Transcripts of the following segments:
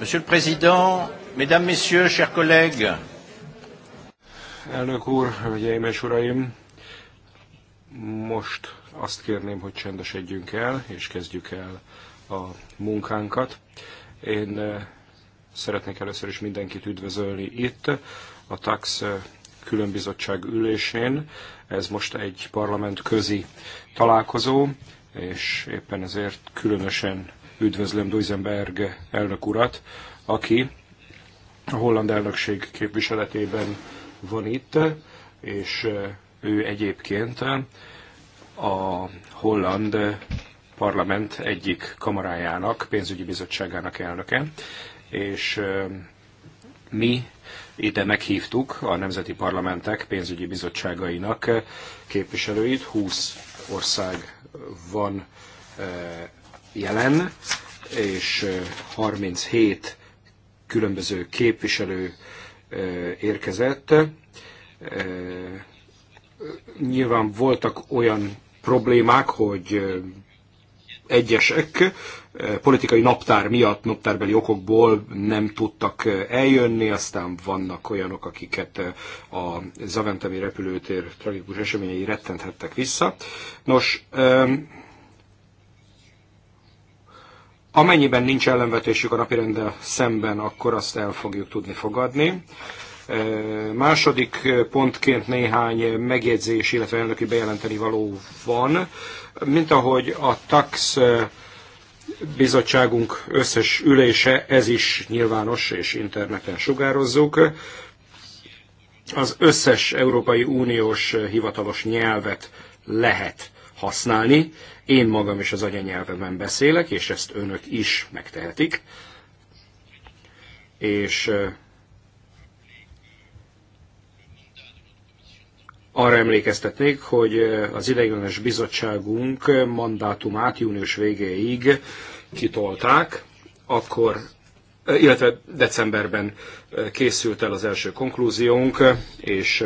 Monsieur le Président, Mesdames, Messieurs, chers collègues. Elnök úr, hölgyeim és uraim, most azt kérném, hogy csendesedjünk el, és kezdjük el a munkánkat. Én eh, szeretnék először is mindenkit üdvözölni itt, a TAX eh, különbizottság ülésén. Ez most egy parlament közi találkozó, és éppen ezért különösen Üdvözlöm Duisenberg elnök urat, aki a holland elnökség képviseletében van itt, és ő egyébként a holland parlament egyik kamarájának, pénzügyi bizottságának elnöke, és mi ide meghívtuk a nemzeti parlamentek pénzügyi bizottságainak képviselőit, 20 ország van jelen, és 37 különböző képviselő érkezett. Nyilván voltak olyan problémák, hogy egyesek politikai naptár miatt, naptárbeli okokból nem tudtak eljönni, aztán vannak olyanok, akiket a Zaventemi repülőtér tragikus eseményei rettenthettek vissza. Nos, Amennyiben nincs ellenvetésük a napirenddel szemben, akkor azt el fogjuk tudni fogadni. Második pontként néhány megjegyzés, illetve elnöki bejelenteni való van, mint ahogy a TAX bizottságunk összes ülése, ez is nyilvános és interneten sugározzuk. Az összes Európai Uniós hivatalos nyelvet lehet használni. Én magam is az anyanyelvemen beszélek, és ezt önök is megtehetik. És arra emlékeztetnék, hogy az ideiglenes bizottságunk mandátumát június végéig kitolták, akkor, illetve decemberben készült el az első konklúziónk, és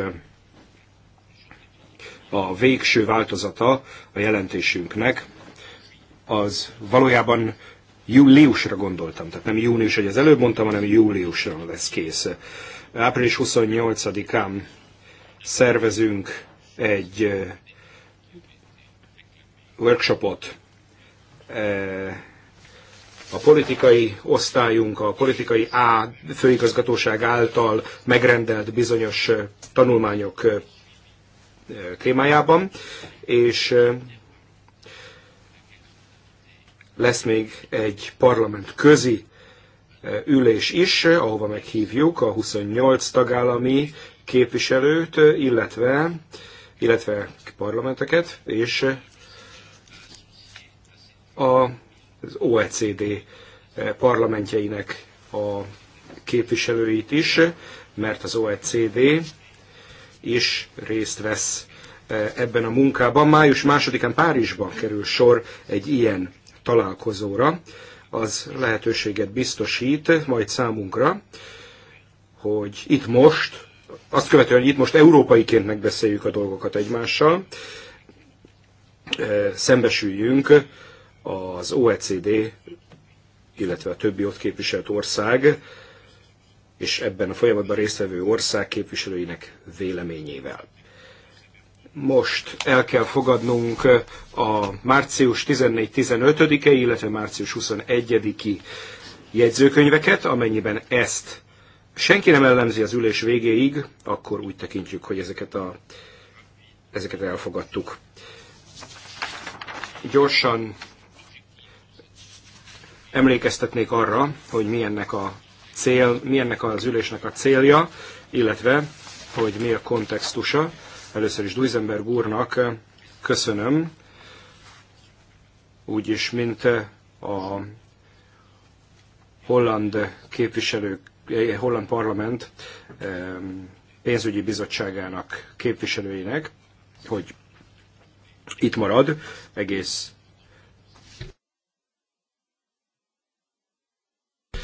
a végső változata a jelentésünknek, az valójában júliusra gondoltam, tehát nem június, hogy az előbb mondtam, hanem júliusra lesz kész. Április 28-án szervezünk egy workshopot a politikai osztályunk, a politikai A főigazgatóság által megrendelt bizonyos tanulmányok témájában, és lesz még egy parlament közi ülés is, ahova meghívjuk a 28 tagállami képviselőt, illetve, illetve parlamenteket, és az OECD parlamentjeinek a képviselőit is, mert az OECD is részt vesz e, ebben a munkában. Május másodikán Párizsban kerül sor egy ilyen találkozóra. Az lehetőséget biztosít majd számunkra, hogy itt most, azt követően, hogy itt most európaiként megbeszéljük a dolgokat egymással, e, szembesüljünk az OECD, illetve a többi ott képviselt ország és ebben a folyamatban résztvevő ország képviselőinek véleményével. Most el kell fogadnunk a március 14-15-e, illetve március 21-i jegyzőkönyveket, amennyiben ezt senki nem ellenzi az ülés végéig, akkor úgy tekintjük, hogy ezeket, a, ezeket elfogadtuk. Gyorsan emlékeztetnék arra, hogy milyennek a cél, mi ennek az ülésnek a célja, illetve, hogy mi a kontextusa. Először is Duisenberg úrnak köszönöm, úgyis, mint a holland képviselők, eh, holland parlament pénzügyi bizottságának képviselőinek, hogy itt marad egész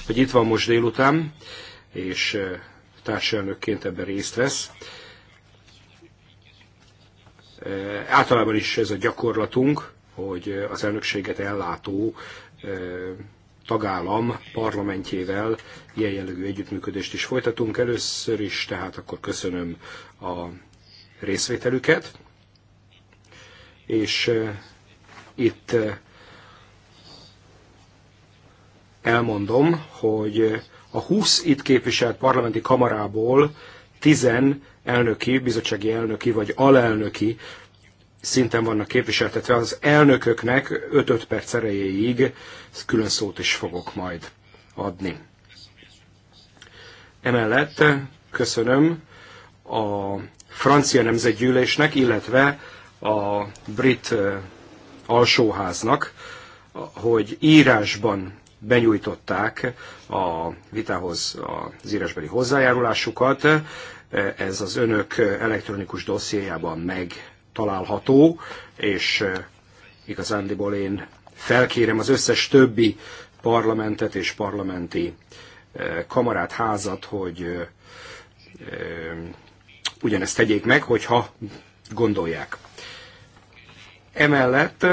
hogy itt van most délután, és társelnökként ebben részt vesz. Általában is ez a gyakorlatunk, hogy az elnökséget ellátó tagállam parlamentjével ilyen jellegű együttműködést is folytatunk. Először is, tehát akkor köszönöm a részvételüket, és itt elmondom, hogy a 20 itt képviselt parlamenti kamarából 10 elnöki, bizottsági elnöki vagy alelnöki szinten vannak képviseltetve. Az elnököknek 5-5 perc erejéig külön szót is fogok majd adni. Emellett köszönöm a francia nemzetgyűlésnek, illetve a brit eh, alsóháznak, hogy írásban benyújtották a vitához az írásbeli hozzájárulásukat. Ez az önök elektronikus dossziéjában megtalálható, és igazándiból én felkérem az összes többi parlamentet és parlamenti e, kamarát, házat, hogy e, e, ugyanezt tegyék meg, hogyha gondolják. Emellett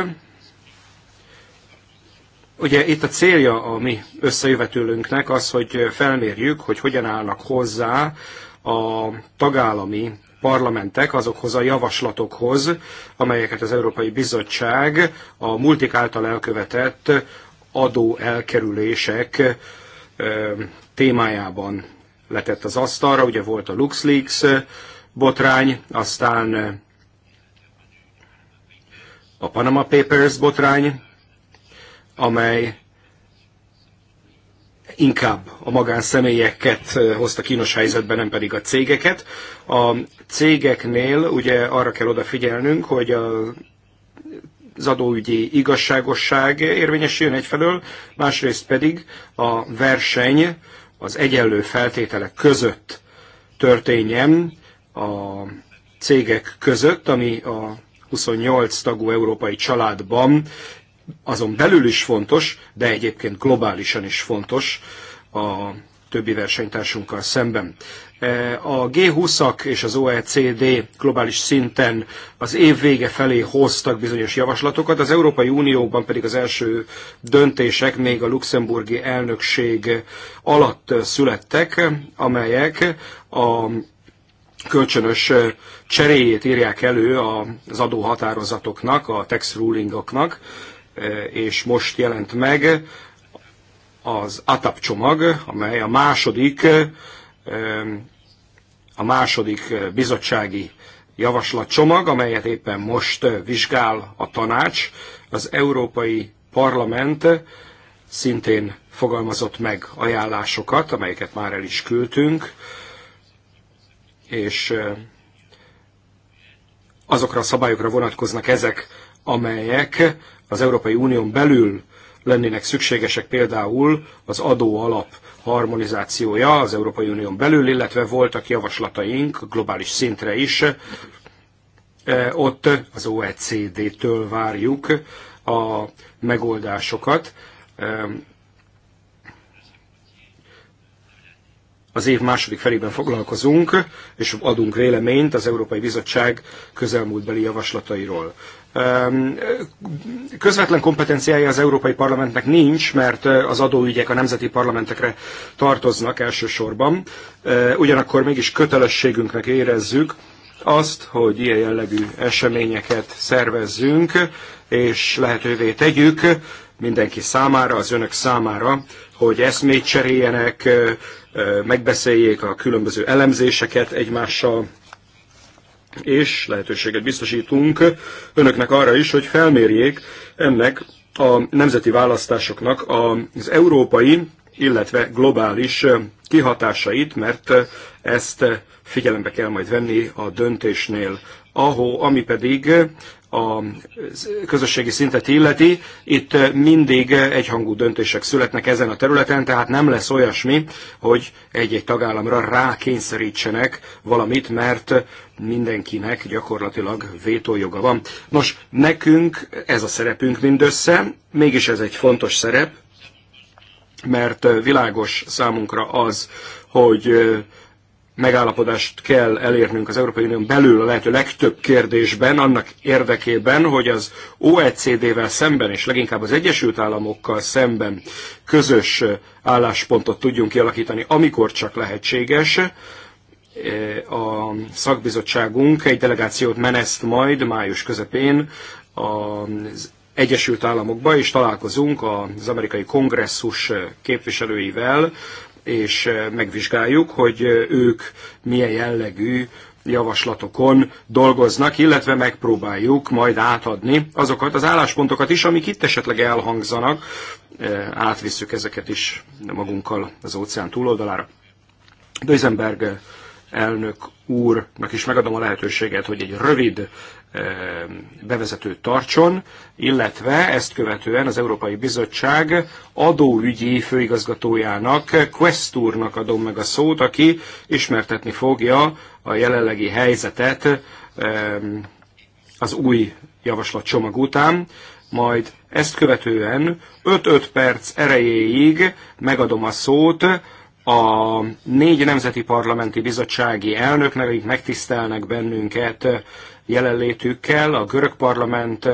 Ugye itt a célja a mi összejövetülünknek az, hogy felmérjük, hogy hogyan állnak hozzá a tagállami parlamentek azokhoz a javaslatokhoz, amelyeket az Európai Bizottság a multik által elkövetett adóelkerülések témájában letett az asztalra. Ugye volt a LuxLeaks botrány, aztán a Panama Papers botrány, amely inkább a magánszemélyeket eh, hozta kínos helyzetbe, nem pedig a cégeket. A cégeknél ugye arra kell odafigyelnünk, hogy a az adóügyi igazságosság érvényesüljön egyfelől, másrészt pedig a verseny az egyenlő feltételek között történjen a cégek között, ami a 28 tagú európai családban azon belül is fontos, de egyébként globálisan is fontos a többi versenytársunkkal szemben. E, a G20-ak és az OECD globális szinten az év vége felé hoztak bizonyos javaslatokat, az Európai Unióban pedig az első döntések még a luxemburgi elnökség alatt születtek, amelyek a kölcsönös cseréjét írják elő az adóhatározatoknak, a tax rulingoknak, Eh, és most jelent meg az ATAP csomag, amely a második, eh, a második eh, bizottsági javaslatcsomag, amelyet éppen most vizsgál a tanács. Az Európai Parlament szintén fogalmazott meg ajánlásokat, amelyeket már el is küldtünk, és azokra a szabályokra vonatkoznak ezek, amelyek az Európai Unión belül lennének szükségesek például az adóalap harmonizációja az Európai Unión belül, illetve voltak javaslataink globális szintre is. E, ott az OECD-től várjuk a megoldásokat. E, az év második felében foglalkozunk, és adunk véleményt az Európai Bizottság közelmúltbeli javaslatairól. Közvetlen kompetenciája az Európai Parlamentnek nincs, mert az adóügyek a nemzeti parlamentekre tartoznak elsősorban. Ugyanakkor mégis kötelességünknek érezzük azt, hogy ilyen jellegű eseményeket szervezzünk, és lehetővé tegyük mindenki számára, az önök számára, hogy eszmét cseréljenek, megbeszéljék a különböző elemzéseket egymással, és lehetőséget biztosítunk önöknek arra is, hogy felmérjék ennek a nemzeti választásoknak az európai, illetve globális kihatásait, mert ezt figyelembe kell majd venni a döntésnél. Ahó, ami pedig a közösségi szintet illeti, itt eh, mindig eh, egyhangú döntések születnek ezen a területen, tehát nem lesz olyasmi, hogy egy-egy tagállamra rákényszerítsenek valamit, mert mindenkinek gyakorlatilag vétójoga van. Nos, nekünk ez a szerepünk mindössze, mégis ez egy fontos szerep, mert eh, világos számunkra az, hogy megállapodást kell elérnünk az Európai Unión belül a lehető legtöbb kérdésben, annak érdekében, hogy az OECD-vel szemben, és leginkább az Egyesült Államokkal szemben közös álláspontot tudjunk kialakítani, amikor csak lehetséges. A szakbizottságunk egy delegációt meneszt majd május közepén az Egyesült Államokba, és találkozunk az amerikai kongresszus képviselőivel, és eh, megvizsgáljuk, hogy eh, ők milyen jellegű javaslatokon dolgoznak, illetve megpróbáljuk majd átadni azokat az álláspontokat is, amik itt esetleg elhangzanak, eh, átvisszük ezeket is magunkkal az óceán túloldalára. Duisenberg elnök úrnak is megadom a lehetőséget, hogy egy rövid bevezetőt tartson, illetve ezt követően az Európai Bizottság adóügyi főigazgatójának, Questúrnak adom meg a szót, aki ismertetni fogja a jelenlegi helyzetet az új javaslat csomag után, majd ezt követően 5-5 perc erejéig megadom a szót a négy nemzeti parlamenti bizottsági elnöknek, akik megtisztelnek bennünket jelenlétükkel, a görög parlament,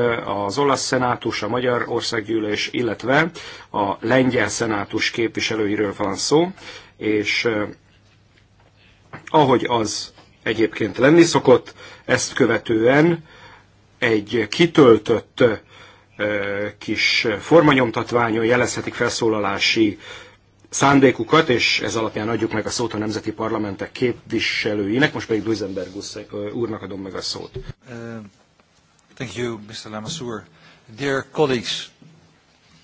az olasz szenátus, a magyar országgyűlés, illetve a lengyel szenátus képviselőiről van szó, és eh, ahogy az egyébként lenni szokott, ezt követően egy kitöltött eh, kis formanyomtatványon jelezhetik felszólalási szándékukat, és ez alapján adjuk meg a szót a nemzeti parlamentek képviselőinek. Most pedig Duisenberg úrnak adom meg a szót. Uh, thank you, Mr. Lamassoure. Dear colleagues,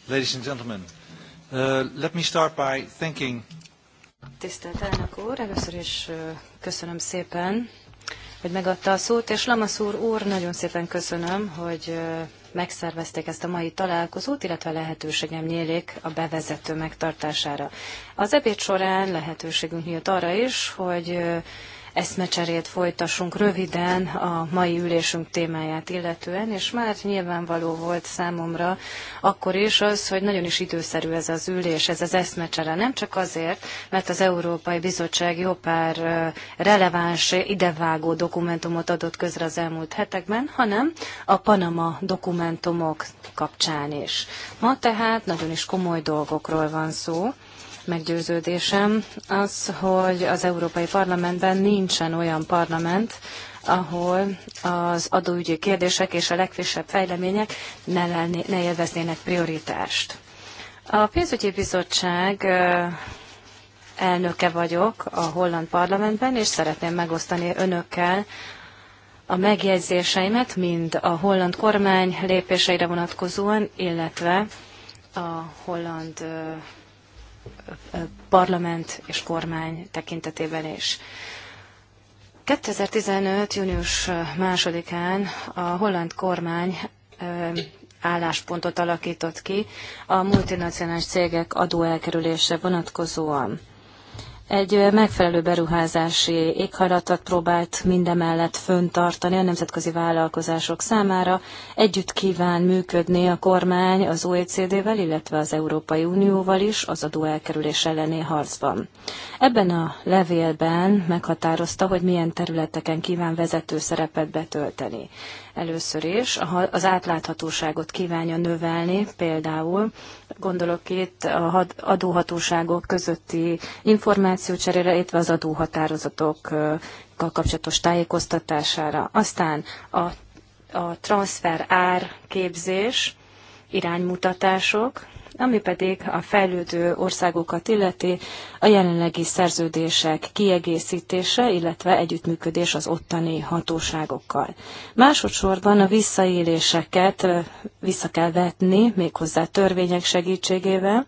ladies and gentlemen, uh, let me start by thanking... Tisztelt elnök úr, először is köszönöm szépen, hogy megadta a szót, és Lamassour úr, nagyon szépen köszönöm, hogy megszervezték ezt a mai találkozót, illetve lehetőségem nyílik a bevezető megtartására. Az ebéd során lehetőségünk nyílt arra is, hogy eszmecserét folytassunk röviden a mai ülésünk témáját illetően, és már nyilvánvaló volt számomra akkor is az, hogy nagyon is időszerű ez az ülés, ez az eszmecsere. Nem csak azért, mert az Európai Bizottság jó pár releváns, idevágó dokumentumot adott közre az elmúlt hetekben, hanem a Panama dokumentumok kapcsán is. Ma tehát nagyon is komoly dolgokról van szó meggyőződésem az, hogy az Európai Parlamentben nincsen olyan parlament, ahol az adóügyi kérdések és a legfrissebb fejlemények ne, lenni, ne élveznének prioritást. A pénzügyi bizottság elnöke vagyok a holland parlamentben, és szeretném megosztani önökkel a megjegyzéseimet, mind a holland kormány lépéseire vonatkozóan, illetve a holland parlament és kormány tekintetében is. 2015. június másodikán a holland kormány álláspontot alakított ki a multinacionális cégek adóelkerülése vonatkozóan egy megfelelő beruházási éghajlatot próbált mindemellett föntartani a nemzetközi vállalkozások számára. Együtt kíván működni a kormány az OECD-vel, illetve az Európai Unióval is az adóelkerülés elleni harcban. Ebben a levélben meghatározta, hogy milyen területeken kíván vezető szerepet betölteni. Először is az átláthatóságot kívánja növelni, például gondolok itt a adóhatóságok közötti információcserére, illetve az adóhatározatokkal kapcsolatos tájékoztatására. Aztán a, a transfer ár képzés, iránymutatások, ami pedig a fejlődő országokat illeti, a jelenlegi szerződések kiegészítése, illetve együttműködés az ottani hatóságokkal. Másodszorban a visszaéléseket vissza kell vetni, méghozzá törvények segítségével,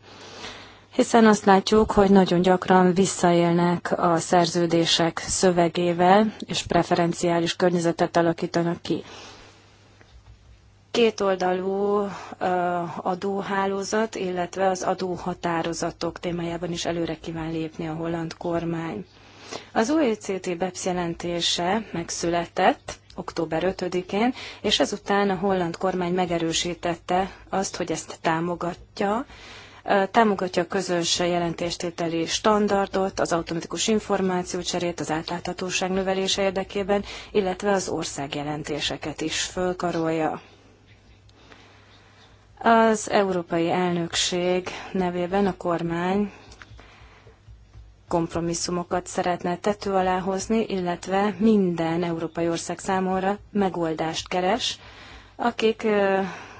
hiszen azt látjuk, hogy nagyon gyakran visszaélnek a szerződések szövegével, és preferenciális környezetet alakítanak ki kétoldalú adóhálózat, illetve az adóhatározatok témájában is előre kíván lépni a holland kormány. Az OECD BEPS jelentése megszületett október 5-én, és ezután a holland kormány megerősítette azt, hogy ezt támogatja, támogatja a közös jelentéstételi standardot, az automatikus információcserét, az átláthatóság növelése érdekében, illetve az országjelentéseket is fölkarolja. Az európai elnökség nevében a kormány kompromisszumokat szeretne tető alá hozni, illetve minden európai ország számára megoldást keres, akik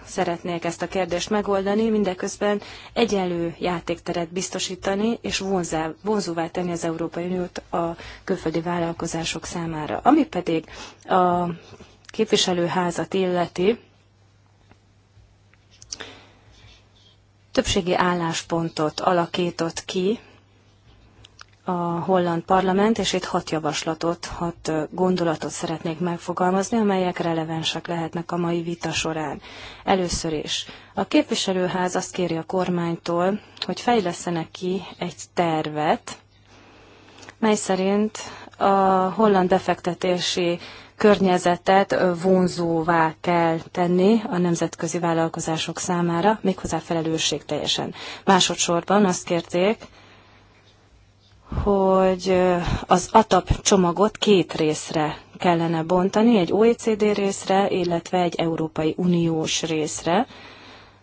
szeretnék ezt a kérdést megoldani, mindeközben egyenlő játékteret biztosítani és vonzá, vonzóvá tenni az Európai Uniót a külföldi vállalkozások számára. Ami pedig a képviselőházat illeti, többségi álláspontot alakított ki a holland parlament, és itt hat javaslatot, hat gondolatot szeretnék megfogalmazni, amelyek relevánsak lehetnek a mai vita során. Először is, a képviselőház azt kéri a kormánytól, hogy fejlesztenek ki egy tervet, mely szerint a holland befektetési környezetet vonzóvá kell tenni a nemzetközi vállalkozások számára, méghozzá teljesen. Másodszorban azt kérték, hogy az ATAP csomagot két részre kellene bontani, egy OECD részre, illetve egy Európai Uniós részre,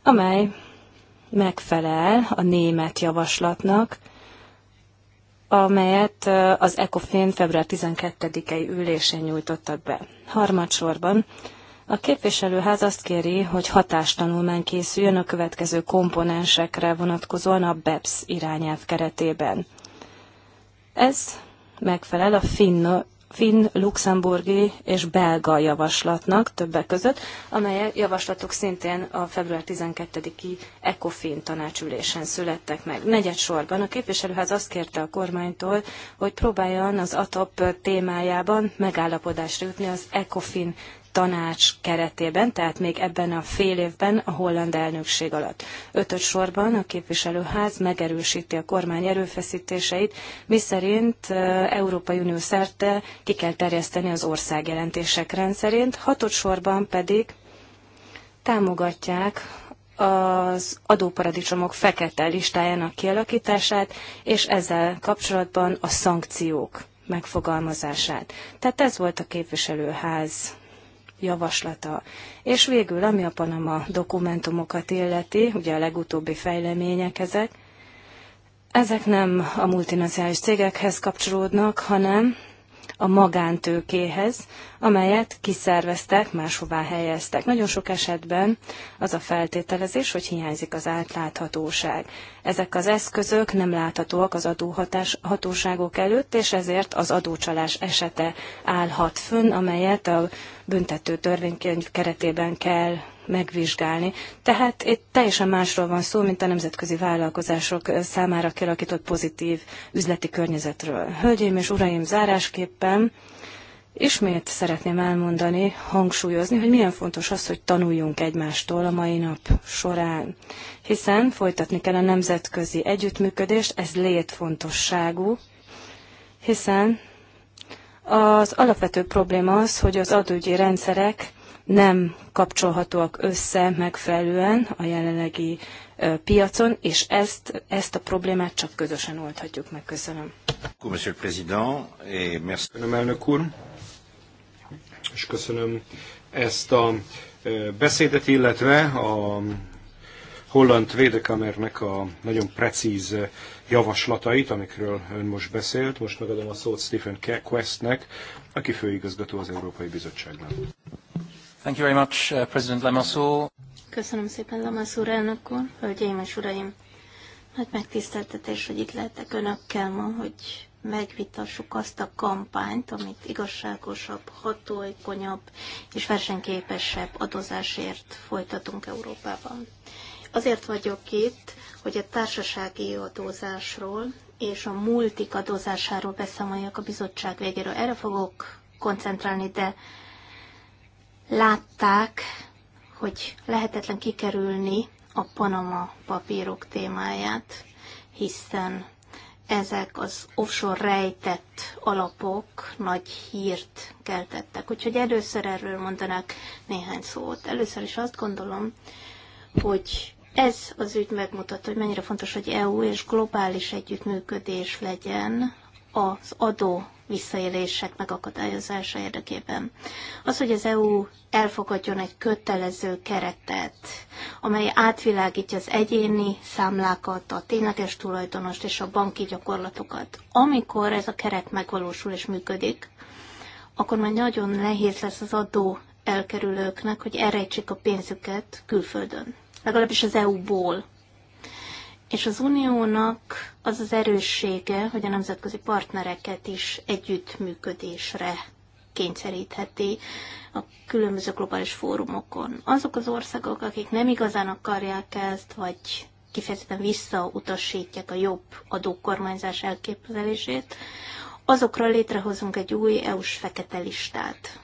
amely megfelel a német javaslatnak, amelyet az ECOFIN február 12-i ülésén nyújtottak be. Harmadsorban a képviselőház azt kéri, hogy hatástanulmány készüljön a következő komponensekre vonatkozóan a BEPS irányelv keretében. Ez megfelel a finno finn, luxemburgi és belga javaslatnak többek között, amelyek javaslatok szintén a február 12-i ECOFIN tanácsülésen születtek meg. Negyed sorban a képviselőház azt kérte a kormánytól, hogy próbáljon az ATOP témájában megállapodásra jutni az ECOFIN tanács keretében, tehát még ebben a fél évben a holland elnökség alatt. Ötöt sorban a képviselőház megerősíti a kormány erőfeszítéseit, miszerint Európai Unió szerte ki kell terjeszteni az országjelentések rendszerint, hatod sorban pedig támogatják az adóparadicsomok fekete listájának kialakítását, és ezzel kapcsolatban a szankciók megfogalmazását. Tehát ez volt a képviselőház javaslata. És végül, ami a Panama dokumentumokat illeti, ugye a legutóbbi fejlemények ezek, ezek nem a multinacionális cégekhez kapcsolódnak, hanem a magántőkéhez, amelyet kiszerveztek, máshová helyeztek. Nagyon sok esetben az a feltételezés, hogy hiányzik az átláthatóság. Ezek az eszközök nem láthatóak az adóhatóságok előtt, és ezért az adócsalás esete állhat fönn, amelyet a büntető törvénykönyv keretében kell megvizsgálni. Tehát itt teljesen másról van szó, mint a nemzetközi vállalkozások számára kialakított pozitív üzleti környezetről. Hölgyeim és uraim, zárásképpen ismét szeretném elmondani, hangsúlyozni, hogy milyen fontos az, hogy tanuljunk egymástól a mai nap során. Hiszen folytatni kell a nemzetközi együttműködést, ez létfontosságú, hiszen az alapvető probléma az, hogy az adógyi rendszerek nem kapcsolhatóak össze megfelelően a jelenlegi piacon, és ezt, ezt a problémát csak közösen oldhatjuk meg. Köszönöm. Köszönöm, elnök úr, és köszönöm ezt a beszédet, illetve a holland védekamernek a nagyon precíz javaslatait, amikről ön most beszélt. Most megadom a szót Stephen Questnek, aki főigazgató az Európai bizottságnak. Thank you very much, uh, President Köszönöm szépen, Lamassoure elnök úr, hölgyeim és uraim. Nagy megtiszteltetés, hogy itt lehetek önökkel ma, hogy megvitassuk azt a kampányt, amit igazságosabb, hatóikonyabb és versenyképesebb adózásért folytatunk Európában. Azért vagyok itt, hogy a társasági adózásról és a multik adózásáról beszámoljak a bizottság végéről. Erre fogok koncentrálni, de látták, hogy lehetetlen kikerülni a Panama papírok témáját, hiszen ezek az offshore rejtett alapok nagy hírt keltettek. Úgyhogy először erről mondanák néhány szót. Először is azt gondolom, hogy ez az ügy megmutatta, hogy mennyire fontos, hogy EU és globális együttműködés legyen az adó visszaélések megakadályozása érdekében. Az, hogy az EU elfogadjon egy kötelező keretet, amely átvilágítja az egyéni számlákat, a tényleges tulajdonost és a banki gyakorlatokat. Amikor ez a keret megvalósul és működik, akkor már nagyon nehéz lesz az adó elkerülőknek, hogy elrejtsék a pénzüket külföldön. Legalábbis az EU-ból. És az uniónak az az erőssége, hogy a nemzetközi partnereket is együttműködésre kényszerítheti a különböző globális fórumokon. Azok az országok, akik nem igazán akarják ezt, vagy kifejezetten visszautasítják a jobb adókormányzás elképzelését, azokra létrehozunk egy új EU-s fekete listát.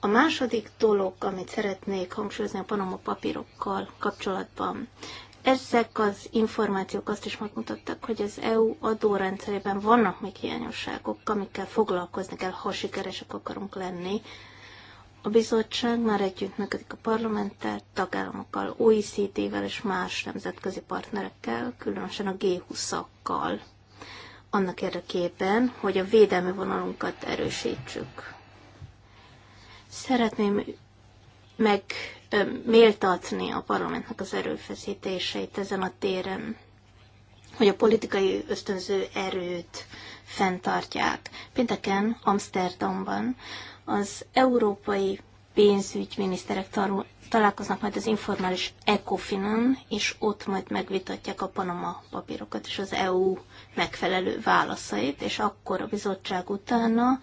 A második dolog, amit szeretnék hangsúlyozni a Panama papírokkal kapcsolatban, ezek az információk azt is megmutattak, hogy az EU adórendszerében vannak még hiányosságok, amikkel foglalkozni kell, ha sikeresek akarunk lenni. A bizottság már együttműködik a parlamenttel, tagállamokkal, OECD-vel és más nemzetközi partnerekkel, különösen a G20-akkal, annak érdekében, hogy a védelmi vonalunkat erősítsük. Szeretném meg méltatni a parlamentnek az erőfeszítéseit ezen a téren, hogy a politikai ösztönző erőt fenntartják. Pénteken Amsterdamban az európai pénzügyminiszterek találkoznak majd az informális ecofin és ott majd megvitatják a Panama papírokat és az EU megfelelő válaszait, és akkor a bizottság utána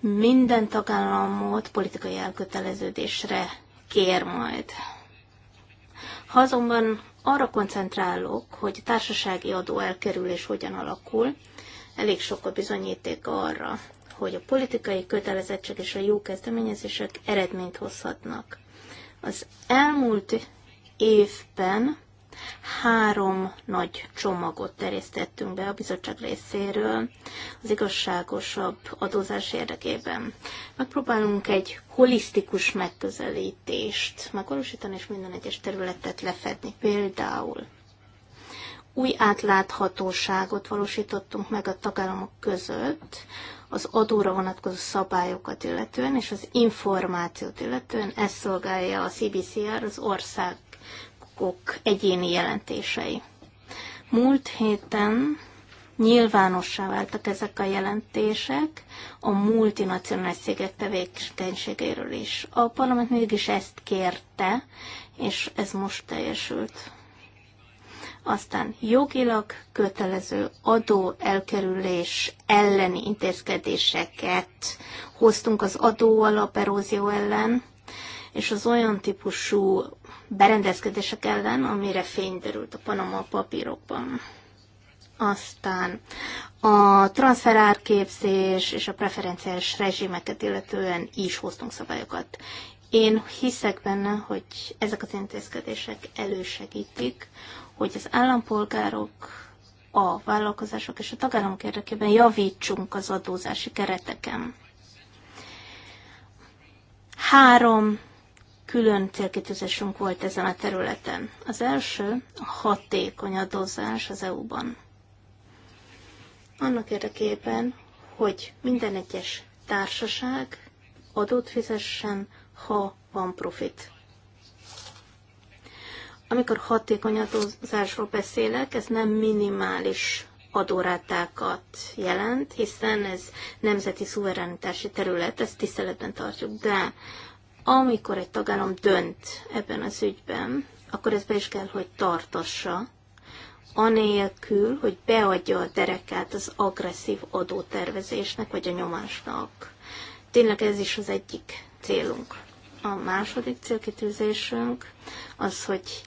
minden tagállamot politikai elköteleződésre kér majd. Ha azonban arra koncentrálok, hogy a társasági adó elkerülés hogyan alakul, elég sok a bizonyíték arra, hogy a politikai kötelezettség és a jó kezdeményezések eredményt hozhatnak. Az elmúlt évben Három nagy csomagot terjesztettünk be a bizottság részéről az igazságosabb adózás érdekében. Megpróbálunk egy holisztikus megközelítést megvalósítani, és minden egyes területet lefedni. Például új átláthatóságot valósítottunk meg a tagállamok között, az adóra vonatkozó szabályokat illetően, és az információt illetően ez szolgálja a CBCR, az ország ok egyéni jelentései. Múlt héten nyilvánossá váltak ezek a jelentések a multinacionális cégek tevékenységéről is. A parlament mégis ezt kérte, és ez most teljesült. Aztán jogilag kötelező adó elkerülés elleni intézkedéseket hoztunk az adóalap erózió ellen, és az olyan típusú berendezkedések ellen, amire fény derült a Panama papírokban. Aztán a transferárképzés és a preferenciális rezsimeket illetően is hoztunk szabályokat. Én hiszek benne, hogy ezek az intézkedések elősegítik, hogy az állampolgárok, a vállalkozások és a tagállamok érdekében javítsunk az adózási kereteken. Három külön célkitűzésünk volt ezen a területen. Az első a hatékony adózás az EU-ban. Annak érdekében, hogy minden egyes társaság adót fizessen, ha van profit. Amikor hatékony adózásról beszélek, ez nem minimális adórátákat jelent, hiszen ez nemzeti szuverenitási terület, ezt tiszteletben tartjuk, de amikor egy tagállam dönt ebben az ügyben, akkor ez be is kell, hogy tartassa, anélkül, hogy beadja a derekát az agresszív adótervezésnek vagy a nyomásnak. Tényleg ez is az egyik célunk. A második célkitűzésünk az, hogy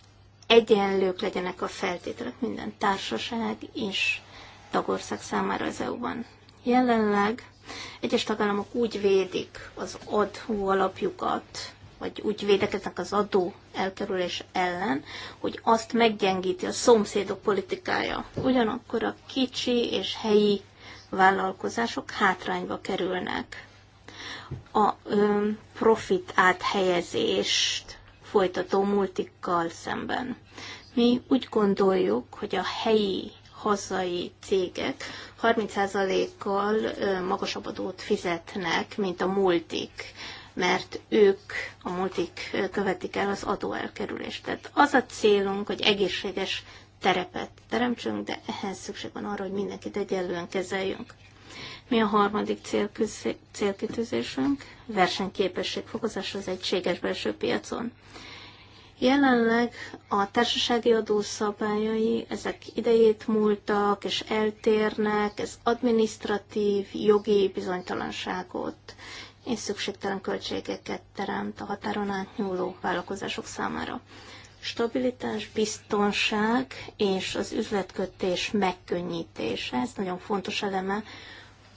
egyenlők legyenek a feltételek minden társaság és tagország számára az EU-ban. Jelenleg egyes tagállamok úgy védik az adó alapjukat, vagy úgy védekeznek az adó elkerülés ellen, hogy azt meggyengíti a szomszédok politikája. Ugyanakkor a kicsi és helyi vállalkozások hátrányba kerülnek. A ö, profit áthelyezést folytató multikkal szemben. Mi úgy gondoljuk, hogy a helyi hazai cégek 30%-kal magasabb adót fizetnek, mint a multik, mert ők, a multik követik el az adóelkerülést. Tehát az a célunk, hogy egészséges terepet teremtsünk, de ehhez szükség van arra, hogy mindenkit egyenlően kezeljünk. Mi a harmadik célküz- célkitűzésünk? Versenyképesség fokozása az egységes belső piacon. Jelenleg a társasági adószabályai, ezek idejét múltak és eltérnek, ez administratív jogi bizonytalanságot és szükségtelen költségeket teremt a határon átnyúló vállalkozások számára. Stabilitás, biztonság és az üzletkötés megkönnyítése, ez nagyon fontos eleme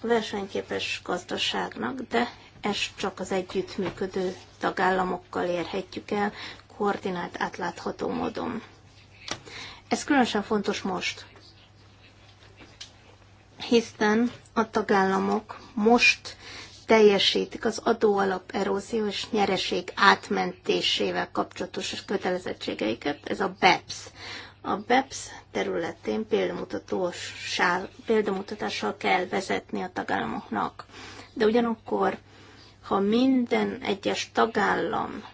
a versenyképes gazdaságnak, de ezt csak az együttműködő tagállamokkal érhetjük el, koordinált, átlátható módon. Ez különösen fontos most, hiszen a tagállamok most teljesítik az adóalap erózió és nyereség átmentésével kapcsolatos kötelezettségeiket, ez a BEPS. A BEPS területén példamutatással kell vezetni a tagállamoknak. De ugyanakkor, ha minden egyes tagállam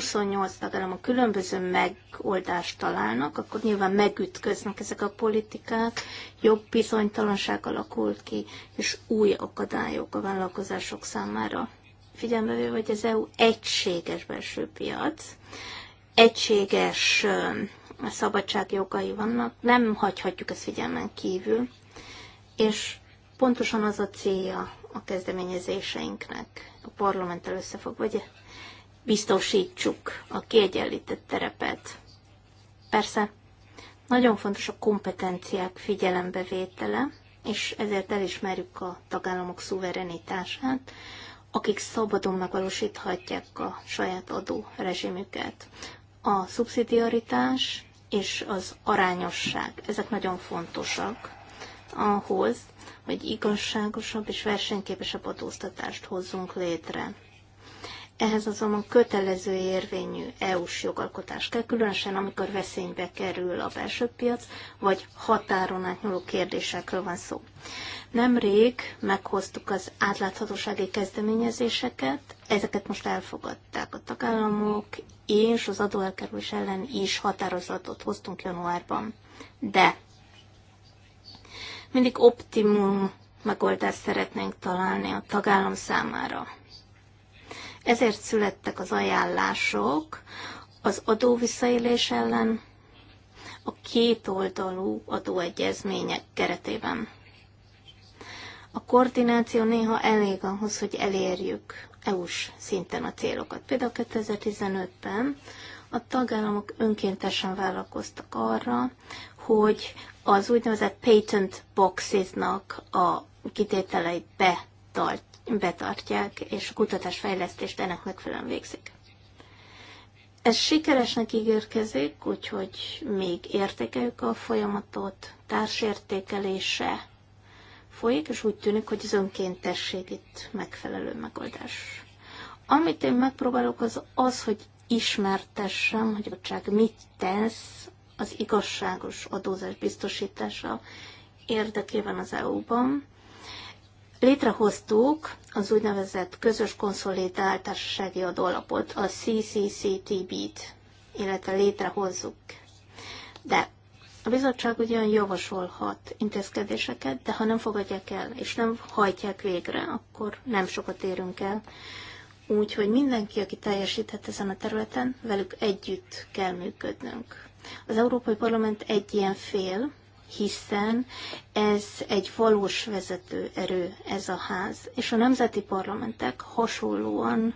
28 a különböző megoldást találnak, akkor nyilván megütköznek ezek a politikák, jobb bizonytalanság alakult ki, és új akadályok a vállalkozások számára. Figyelme véve, hogy az EU egységes belső piac, egységes szabadságjogai vannak, nem hagyhatjuk ezt figyelmen kívül, és pontosan az a célja a kezdeményezéseinknek a parlamenttel összefog, vagy biztosítsuk a kiegyenlített terepet. Persze, nagyon fontos a kompetenciák figyelembevétele, és ezért elismerjük a tagállamok szuverenitását, akik szabadon megvalósíthatják a saját rezsimüket. A szubszidiaritás és az arányosság, ezek nagyon fontosak ahhoz, hogy igazságosabb és versenyképesebb adóztatást hozzunk létre. Ehhez azonban kötelező érvényű EU-s jogalkotás kell, különösen amikor veszélybe kerül a belső piac, vagy határon átnyúló kérdésekről van szó. Nemrég meghoztuk az átláthatósági kezdeményezéseket, ezeket most elfogadták a tagállamok, és az adóelkerülés ellen is határozatot hoztunk januárban. De mindig optimum megoldást szeretnénk találni a tagállam számára ezért születtek az ajánlások az adóvisszaélés ellen a kétoldalú adóegyezmények keretében. A koordináció néha elég ahhoz, hogy elérjük EU-s szinten a célokat. Például 2015-ben a tagállamok önkéntesen vállalkoztak arra, hogy az úgynevezett patent boxes-nak a kitételeit betart, betartják, és a kutatásfejlesztést ennek megfelelően végzik. Ez sikeresnek ígérkezik, úgyhogy még értékeljük a folyamatot, társértékelése folyik, és úgy tűnik, hogy az önkéntesség itt megfelelő megoldás. Amit én megpróbálok, az az, hogy ismertessem, hogy a csak mit tesz az igazságos adózás biztosítása érdekében az EU-ban, Létrehoztuk az úgynevezett közös konszolidált társasági adólapot, a CCCTB-t, illetve létrehozzuk. De a bizottság ugyan javasolhat intézkedéseket, de ha nem fogadják el, és nem hajtják végre, akkor nem sokat érünk el. Úgyhogy mindenki, aki teljesíthet ezen a területen, velük együtt kell működnünk. Az Európai Parlament egy ilyen fél, hiszen ez egy valós vezető erő, ez a ház, és a nemzeti parlamentek hasonlóan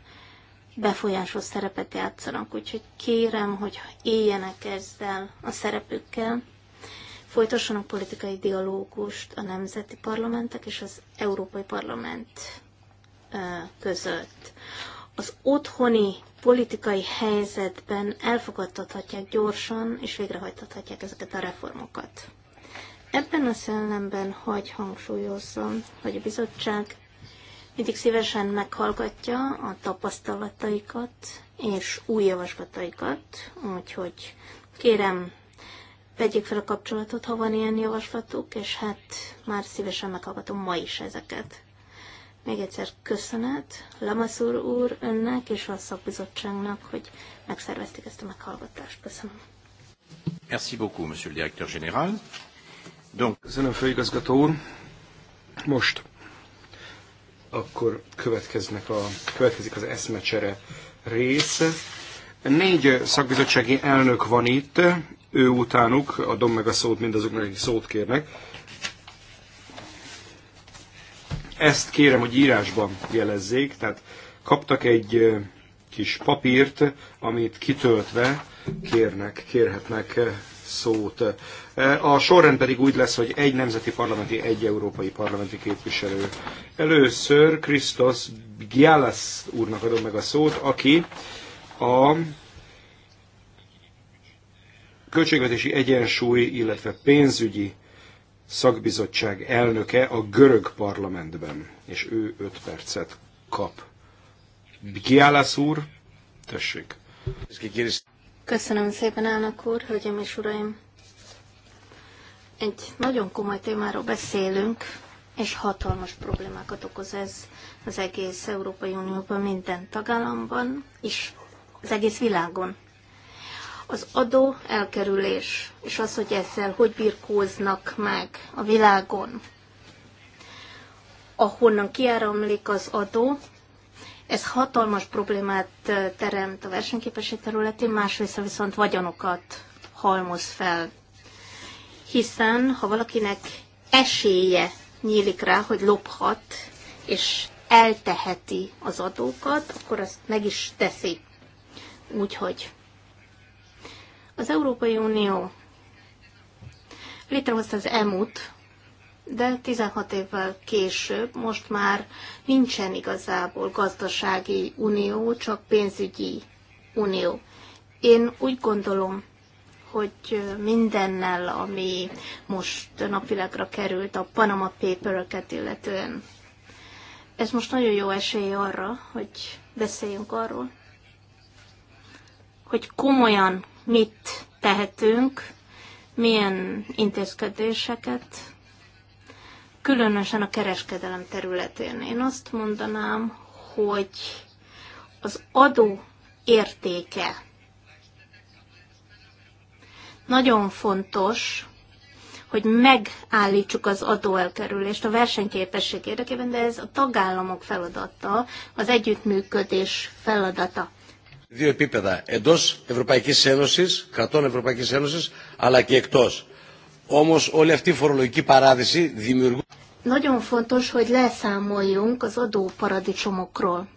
befolyásos szerepet játszanak, úgyhogy kérem, hogy éljenek ezzel a szerepükkel, folytassanak politikai dialógust a nemzeti parlamentek és az Európai Parlament között. Az otthoni politikai helyzetben elfogadtathatják gyorsan, és végrehajtathatják ezeket a reformokat. Ebben a szellemben hagy hangsúlyozzam, hogy a bizottság mindig szívesen meghallgatja a tapasztalataikat és új javaslataikat, úgyhogy kérem, vegyék fel a kapcsolatot, ha van ilyen javaslatuk, és hát már szívesen meghallgatom ma is ezeket. Még egyszer köszönet Lamaszúr úr önnek és a szakbizottságnak, hogy megszervezték ezt a meghallgatást. Köszönöm. Merci beaucoup, monsieur le directeur général. Donc. Köszönöm, főigazgató úr. Most akkor következnek a, következik az eszmecsere rész. Négy szakbizottsági elnök van itt, ő utánuk, adom meg a szót mindazoknak, akik szót kérnek. Ezt kérem, hogy írásban jelezzék, tehát kaptak egy kis papírt, amit kitöltve kérnek, kérhetnek szót. A sorrend pedig úgy lesz, hogy egy nemzeti parlamenti, egy európai parlamenti képviselő. Először Krisztos Gialas úrnak adom meg a szót, aki a költségvetési egyensúly, illetve pénzügyi szakbizottság elnöke a görög parlamentben, és ő 5 percet kap. Gialas úr, tessék. Köszönöm szépen, elnök úr, hölgyeim és uraim! Egy nagyon komoly témáról beszélünk, és hatalmas problémákat okoz ez az egész Európai Unióban, minden tagállamban, és az egész világon. Az adó elkerülés, és az, hogy ezzel hogy birkóznak meg a világon, ahonnan kiáramlik az adó, ez hatalmas problémát teremt a versenyképesség területén, másrészt viszont vagyonokat halmoz fel. Hiszen, ha valakinek esélye nyílik rá, hogy lophat, és elteheti az adókat, akkor azt meg is teszi. Úgyhogy az Európai Unió létrehozta az EMU-t, de 16 évvel később most már nincsen igazából gazdasági unió, csak pénzügyi unió. Én úgy gondolom, hogy mindennel, ami most napvilágra került, a Panama Papers-öket illetően, ez most nagyon jó esély arra, hogy beszéljünk arról, hogy komolyan mit tehetünk, milyen intézkedéseket különösen a kereskedelem területén. Én azt mondanám, hogy az adó értéke nagyon fontos, hogy megállítsuk az adóelkerülést a versenyképesség érdekében, de ez a tagállamok feladata, az együttműködés feladata. Δύο επίπεδα, εντός Ευρωπαϊκής Ένωσης, κρατών Ευρωπαϊκής Ένωσης, αλλά και εκτός. Όμως όλη αυτή η φορολογική παράδειση δημιουργούν nagyon fontos, hogy leszámoljunk az adóparadicsomokról.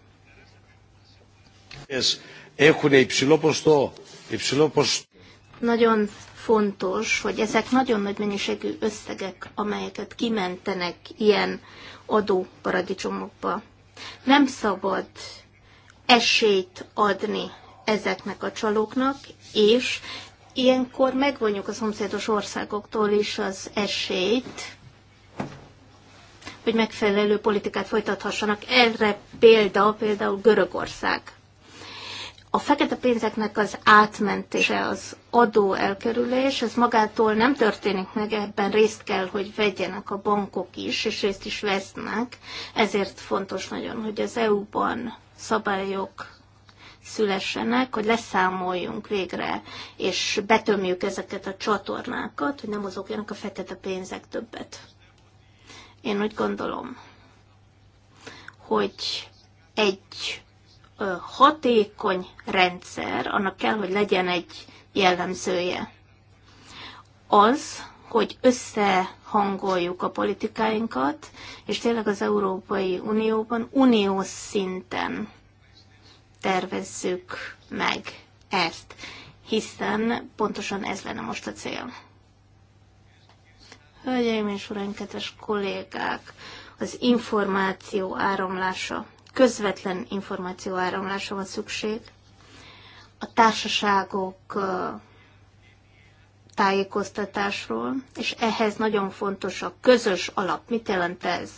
Ez nagyon fontos, hogy ezek nagyon nagy mennyiségű összegek, amelyeket kimentenek ilyen adóparadicsomokba. Nem szabad esélyt adni ezeknek a csalóknak, és ilyenkor megvonjuk a szomszédos országoktól is az esélyt, hogy megfelelő politikát folytathassanak. Erre példa például Görögország. A fekete pénzeknek az átmentése, az adó elkerülés, ez magától nem történik meg, ebben részt kell, hogy vegyenek a bankok is, és részt is vesznek. Ezért fontos nagyon, hogy az EU-ban szabályok szülessenek, hogy leszámoljunk végre, és betömjük ezeket a csatornákat, hogy nem mozogjanak a fekete pénzek többet. Én úgy gondolom, hogy egy hatékony rendszer, annak kell, hogy legyen egy jellemzője. Az, hogy összehangoljuk a politikáinkat, és tényleg az Európai Unióban, uniós szinten tervezzük meg ezt, hiszen pontosan ez lenne most a cél. Hölgyeim és uraim, kedves kollégák, az információ áramlása, közvetlen információ áramlása van szükség. A társaságok tájékoztatásról, és ehhez nagyon fontos a közös alap. Mit jelent ez?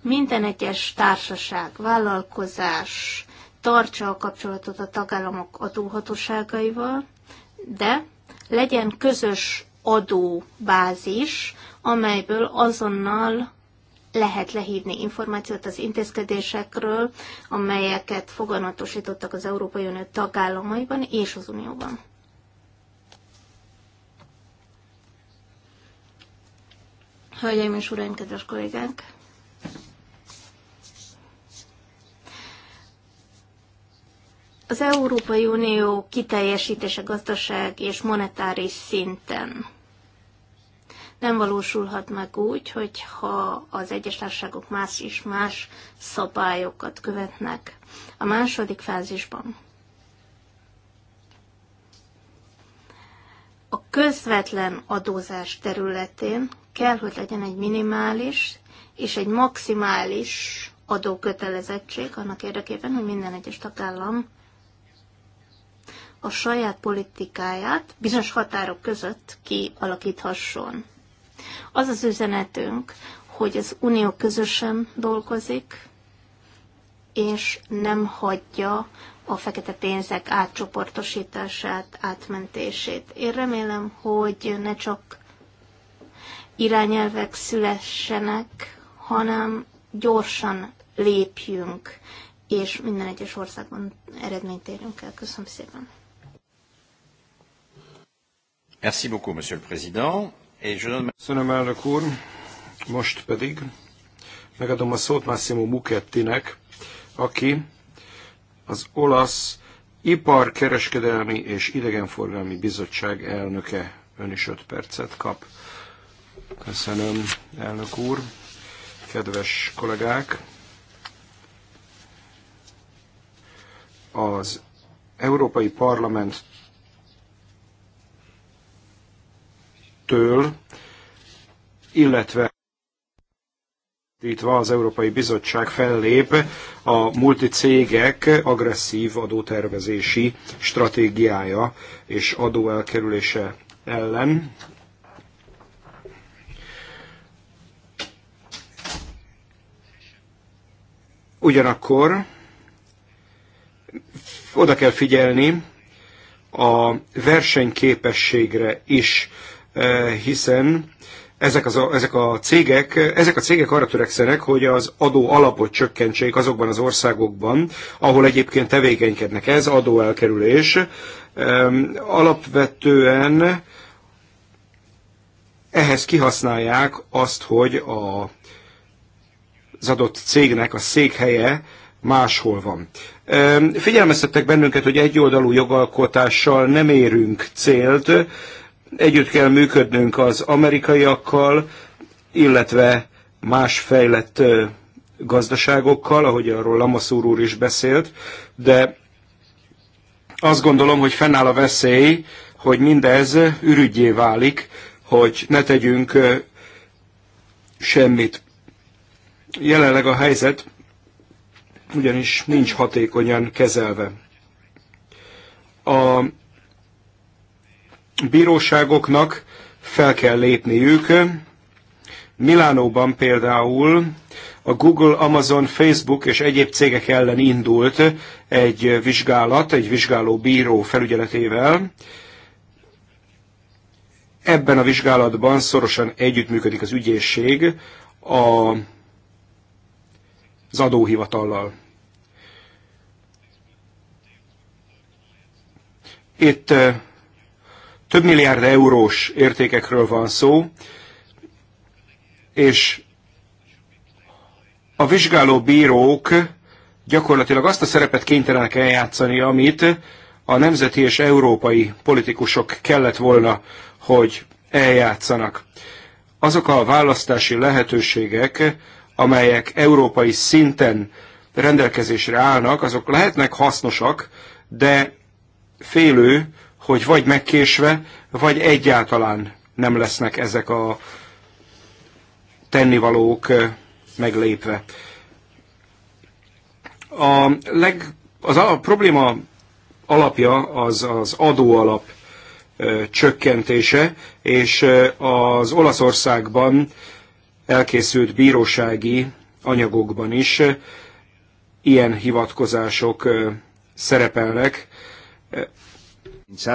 Minden egyes társaság, vállalkozás tartsa a kapcsolatot a tagállamok adóhatóságaival, de legyen közös adóbázis, amelyből azonnal lehet lehívni információt az intézkedésekről, amelyeket foganatosítottak az Európai Unió tagállamaiban és az Unióban. Hölgyeim és uraim, kedves kollégák! az Európai Unió kiteljesítése gazdaság és monetáris szinten nem valósulhat meg úgy, hogyha az egyes társaságok más is más szabályokat követnek. A második fázisban a közvetlen adózás területén kell, hogy legyen egy minimális és egy maximális adókötelezettség annak érdekében, hogy minden egyes tagállam a saját politikáját bizonyos határok között kialakíthasson. Az az üzenetünk, hogy az Unió közösen dolgozik, és nem hagyja a fekete pénzek átcsoportosítását, átmentését. Én remélem, hogy ne csak irányelvek szülessenek, hanem gyorsan lépjünk, és minden egyes országban eredményt érjünk el. Köszönöm szépen! Merci beaucoup, Monsieur le Président. Et je donne... Köszönöm, elnök úr. Most pedig megadom a szót Massimo Mukettinek, aki az olasz Iparkereskedelmi és Idegenforgalmi Bizottság elnöke. Ön is öt percet kap. Köszönöm, elnök úr, kedves kollégák. Az Európai Parlament től, illetve az Európai Bizottság fellép a multicégek agresszív adótervezési stratégiája és adóelkerülése ellen. Ugyanakkor oda kell figyelni a versenyképességre is. Eh, hiszen ezek, az, ezek, a cégek, ezek a cégek arra törekszenek, hogy az adó alapot csökkentsék azokban az országokban, ahol egyébként tevékenykednek. Ez adóelkerülés. Alapvetően ehhez kihasználják azt, hogy a, az adott cégnek a székhelye máshol van. Figyelmeztettek bennünket, hogy egyoldalú jogalkotással nem érünk célt, Együtt kell működnünk az amerikaiakkal, illetve más fejlett gazdaságokkal, ahogy arról Lamaszúr úr is beszélt, de azt gondolom, hogy fennáll a veszély, hogy mindez ürügyé válik, hogy ne tegyünk semmit. Jelenleg a helyzet ugyanis nincs hatékonyan kezelve. A bíróságoknak fel kell lépniük. Milánóban például a Google, Amazon, Facebook és egyéb cégek ellen indult egy vizsgálat, egy vizsgáló bíró felügyeletével. Ebben a vizsgálatban szorosan együttműködik az ügyészség a, az adóhivatallal. Itt több milliárd eurós értékekről van szó, és a vizsgáló bírók gyakorlatilag azt a szerepet kénytelenek eljátszani, amit a nemzeti és európai politikusok kellett volna, hogy eljátszanak. Azok a választási lehetőségek, amelyek európai szinten rendelkezésre állnak, azok lehetnek hasznosak, de félő, hogy vagy megkésve, vagy egyáltalán nem lesznek ezek a tennivalók meglépve. A, leg, az a, probléma alapja az az adóalap csökkentése, és az Olaszországban elkészült bírósági anyagokban is ilyen hivatkozások szerepelnek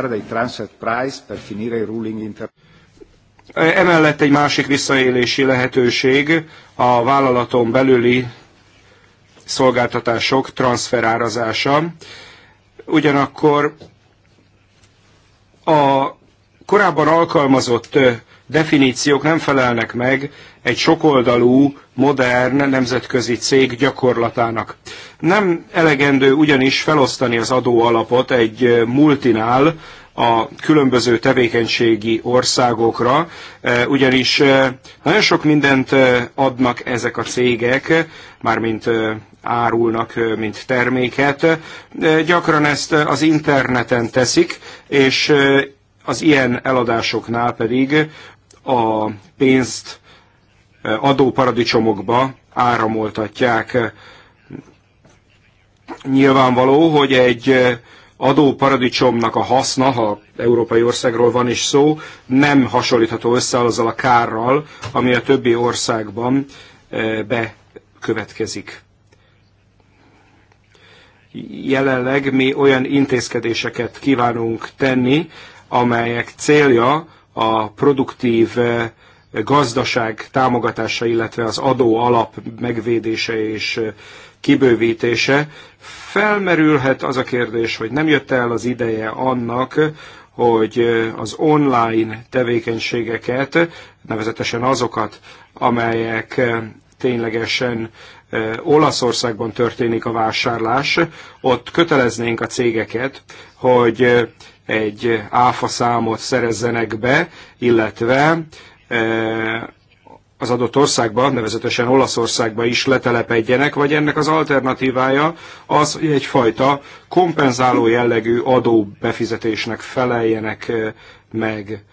dei price per finire i ruling inter... E emellett egy másik visszaélési lehetőség a vállalaton belüli szolgáltatások transferárazása. Ugyanakkor a korábban alkalmazott definíciók nem felelnek meg egy sokoldalú modern nemzetközi cég gyakorlatának. Nem elegendő ugyanis felosztani az adóalapot egy multinál a különböző tevékenységi országokra, ugyanis nagyon sok mindent adnak ezek a cégek, mármint árulnak, mint terméket. Gyakran ezt az interneten teszik, és az ilyen eladásoknál pedig a pénzt adóparadicsomokba áramoltatják. Nyilvánvaló, hogy egy adóparadicsomnak a haszna, ha európai országról van is szó, nem hasonlítható össze azzal a kárral, ami a többi országban eh, bekövetkezik. Jelenleg mi olyan intézkedéseket kívánunk tenni, amelyek célja a produktív eh, gazdaság támogatása, illetve az adó alap megvédése és kibővítése, felmerülhet az a kérdés, hogy nem jött el az ideje annak, hogy az online tevékenységeket, nevezetesen azokat, amelyek ténylegesen Olaszországban történik a vásárlás, ott köteleznénk a cégeket, hogy egy áfa számot szerezzenek be, illetve az adott országba, nevezetesen Olaszországba is letelepedjenek, vagy ennek az alternatívája az, hogy egyfajta kompenzáló jellegű adóbefizetésnek feleljenek meg.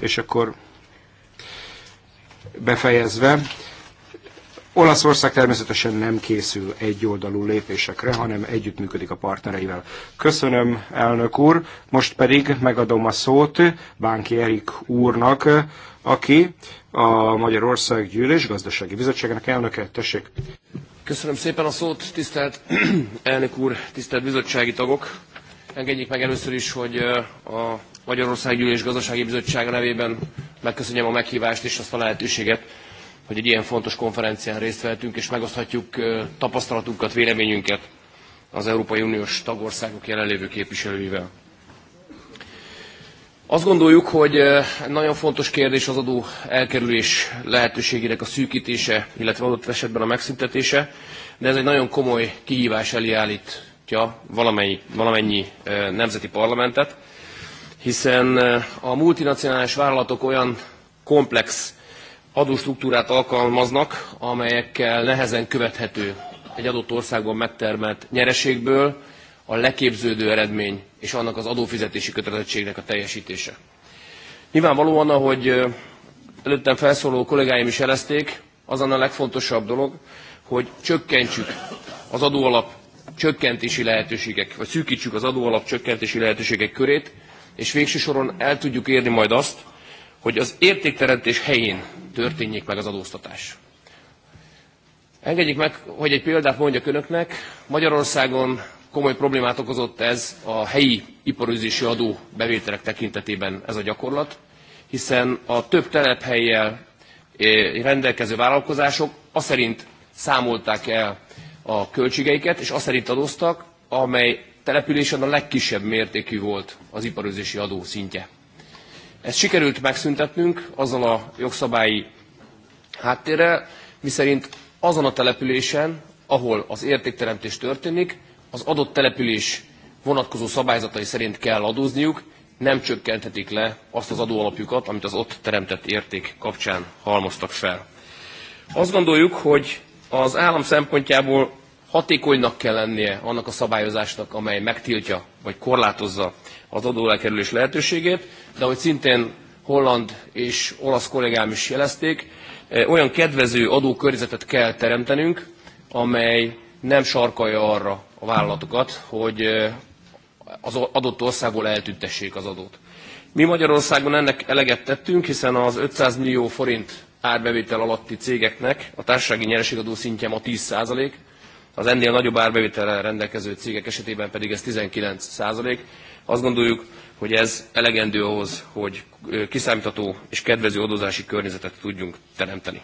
És akkor befejezve, Olaszország természetesen nem készül egyoldalú lépésekre, hanem együttműködik a partnereivel. Köszönöm, elnök úr. Most pedig megadom a szót Bánki Erik úrnak, aki a Magyarország Gyűlés Gazdasági Bizottságának elnöke. Tessék! Köszönöm szépen a szót, tisztelt elnök úr, tisztelt bizottsági tagok! Engedjék meg először is, hogy a Magyarország Gyűlés Gazdasági Bizottsága nevében megköszönjem a meghívást és azt a lehetőséget, hogy egy ilyen fontos konferencián részt vehetünk, és megoszthatjuk tapasztalatunkat, véleményünket az Európai Uniós tagországok jelenlévő képviselőivel. Azt gondoljuk, hogy nagyon fontos kérdés az adó elkerülés lehetőségének a szűkítése, illetve adott esetben a megszüntetése, de ez egy nagyon komoly kihívás elé állítja valamennyi, valamennyi nemzeti parlamentet, hiszen a multinacionális vállalatok olyan komplex adóstruktúrát alkalmaznak, amelyekkel nehezen követhető egy adott országban megtermelt nyereségből a leképződő eredmény és annak az adófizetési kötelezettségnek a teljesítése. Nyilvánvalóan, ahogy előttem felszóló kollégáim is jelezték, az a legfontosabb dolog, hogy csökkentsük az adóalap csökkentési lehetőségek, vagy szűkítsük az adóalap csökkentési lehetőségek körét, és végső soron el tudjuk érni majd azt, hogy az értékteremtés helyén történjék meg az adóztatás. Engedjék meg, hogy egy példát mondjak önöknek. Magyarországon komoly problémát okozott ez a helyi iparőzési adó bevételek tekintetében ez a gyakorlat, hiszen a több telephelyjel eh, rendelkező vállalkozások aszerint számolták el a költségeiket, és aszerint adóztak, amely településen a legkisebb mértékű volt az iparőzési adó szintje. Ezt sikerült megszüntetnünk azzal a jogszabályi háttérrel, miszerint azon a településen, ahol az értékteremtés történik, az adott település vonatkozó szabályzatai szerint kell adózniuk, nem csökkenthetik le azt az adóalapjukat, amit az ott teremtett érték kapcsán halmoztak fel. Azt gondoljuk, hogy az állam szempontjából hatékonynak kell lennie annak a szabályozásnak, amely megtiltja vagy korlátozza az adólekerülés lehetőségét, de ahogy szintén holland és olasz kollégám is jelezték, e, olyan kedvező adókörnyezetet kell teremtenünk, amely nem sarkalja arra a vállalatokat, hogy e, az adott országból eltüntessék az adót. Mi Magyarországon ennek eleget tettünk, hiszen az 500 millió forint árbevétel alatti cégeknek a társasági nyereségadó szintje ma 10 százalék, az ennél nagyobb árbevételrel rendelkező cégek esetében pedig ez 19 százalék. Azt gondoljuk, hogy ez elegendő ahhoz, hogy kiszámítható és kedvező adózási környezetet tudjunk teremteni.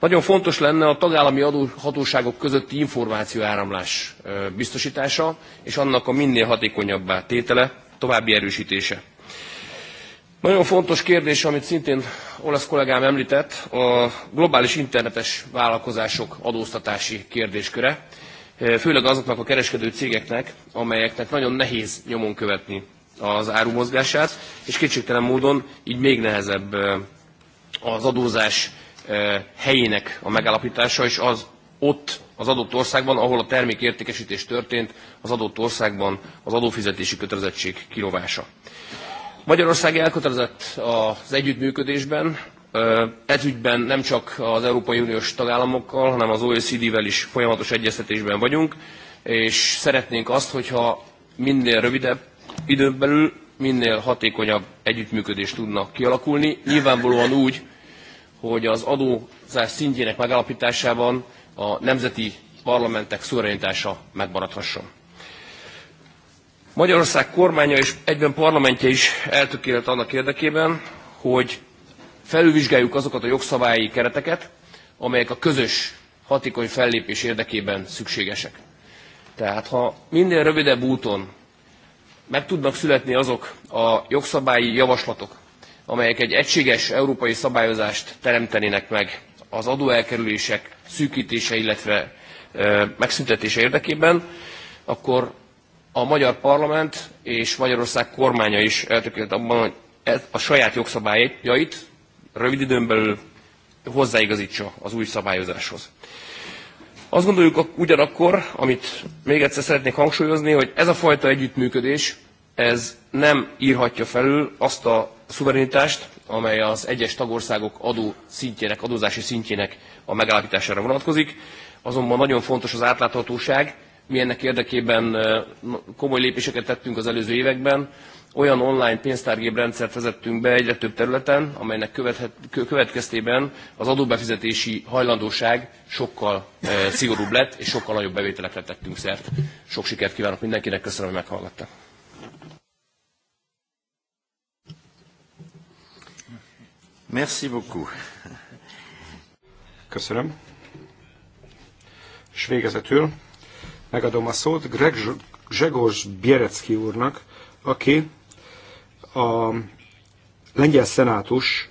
Nagyon fontos lenne a tagállami adóhatóságok közötti információáramlás biztosítása, és annak a minél hatékonyabbá tétele, további erősítése. Nagyon fontos kérdés, amit szintén olasz kollégám említett, a globális internetes vállalkozások adóztatási kérdésköre főleg azoknak a kereskedő cégeknek, amelyeknek nagyon nehéz nyomon követni az árumozgását, és kétségtelen módon így még nehezebb az adózás helyének a megállapítása, és az ott az adott országban, ahol a termék értékesítés történt, az adott országban az adófizetési kötelezettség kirovása. Magyarország elkötelezett az együttműködésben Ezügyben nem csak az Európai Uniós tagállamokkal, hanem az OECD-vel is folyamatos egyeztetésben vagyunk, és szeretnénk azt, hogyha minél rövidebb időn belül minél hatékonyabb együttműködés tudna kialakulni. Nyilvánvalóan úgy, hogy az adózás szintjének megállapításában a nemzeti parlamentek szuverenitása megmaradhasson. Magyarország kormánya és egyben parlamentje is eltökélt annak érdekében, hogy felülvizsgáljuk azokat a jogszabályi kereteket, amelyek a közös hatékony fellépés érdekében szükségesek. Tehát ha minden rövidebb úton meg tudnak születni azok a jogszabályi javaslatok, amelyek egy egységes európai szabályozást teremtenének meg az adóelkerülések szűkítése, illetve megszüntetése érdekében, akkor a magyar parlament és Magyarország kormánya is eltökélt abban, hogy e, a saját jogszabályait rövid időn belül hozzáigazítsa az új szabályozáshoz. Azt gondoljuk ugyanakkor, amit még egyszer szeretnék hangsúlyozni, hogy ez a fajta együttműködés, ez nem írhatja felül azt a szuverenitást, amely az egyes tagországok adó szintjének, adózási szintjének a megállapítására vonatkozik. Azonban nagyon fontos az átláthatóság, mi ennek érdekében komoly lépéseket tettünk az előző években, olyan online rendszert vezettünk be egyre több területen, amelynek következtében az adóbefizetési hajlandóság sokkal eh, szigorúbb lett, és sokkal nagyobb bevételekre tettünk szert. Sok sikert kívánok mindenkinek, köszönöm, hogy meghallgattak. Merci beaucoup. Köszönöm. És végezetül megadom a szót Greg Zsegors Bierecki úrnak, aki a lengyel szenátus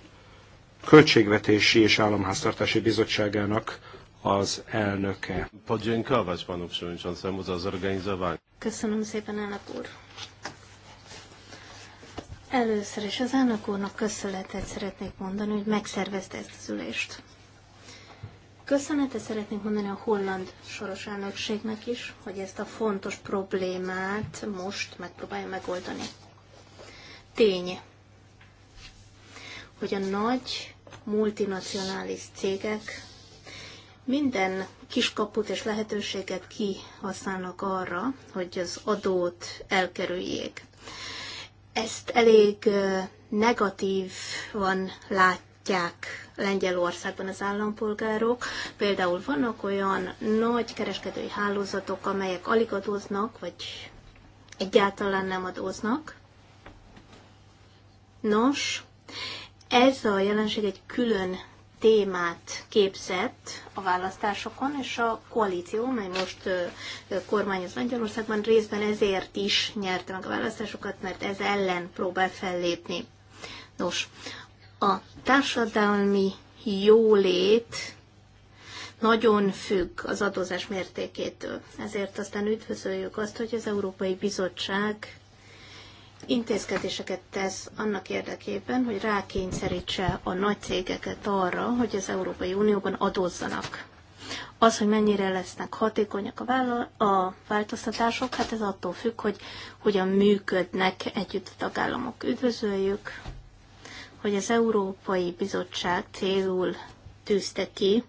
költségvetési és államháztartási bizottságának az elnöke. panu Köszönöm szépen, elnök úr. Először is az elnök úrnak köszönetet szeretnék mondani, hogy megszervezte ezt az ülést. Köszönetet szeretnék mondani a holland soros elnökségnek is, hogy ezt a fontos problémát most megpróbálja megoldani tény, hogy a nagy multinacionális cégek minden kiskaput és lehetőséget kihasználnak arra, hogy az adót elkerüljék. Ezt elég negatívan látják Lengyelországban az állampolgárok. Például vannak olyan nagy kereskedői hálózatok, amelyek alig adóznak, vagy egyáltalán nem adóznak, Nos, ez a jelenség egy külön témát képzett a választásokon, és a koalíció, mely most kormányoz Magyarországban részben ezért is nyerte meg a választásokat, mert ez ellen próbál fellépni. Nos, a társadalmi jólét nagyon függ az adózás mértékétől. Ezért aztán üdvözöljük azt, hogy az Európai Bizottság intézkedéseket tesz annak érdekében, hogy rákényszerítse a nagy cégeket arra, hogy az Európai Unióban adózzanak. Az, hogy mennyire lesznek hatékonyak a, vállal- a változtatások, hát ez attól függ, hogy hogyan működnek együtt a tagállamok. Üdvözöljük, hogy az Európai Bizottság célul tűzte ki,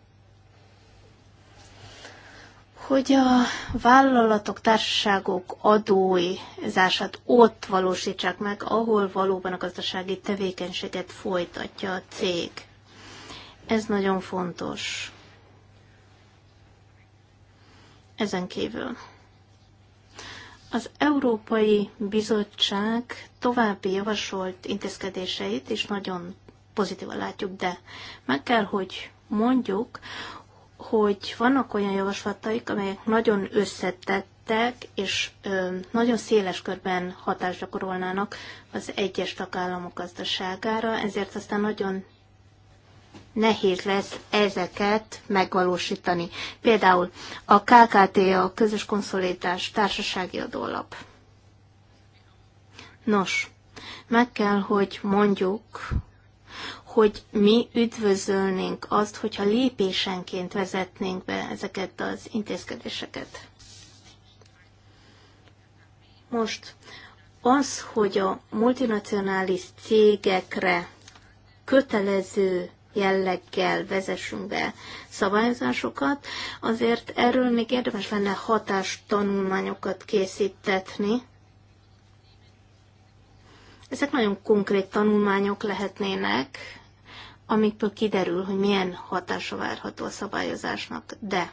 hogy a vállalatok, társaságok adózását ott valósítsák meg, ahol valóban a gazdasági tevékenységet folytatja a cég. Ez nagyon fontos. Ezen kívül. Az Európai Bizottság további javasolt intézkedéseit is nagyon pozitívan látjuk, de meg kell, hogy mondjuk, hogy vannak olyan javaslataik, amelyek nagyon összetettek, és ö, nagyon széles körben hatást gyakorolnának az egyes tagállamok gazdaságára, ezért aztán nagyon nehéz lesz ezeket megvalósítani. Például a KKT, a közös konszolidás társasági adólap. Nos, meg kell, hogy mondjuk hogy mi üdvözölnénk azt, hogyha lépésenként vezetnénk be ezeket az intézkedéseket. Most az, hogy a multinacionális cégekre kötelező jelleggel vezessünk be szabályozásokat, azért erről még érdemes lenne hatástanulmányokat tanulmányokat készítetni. Ezek nagyon konkrét tanulmányok lehetnének, amikből kiderül, hogy milyen hatása várható a szabályozásnak. De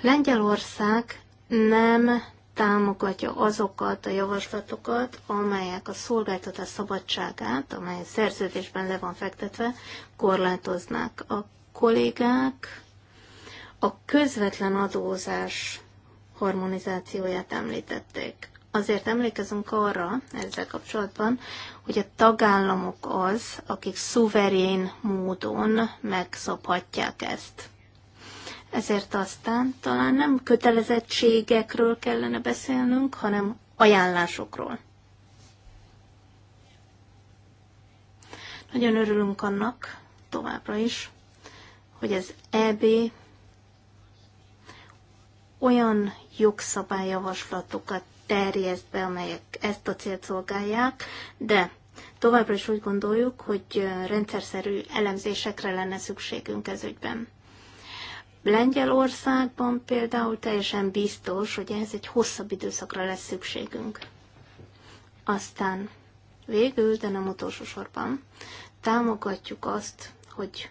Lengyelország nem támogatja azokat a javaslatokat, amelyek a szolgáltatás szabadságát, amely a szerződésben le van fektetve, korlátoznák. A kollégák a közvetlen adózás harmonizációját említették azért emlékezünk arra ezzel kapcsolatban, hogy a tagállamok az, akik szuverén módon megszabhatják ezt. Ezért aztán talán nem kötelezettségekről kellene beszélnünk, hanem ajánlásokról. Nagyon örülünk annak továbbra is, hogy az EB olyan jogszabályjavaslatokat terjeszt be, amelyek ezt a célt szolgálják, de továbbra is úgy gondoljuk, hogy rendszerszerű elemzésekre lenne szükségünk ez ügyben. Lengyelországban például teljesen biztos, hogy ehhez egy hosszabb időszakra lesz szükségünk. Aztán végül, de nem utolsó sorban, támogatjuk azt, hogy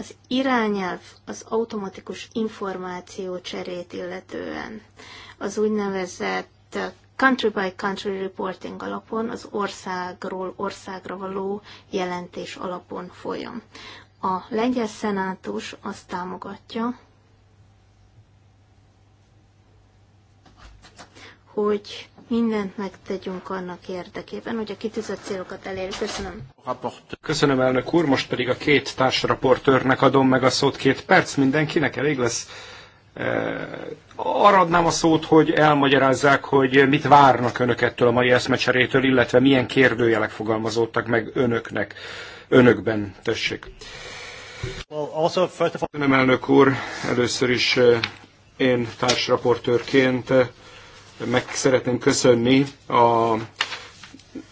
az irányelv az automatikus információ cserét illetően az úgynevezett country by country reporting alapon, az országról országra való jelentés alapon folyam. A lengyel szenátus azt támogatja, hogy mindent megtegyünk annak érdekében, hogy a kitűzött célokat elérjük. Köszönöm. Köszönöm, elnök úr. Most pedig a két társraportőrnek adom meg a szót. Két perc mindenkinek elég lesz. E, arra adnám a szót, hogy elmagyarázzák, hogy mit várnak önök ettől a mai eszmecserétől, illetve milyen kérdőjelek fogalmazódtak meg önöknek, önökben. Tessék. Köszönöm, elnök úr. Először is e, én társraportőrként meg szeretném köszönni a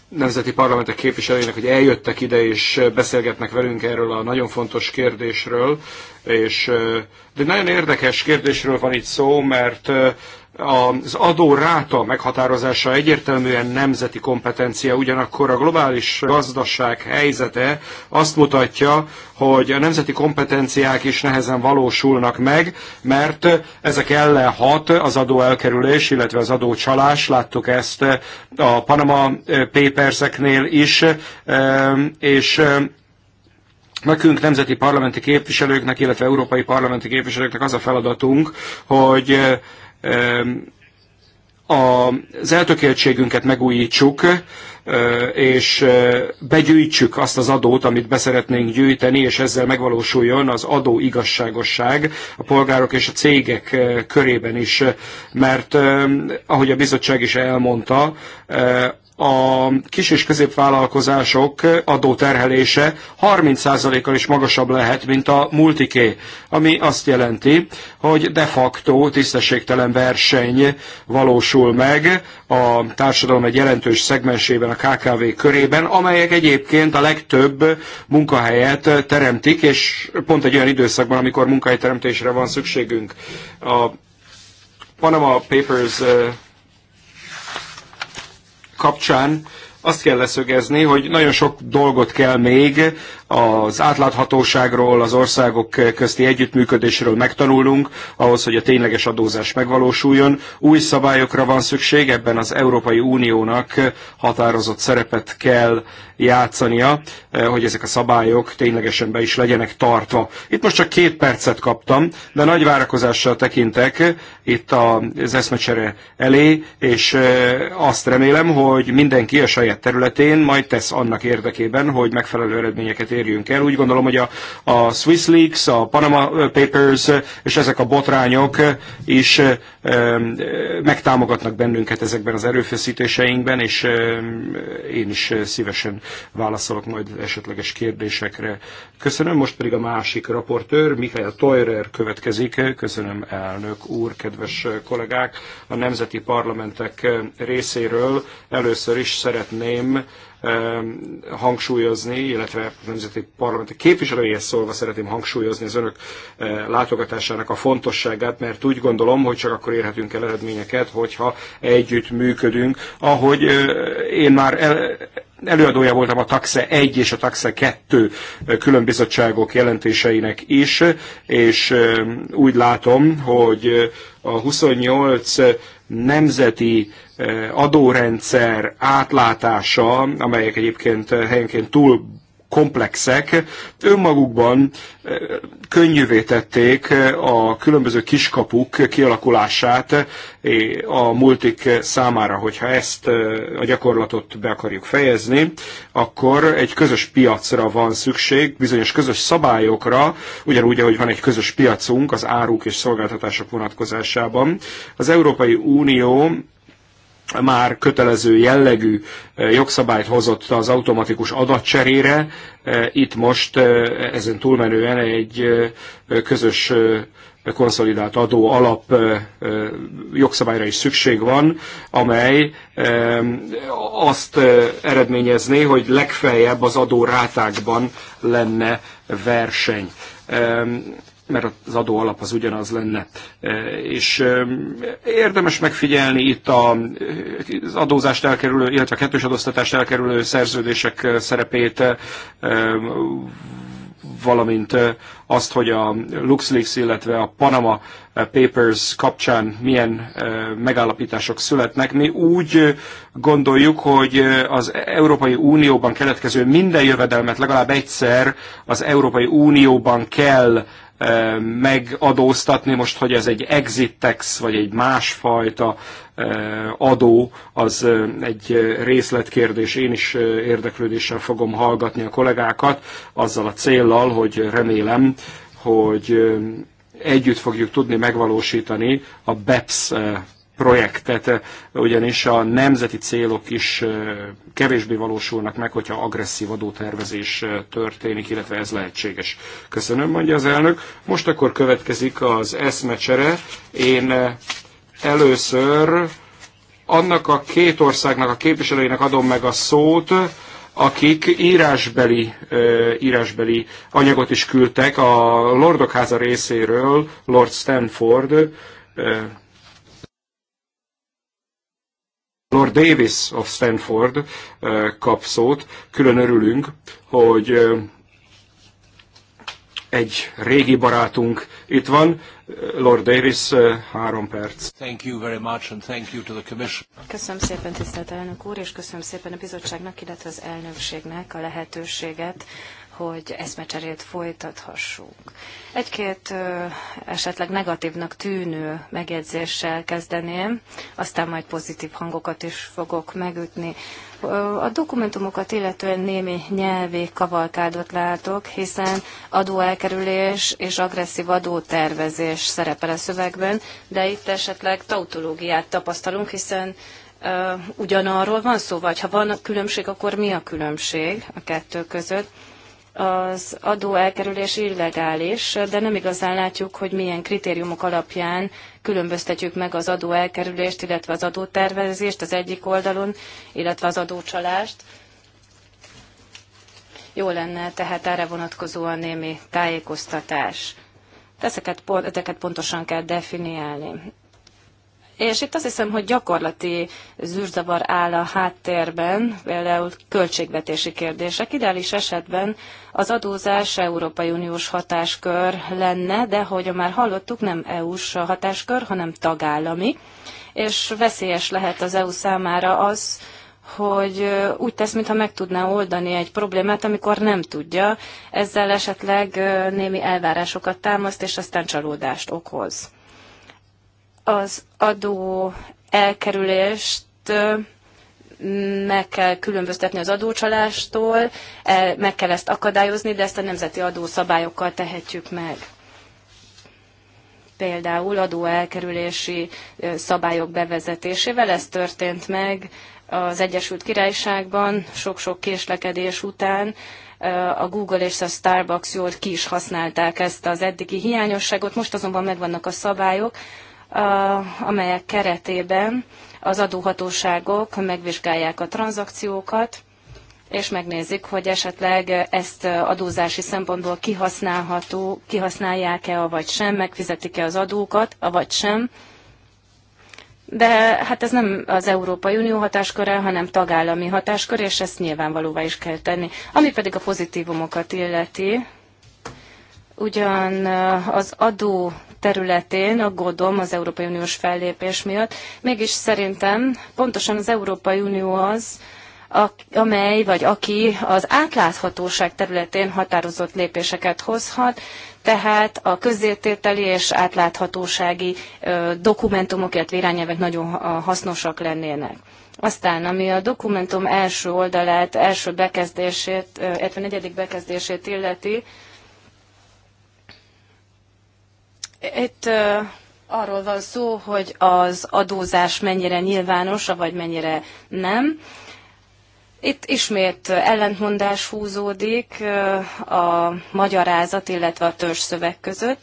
nemzeti parlamentek képviselőinek, hogy eljöttek ide és beszélgetnek velünk erről a nagyon fontos kérdésről. És, de nagyon érdekes kérdésről van itt szó, mert az adó ráta meghatározása egyértelműen nemzeti kompetencia, ugyanakkor a globális gazdaság helyzete azt mutatja, hogy a nemzeti kompetenciák is nehezen valósulnak meg, mert ezek ellen hat az adóelkerülés, illetve az adócsalás, láttuk ezt a Panama Paperseknél is, ehm, és ehm, Nekünk nemzeti parlamenti képviselőknek, illetve európai parlamenti képviselőknek az a feladatunk, hogy az eltökéltségünket megújítsuk, és begyűjtsük azt az adót, amit beszeretnénk gyűjteni, és ezzel megvalósuljon az adó igazságosság a polgárok és a cégek körében is. Mert ahogy a bizottság is elmondta, a kis és középvállalkozások adóterhelése 30%-kal is magasabb lehet, mint a multiké, ami azt jelenti, hogy de facto tisztességtelen verseny valósul meg a társadalom egy jelentős szegmensében, a KKV körében, amelyek egyébként a legtöbb munkahelyet teremtik, és pont egy olyan időszakban, amikor munkahelyteremtésre van szükségünk. A Panama Papers eh, kapcsán azt kell leszögezni, hogy nagyon sok dolgot kell még az átláthatóságról, az országok közti együttműködésről megtanulnunk, ahhoz, hogy a tényleges adózás megvalósuljon. Új szabályokra van szükség, ebben az Európai Uniónak határozott szerepet kell játszania, hogy ezek a szabályok ténylegesen be is legyenek tartva. Itt most csak két percet kaptam, de nagy várakozással tekintek itt az eszmecsere elé, és azt remélem, hogy mindenki a saját területén majd tesz annak érdekében, hogy megfelelő eredményeket térjünk el. Úgy gondolom, hogy a, a Swiss Leaks, a Panama Papers és ezek a botrányok is megtámogatnak bennünket ezekben az erőfeszítéseinkben, és én is szívesen válaszolok majd esetleges kérdésekre. Köszönöm, most pedig a másik raportőr, Mikhail Teurer következik. Köszönöm, elnök úr, kedves kollégák, a nemzeti parlamentek részéről először is szeretném hangsúlyozni, illetve nemzeti parlamenti képviselőjéhez szólva szeretném hangsúlyozni az önök látogatásának a fontosságát, mert úgy gondolom, hogy csak akkor érhetünk el eredményeket, hogyha együtt működünk. Ahogy én már el, előadója voltam a Taxe 1 és a Taxe 2 különbizottságok jelentéseinek is, és úgy látom, hogy a 28 nemzeti adórendszer átlátása, amelyek egyébként helyenként túl komplexek, önmagukban könnyűvé tették a különböző kiskapuk kialakulását a multik számára, hogyha ezt a gyakorlatot be akarjuk fejezni, akkor egy közös piacra van szükség, bizonyos közös szabályokra, ugyanúgy, ahogy van egy közös piacunk az áruk és szolgáltatások vonatkozásában. Az Európai Unió már kötelező jellegű jogszabályt hozott az automatikus adatcserére. Itt most ezen túlmenően egy közös konszolidált adó alap jogszabályra is szükség van, amely azt eredményezné, hogy legfeljebb az adórátákban lenne verseny mert az adó alap az ugyanaz lenne. E, és e, érdemes megfigyelni itt az adózást elkerülő, illetve a kettős adóztatást elkerülő szerződések szerepét, e, valamint azt, hogy a LuxLeaks, illetve a Panama Papers kapcsán milyen megállapítások születnek. Mi úgy gondoljuk, hogy az Európai Unióban keletkező minden jövedelmet legalább egyszer az Európai Unióban kell megadóztatni, most hogy ez egy exit tax, vagy egy másfajta adó, az egy részletkérdés. Én is érdeklődéssel fogom hallgatni a kollégákat, azzal a céllal, hogy remélem, hogy együtt fogjuk tudni megvalósítani a BEPS projektet, eh, ugyanis a nemzeti célok is eh, kevésbé valósulnak meg, hogyha agresszív adótervezés eh, történik, illetve ez lehetséges. Köszönöm, mondja az elnök. Most akkor következik az eszmecsere. Én először annak a két országnak a képviselőinek adom meg a szót, akik írásbeli, írásbeli anyagot is küldtek a Lordok háza részéről, Lord Stanford Lord Davis of Stanford uh, kap szót. Külön örülünk, hogy uh, egy régi barátunk itt van, uh, Lord Davis, három perc. Thank you very much and thank you to the commission. Köszönöm szépen, tisztelt elnök úr, és köszönöm szépen a bizottságnak, illetve az elnökségnek a lehetőséget, hogy eszmecserét folytathassuk. Egy-két esetleg negatívnak tűnő megjegyzéssel kezdeném, aztán majd pozitív hangokat is fogok megütni. A dokumentumokat illetően némi nyelvi kavalkádot látok, hiszen adóelkerülés és agresszív adótervezés szerepel a szövegben, de itt esetleg tautológiát tapasztalunk, hiszen ugyanarról van szó, vagy ha van különbség, akkor mi a különbség a kettő között? az adó elkerülés illegális, de nem igazán látjuk, hogy milyen kritériumok alapján különböztetjük meg az adó elkerülést, illetve az adótervezést az egyik oldalon, illetve az adócsalást. Jó lenne tehát erre vonatkozóan némi tájékoztatás. Ezeket, ezeket pontosan kell definiálni. És itt azt hiszem, hogy gyakorlati zűrzavar áll a háttérben, például költségvetési kérdések. Ideális esetben az adózás Európai Uniós hatáskör lenne, de hogy már hallottuk, nem EU-s hatáskör, hanem tagállami. És veszélyes lehet az EU számára az, hogy úgy tesz, mintha meg tudná oldani egy problémát, amikor nem tudja, ezzel esetleg némi elvárásokat támaszt, és aztán csalódást okoz. Az adó elkerülést meg kell különböztetni az adócsalástól, e, meg kell ezt akadályozni, de ezt a nemzeti adószabályokkal tehetjük meg. Például adóelkerülési szabályok bevezetésével ez történt meg az Egyesült Királyságban sok-sok késlekedés után. A Google és a Starbucks jól ki is használták ezt az eddigi hiányosságot, most azonban megvannak a szabályok, amelyek keretében az adóhatóságok megvizsgálják a tranzakciókat, és megnézik, hogy esetleg ezt adózási szempontból kihasználható, kihasználják-e, vagy sem, megfizetik-e az adókat, vagy sem. De hát ez nem az Európai Unió hatásköre, hanem tagállami hatáskör, és ezt nyilvánvalóvá is kell tenni. Ami pedig a pozitívumokat illeti, ugyan az adó területén aggódom az Európai Uniós fellépés miatt. Mégis szerintem pontosan az Európai Unió az, amely vagy aki az átláthatóság területén határozott lépéseket hozhat, tehát a közzétételi és átláthatósági dokumentumok, illetve irányelvek nagyon hasznosak lennének. Aztán, ami a dokumentum első oldalát, első bekezdését, illetve negyedik bekezdését illeti, Itt arról van szó, hogy az adózás mennyire nyilvános, vagy mennyire nem. Itt ismét ellentmondás húzódik a magyarázat, illetve a törzsszöveg között.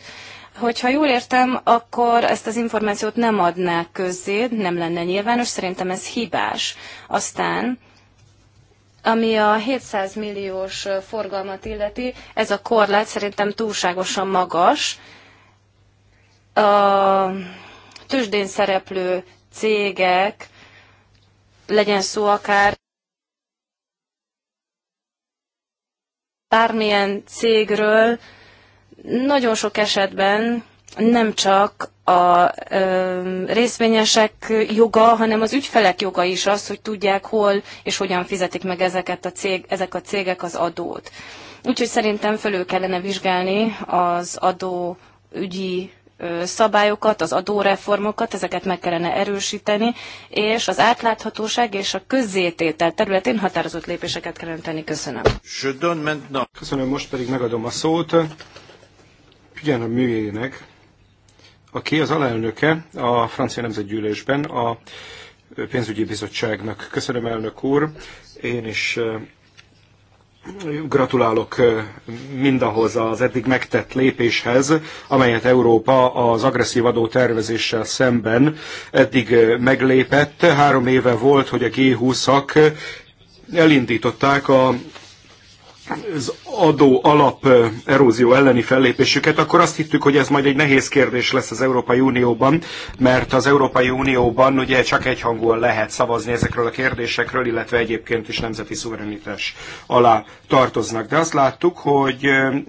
Hogyha jól értem, akkor ezt az információt nem adnák közzé, nem lenne nyilvános, szerintem ez hibás. Aztán, ami a 700 milliós forgalmat illeti, ez a korlát szerintem túlságosan magas, a tőzsdén szereplő cégek, legyen szó akár bármilyen cégről, nagyon sok esetben nem csak a ö, részvényesek joga, hanem az ügyfelek joga is az, hogy tudják, hol és hogyan fizetik meg ezeket a cég, ezek a cégek az adót. Úgyhogy szerintem fölül kellene vizsgálni az adóügyi szabályokat, az adóreformokat, ezeket meg kellene erősíteni, és az átláthatóság és a közzététel területén határozott lépéseket kellene tenni. Köszönöm. Köszönöm, most pedig megadom a szót a Műjének, aki az alelnöke a francia nemzetgyűlésben a pénzügyi bizottságnak. Köszönöm, elnök úr. Én is Gratulálok mindahhoz az eddig megtett lépéshez, amelyet Európa az agresszív adó tervezéssel szemben eddig meglépett. Három éve volt, hogy a G20-ak elindították a az adó alap erózió elleni fellépésüket, akkor azt hittük, hogy ez majd egy nehéz kérdés lesz az Európai Unióban, mert az Európai Unióban ugye csak egyhangúan lehet szavazni ezekről a kérdésekről, illetve egyébként is nemzeti szuverenitás alá tartoznak. De azt láttuk, hogy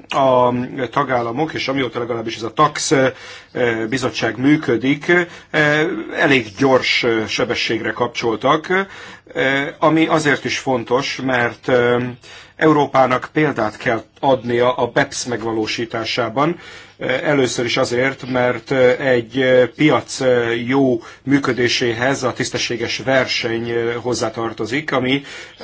a tagállamok, és amióta legalábbis ez a tax bizottság működik, elég gyors sebességre kapcsoltak, Eh, ami azért is fontos, mert eh, Európának példát kell adnia a BEPS megvalósításában. Eh, először is azért, mert egy piac jó működéséhez a tisztességes verseny hozzátartozik, ami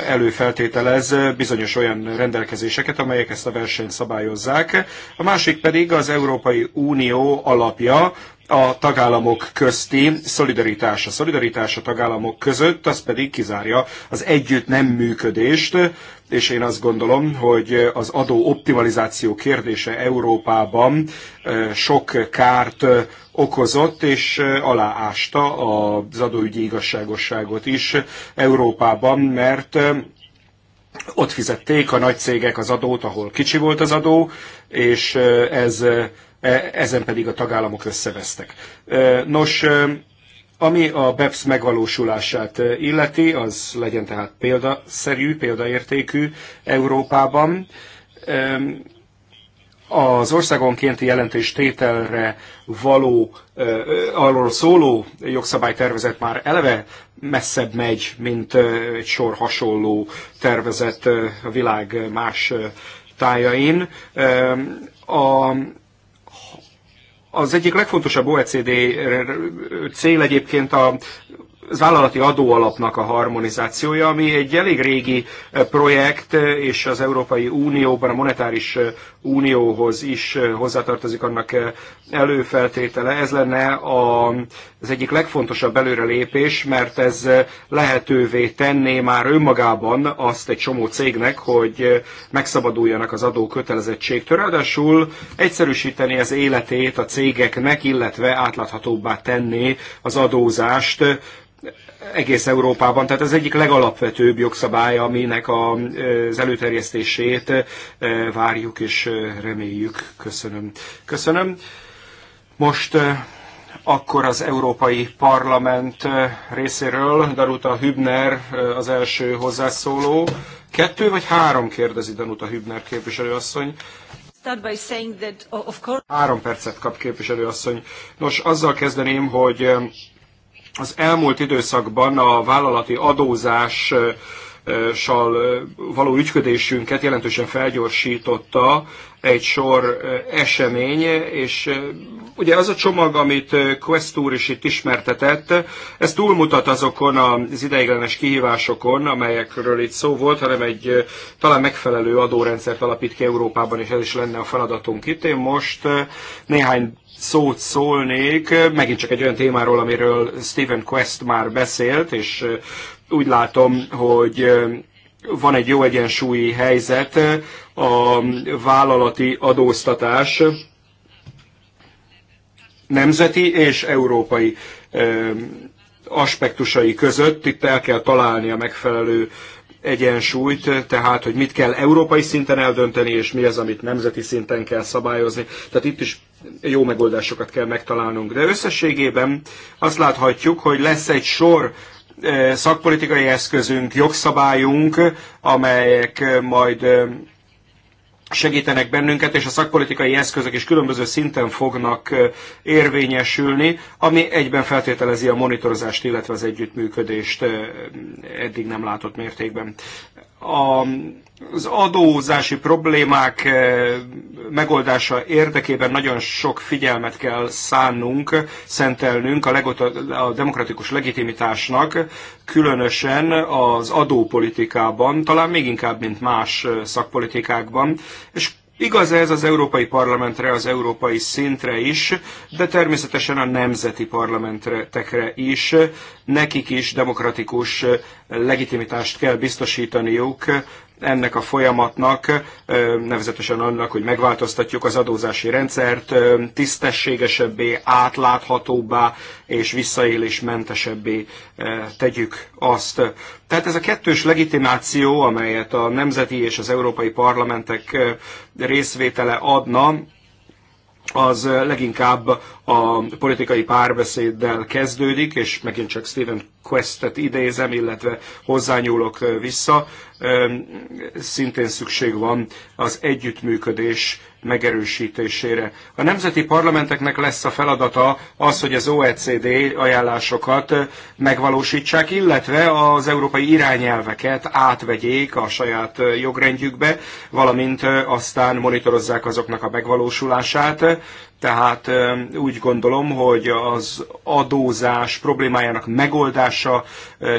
előfeltételez bizonyos olyan rendelkezéseket, amelyek ezt a versenyt szabályozzák. A másik pedig az Európai Unió alapja, a tagállamok közti szolidaritás. A szolidaritás a tagállamok között, az pedig kizárja az együtt nem működést, és én azt gondolom, hogy az adó optimalizáció kérdése Európában sok kárt okozott, és aláásta az adóügyi igazságosságot is Európában, mert ott fizették a nagy cégek az adót, ahol kicsi volt az adó, és ez, e, ezen pedig a tagállamok összevesztek. Nos, ami a BEPS megvalósulását illeti, az legyen tehát példaszerű, példaértékű Európában. Az országonkénti jelentés tételre való, arról szóló jogszabálytervezet már eleve messzebb megy, mint egy sor hasonló tervezet a világ más tájain. A, az egyik legfontosabb OECD cél egyébként a az vállalati adóalapnak a harmonizációja, ami egy elég régi projekt, és az Európai Unióban, a Monetáris Unióhoz is hozzátartozik annak előfeltétele. Ez lenne a az egyik legfontosabb előrelépés, mert ez eh, lehetővé tenné már önmagában azt egy csomó cégnek, hogy eh, megszabaduljanak az adó kötelezettségtől. Ráadásul egyszerűsíteni az életét a cégeknek, illetve átláthatóbbá tenni az adózást, eh, egész Európában. Tehát ez egyik legalapvetőbb jogszabály, aminek a, az előterjesztését várjuk és reméljük. Köszönöm. Köszönöm. Most akkor az Európai Parlament részéről Danuta Hübner az első hozzászóló. Kettő vagy három kérdezi Danuta Hübner képviselőasszony. Három percet kap képviselőasszony. Nos, azzal kezdeném, hogy az elmúlt időszakban a vállalati adózás való ügyködésünket jelentősen felgyorsította egy sor esemény, és ugye az a csomag, amit Quest úr is itt ismertetett, ez túlmutat azokon az ideiglenes kihívásokon, amelyekről itt szó volt, hanem egy talán megfelelő adórendszert alapít ki Európában, és ez is lenne a feladatunk itt. Én most néhány szót szólnék, megint csak egy olyan témáról, amiről Stephen Quest már beszélt, és úgy látom, hogy van egy jó egyensúlyi helyzet a vállalati adóztatás nemzeti és európai aspektusai között. Itt el kell találni a megfelelő egyensúlyt, tehát hogy mit kell európai szinten eldönteni, és mi az, amit nemzeti szinten kell szabályozni. Tehát itt is jó megoldásokat kell megtalálnunk. De összességében azt láthatjuk, hogy lesz egy sor eh, szakpolitikai eszközünk, jogszabályunk, amelyek eh, majd eh, segítenek bennünket, és a szakpolitikai eszközök is különböző szinten fognak érvényesülni, ami egyben feltételezi a monitorozást, illetve az együttműködést eddig nem látott mértékben a, az adózási problémák eh, megoldása érdekében nagyon sok figyelmet kell szánnunk, szentelnünk a, legot- a demokratikus legitimitásnak, különösen az adópolitikában, talán még inkább, mint más eh, szakpolitikákban, és Igaz ez az Európai Parlamentre, az európai szintre is, de természetesen a nemzeti parlamentekre is. Nekik is demokratikus legitimitást kell biztosítaniuk ennek a folyamatnak, nevezetesen annak, hogy megváltoztatjuk az adózási rendszert, tisztességesebbé, átláthatóbbá és visszaélésmentesebbé tegyük azt. Tehát ez a kettős legitimáció, amelyet a nemzeti és az európai parlamentek részvétele adna, az leginkább a politikai párbeszéddel kezdődik, és megint csak Stephen Questet idézem, illetve hozzányúlok vissza, szintén szükség van az együttműködés megerősítésére. A nemzeti parlamenteknek lesz a feladata az, hogy az OECD ajánlásokat megvalósítsák, illetve az európai irányelveket átvegyék a saját jogrendjükbe, valamint aztán monitorozzák azoknak a megvalósulását. Tehát úgy gondolom, hogy az adózás problémájának megoldása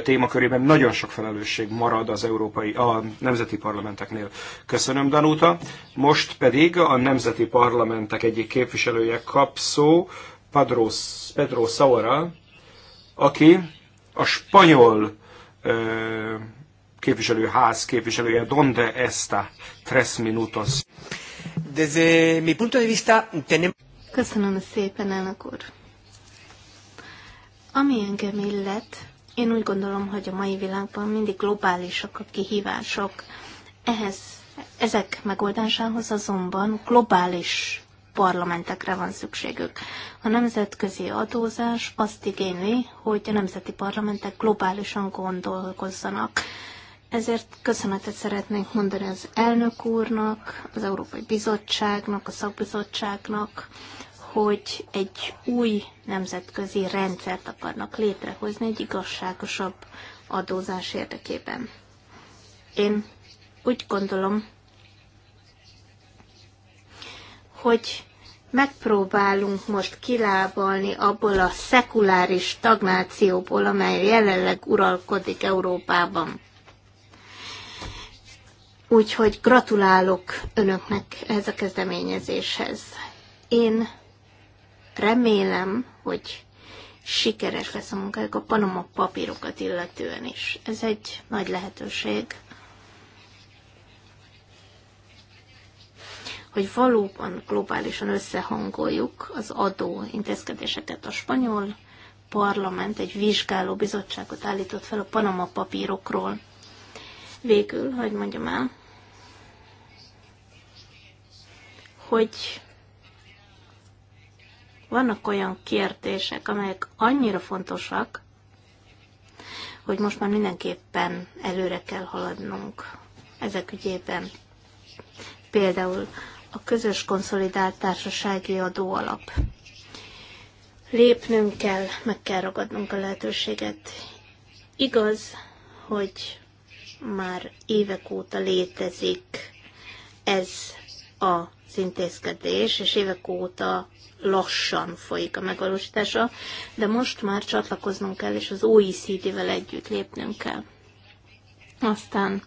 témakörében nagyon sok felelősség marad az európai, a nemzeti parlamenteknél. Köszönöm, Danuta. Most pedig a nemzeti parlamentek egyik képviselője kap szó, Pedro, Pedro Saura, aki a spanyol képviselőház képviselője, donde esta tres minutos. Desde mi punto de vista tenemos Köszönöm szépen, elnök úr. Ami engem illet, én úgy gondolom, hogy a mai világban mindig globálisak a kihívások. Ehhez, ezek megoldásához azonban globális parlamentekre van szükségük. A nemzetközi adózás azt igényli, hogy a nemzeti parlamentek globálisan gondolkozzanak. Ezért köszönetet szeretnénk mondani az elnök úrnak, az Európai Bizottságnak, a szakbizottságnak, hogy egy új nemzetközi rendszert akarnak létrehozni egy igazságosabb adózás érdekében. Én úgy gondolom, hogy megpróbálunk most kilábalni abból a szekuláris stagnációból, amely jelenleg uralkodik Európában. Úgyhogy gratulálok önöknek ehhez a kezdeményezéshez. Én Remélem, hogy sikeres lesz a munkájuk a Panama papírokat illetően is. Ez egy nagy lehetőség, hogy valóban globálisan összehangoljuk az adó intézkedéseket. A spanyol parlament egy vizsgáló bizottságot állított fel a Panama papírokról. Végül, hogy mondjam el, hogy vannak olyan kérdések, amelyek annyira fontosak, hogy most már mindenképpen előre kell haladnunk ezek ügyében. Például a közös konszolidált társasági adóalap. Lépnünk kell, meg kell ragadnunk a lehetőséget. Igaz, hogy már évek óta létezik ez az intézkedés, és évek óta lassan folyik a megvalósítása, de most már csatlakoznunk kell, és az OECD-vel együtt lépnünk kell. Aztán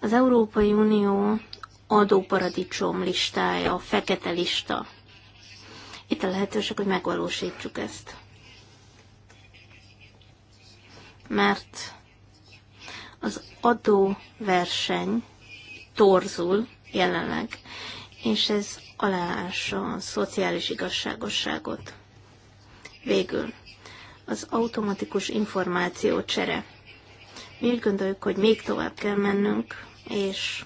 az Európai Unió adóparadicsom listája, a fekete lista. Itt a lehetőség, hogy megvalósítsuk ezt. Mert az adóverseny torzul jelenleg, és ez aláássa a szociális igazságosságot. Végül, az automatikus információ csere. Mi úgy gondoljuk, hogy még tovább kell mennünk, és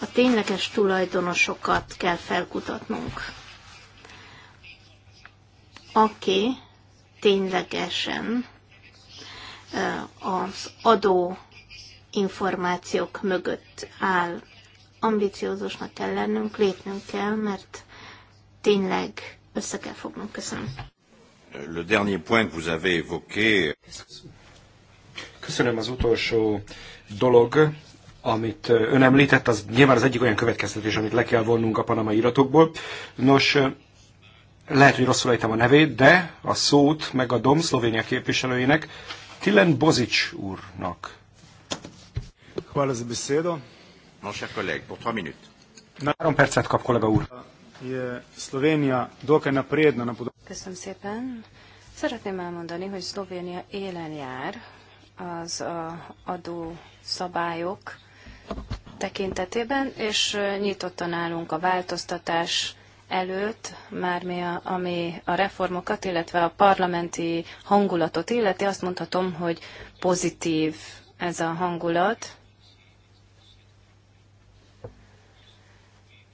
a tényleges tulajdonosokat kell felkutatnunk. Aki ténylegesen az adó információk mögött áll. Ambiciózusnak kell lennünk, lépnünk kell, mert tényleg össze kell fognunk. Köszönöm. Le dernier point que vous avez évoqué. Köszönöm az utolsó dolog, amit ön említett, az nyilván az egyik olyan következtetés, amit le kell vonnunk a panamai iratokból. Nos, lehet, hogy rosszul ejtem a nevét, de a szót megadom Szlovénia képviselőjének, Tilen Bozic úrnak. Hvala za besedo. Mon cher collègue, pour 3 minutes. Három percet kap kollega úr. Je Szlovénia dokaj napredna na podó... Köszönöm szépen. Szeretném elmondani, hogy Szlovénia élen jár az adó szabályok tekintetében, és nyitottan állunk a változtatás előtt, már mi a, ami a reformokat, illetve a parlamenti hangulatot illeti, azt mondhatom, hogy pozitív ez a hangulat.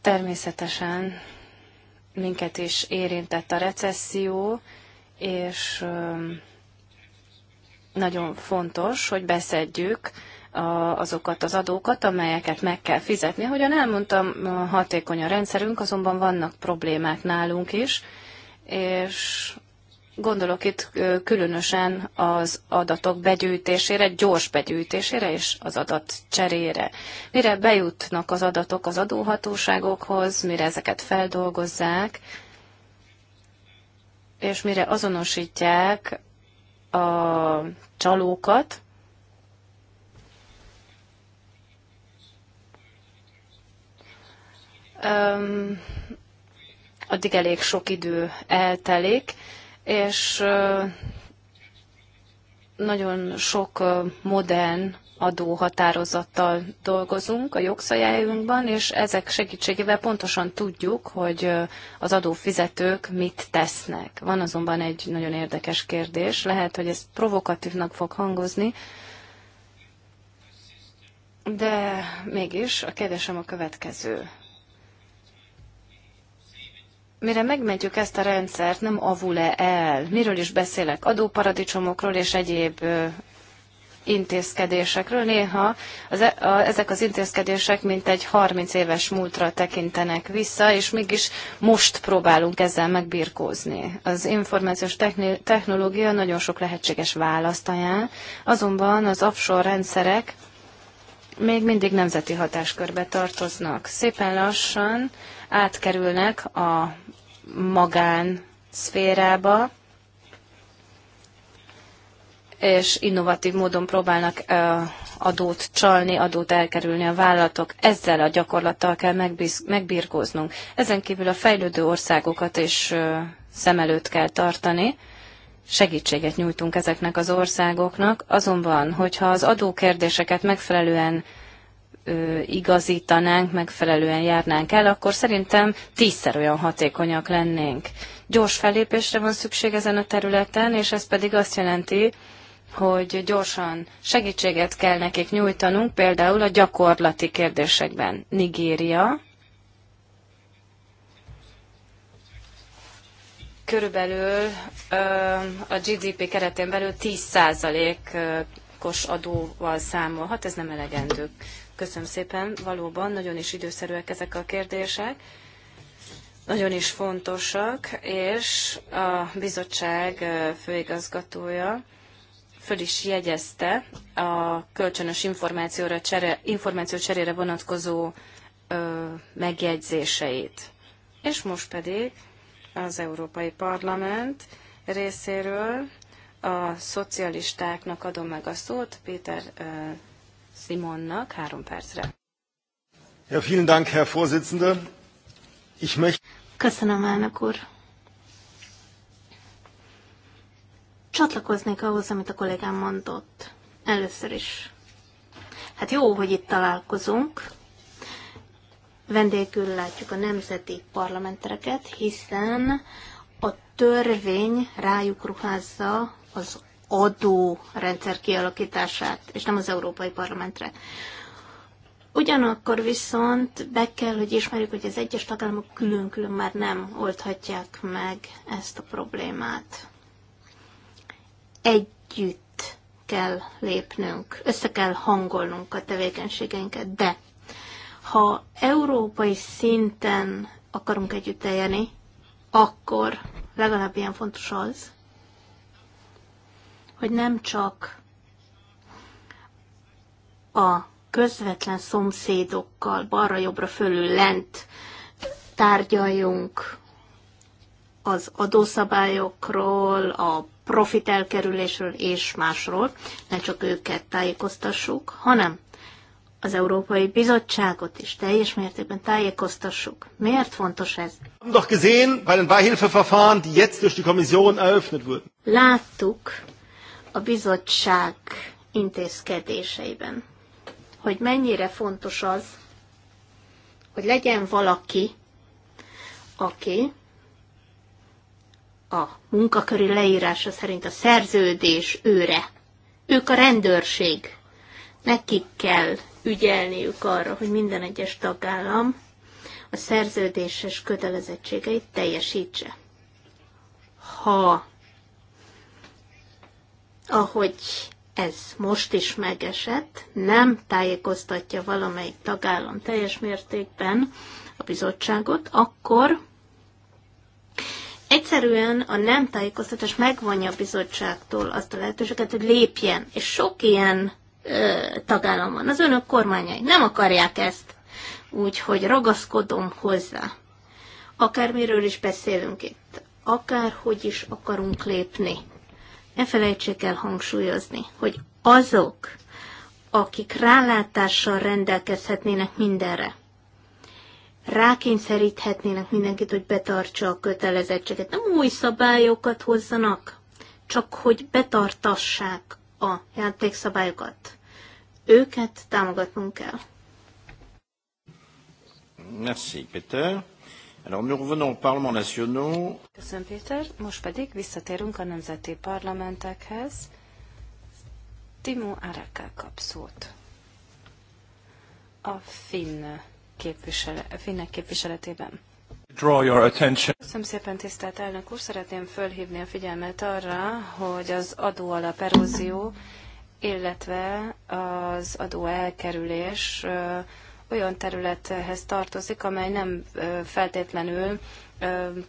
Természetesen minket is érintett a recesszió, és nagyon fontos, hogy beszedjük azokat az adókat, amelyeket meg kell fizetni. Ahogyan elmondtam, hatékony a rendszerünk, azonban vannak problémák nálunk is, és Gondolok itt különösen az adatok begyűjtésére, gyors begyűjtésére és az adat cserére. Mire bejutnak az adatok az adóhatóságokhoz, mire ezeket feldolgozzák, és mire azonosítják a csalókat, um, addig elég sok idő eltelik, és nagyon sok modern adóhatározattal dolgozunk a jogszabályunkban, és ezek segítségével pontosan tudjuk, hogy az adófizetők mit tesznek. Van azonban egy nagyon érdekes kérdés, lehet, hogy ez provokatívnak fog hangozni, de mégis a kérdésem a következő mire megmentjük ezt a rendszert, nem avul-e el? Miről is beszélek? Adóparadicsomokról és egyéb intézkedésekről. Néha az, e, a, ezek az intézkedések mint egy 30 éves múltra tekintenek vissza, és mégis most próbálunk ezzel megbirkózni. Az információs technológia nagyon sok lehetséges választ ajánl, azonban az offshore rendszerek még mindig nemzeti hatáskörbe tartoznak. Szépen lassan átkerülnek a magán szférába, és innovatív módon próbálnak adót csalni, adót elkerülni a vállalatok. Ezzel a gyakorlattal kell megbíz, megbírkóznunk. Ezen kívül a fejlődő országokat is szem előtt kell tartani. Segítséget nyújtunk ezeknek az országoknak, azonban, hogyha az adókérdéseket megfelelően igazítanánk, megfelelően járnánk el, akkor szerintem tízszer olyan hatékonyak lennénk. Gyors fellépésre van szükség ezen a területen, és ez pedig azt jelenti, hogy gyorsan segítséget kell nekik nyújtanunk, például a gyakorlati kérdésekben. Nigéria körülbelül a GDP keretén belül 10%-os adóval számolhat, ez nem elegendő Köszönöm szépen, valóban nagyon is időszerűek ezek a kérdések, nagyon is fontosak, és a bizottság főigazgatója föl is jegyezte a kölcsönös információra csere, információ cserére vonatkozó ö, megjegyzéseit. És most pedig az Európai Parlament részéről a szocialistáknak adom meg a szót, Péter Simonnak három percre. Ja, vielen Dank, Herr Vorsitzender. Ich möchte... Köszönöm, elnök úr. Csatlakoznék ahhoz, amit a kollégám mondott. Először is. Hát jó, hogy itt találkozunk. Vendégül látjuk a nemzeti parlamentereket, hiszen a törvény rájuk ruházza az adórendszer kialakítását, és nem az Európai Parlamentre. Ugyanakkor viszont be kell, hogy ismerjük, hogy az egyes tagállamok külön-külön már nem oldhatják meg ezt a problémát. Együtt kell lépnünk, össze kell hangolnunk a tevékenységeinket, de ha európai szinten akarunk együtt eljönni, akkor legalább ilyen fontos az, hogy nem csak a közvetlen szomszédokkal balra-jobbra fölül lent tárgyaljunk az adószabályokról, a profit elkerülésről és másról, ne csak őket tájékoztassuk, hanem az Európai Bizottságot is teljes mértékben tájékoztassuk. Miért fontos ez? Doch gesehen, bei den Beihilfeverfahren, die jetzt durch die Kommission eröffnet wurden. Láttuk, a bizottság intézkedéseiben, hogy mennyire fontos az, hogy legyen valaki, aki a munkaköri leírása szerint a szerződés őre. Ők a rendőrség. Nekik kell ügyelniük arra, hogy minden egyes tagállam a szerződéses kötelezettségeit teljesítse. Ha ahogy ez most is megesett, nem tájékoztatja valamelyik tagállam teljes mértékben a bizottságot, akkor egyszerűen a nem tájékoztatás megvonja a bizottságtól azt a lehetőséget, hogy lépjen. És sok ilyen ö, tagállam van. Az önök kormányai nem akarják ezt, úgyhogy ragaszkodom hozzá. Akármiről is beszélünk itt, akárhogy is akarunk lépni ne felejtsék el hangsúlyozni, hogy azok, akik rálátással rendelkezhetnének mindenre, rákényszeríthetnének mindenkit, hogy betartsa a kötelezettséget. Nem új szabályokat hozzanak, csak hogy betartassák a játékszabályokat. Őket támogatnunk kell. Merci, Peter. Köszönöm, Péter. Most pedig visszatérünk a nemzeti parlamentekhez. Timo Araká kap szót. A finn képvisele, finnek képviseletében. Draw your attention. Köszönöm szépen, tisztelt elnök úr. Szeretném fölhívni a figyelmet arra, hogy az adóalap erózió, illetve az adó elkerülés uh, olyan területhez tartozik, amely nem feltétlenül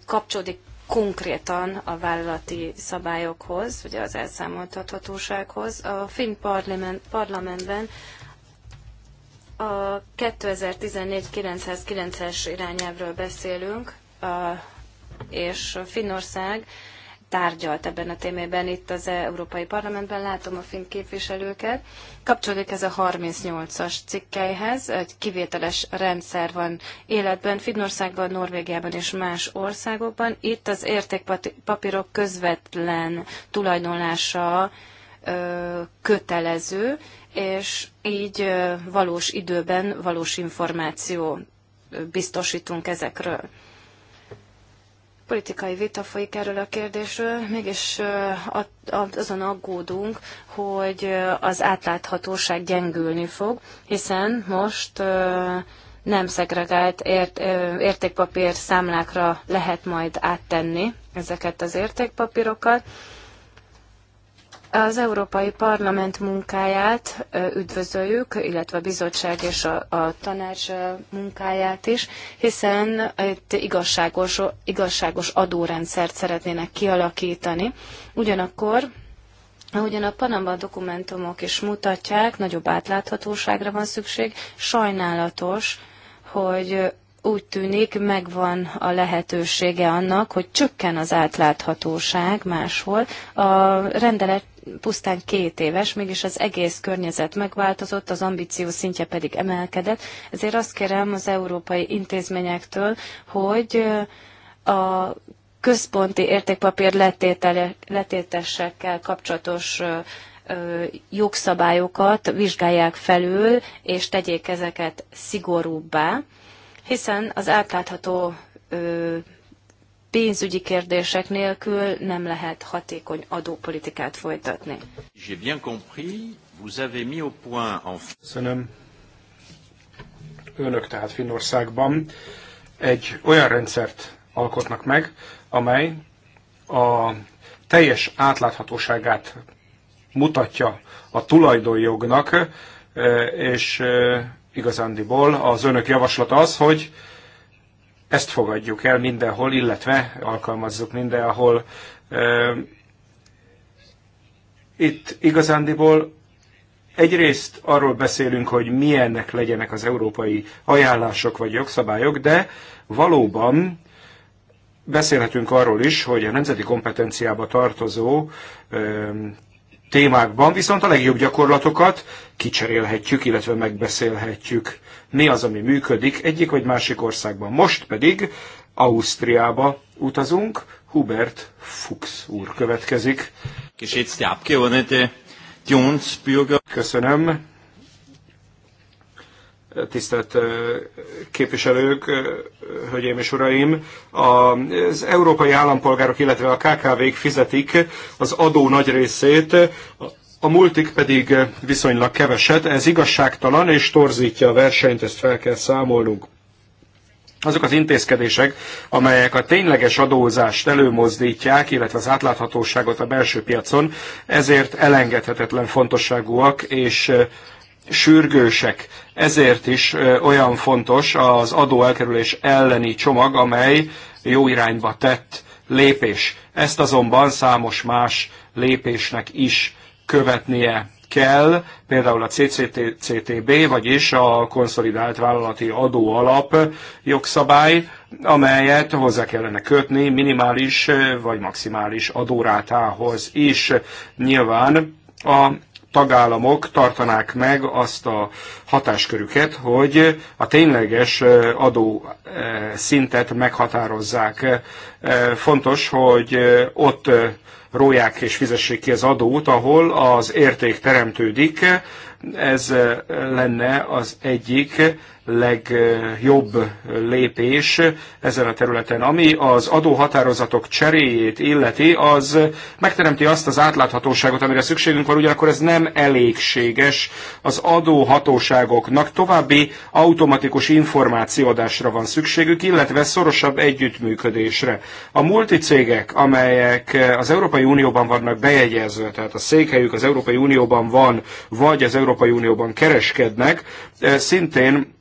kapcsolódik konkrétan a vállalati szabályokhoz, ugye az elszámoltathatósághoz. A finn parlament, parlamentben a 2014-909-es irányelvről beszélünk, és Finnország tárgyalt ebben a témében itt az Európai Parlamentben, látom a finn képviselőket. Kapcsolódik ez a 38-as cikkelyhez, egy kivételes rendszer van életben Finnországban, Norvégiában és más országokban. Itt az értékpapírok közvetlen tulajdonlása kötelező, és így valós időben valós információ biztosítunk ezekről politikai vita folyik erről a kérdésről, mégis azon aggódunk, hogy az átláthatóság gyengülni fog, hiszen most nem szegregált ért, értékpapír számlákra lehet majd áttenni ezeket az értékpapírokat, az Európai Parlament munkáját üdvözöljük, illetve a bizottság és a, a tanács munkáját is, hiszen itt igazságos, igazságos adórendszert szeretnének kialakítani. Ugyanakkor Ahogyan a Panama dokumentumok is mutatják, nagyobb átláthatóságra van szükség. Sajnálatos, hogy úgy tűnik, megvan a lehetősége annak, hogy csökken az átláthatóság máshol. A rendelet pusztán két éves, mégis az egész környezet megváltozott, az ambíció szintje pedig emelkedett. Ezért azt kérem az európai intézményektől, hogy a központi értékpapír letétel, letétesekkel kapcsolatos jogszabályokat vizsgálják felül, és tegyék ezeket szigorúbbá, hiszen az átlátható pénzügyi kérdések nélkül nem lehet hatékony adópolitikát folytatni. Köszönöm. Önök tehát Finnországban egy olyan rendszert alkotnak meg, amely a teljes átláthatóságát mutatja a tulajdonjognak, eh, és eh, igazándiból az önök javaslata az, hogy ezt fogadjuk el mindenhol, illetve alkalmazzuk mindenhol. Itt igazándiból egyrészt arról beszélünk, hogy milyennek legyenek az európai ajánlások vagy jogszabályok, de valóban beszélhetünk arról is, hogy a nemzeti kompetenciába tartozó témákban, viszont a legjobb gyakorlatokat kicserélhetjük, illetve megbeszélhetjük, mi az, ami működik egyik vagy másik országban. Most pedig Ausztriába utazunk, Hubert Fuchs úr következik. Eh, Köszönöm tisztelt képviselők, hölgyeim és uraim, az európai állampolgárok, illetve a KKV-k fizetik az adó nagy részét, a multik pedig viszonylag keveset. Ez igazságtalan és torzítja a versenyt, ezt fel kell számolnunk. Azok az intézkedések, amelyek a tényleges adózást előmozdítják, illetve az átláthatóságot a belső piacon, ezért elengedhetetlen fontosságúak, és sürgősek. Ezért is olyan fontos az adóelkerülés elleni csomag, amely jó irányba tett lépés. Ezt azonban számos más lépésnek is követnie kell, például a CCTB, vagyis a konszolidált vállalati adóalap jogszabály, amelyet hozzá kellene kötni minimális vagy maximális adórátához is. Nyilván a tagállamok tartanák meg azt a hatáskörüket, hogy a tényleges adó szintet meghatározzák. Fontos, hogy ott róják és fizessék ki az adót, ahol az érték teremtődik. Ez lenne az egyik legjobb lépés ezen a területen. Ami az adóhatározatok cseréjét illeti, az megteremti azt az átláthatóságot, amire szükségünk van, ugyanakkor ez nem elégséges. Az adóhatóságoknak további automatikus információadásra van szükségük, illetve szorosabb együttműködésre. A multicégek, amelyek az Európai Unióban vannak bejegyezve, tehát a székhelyük az Európai Unióban van, vagy az Európai Unióban kereskednek, szintén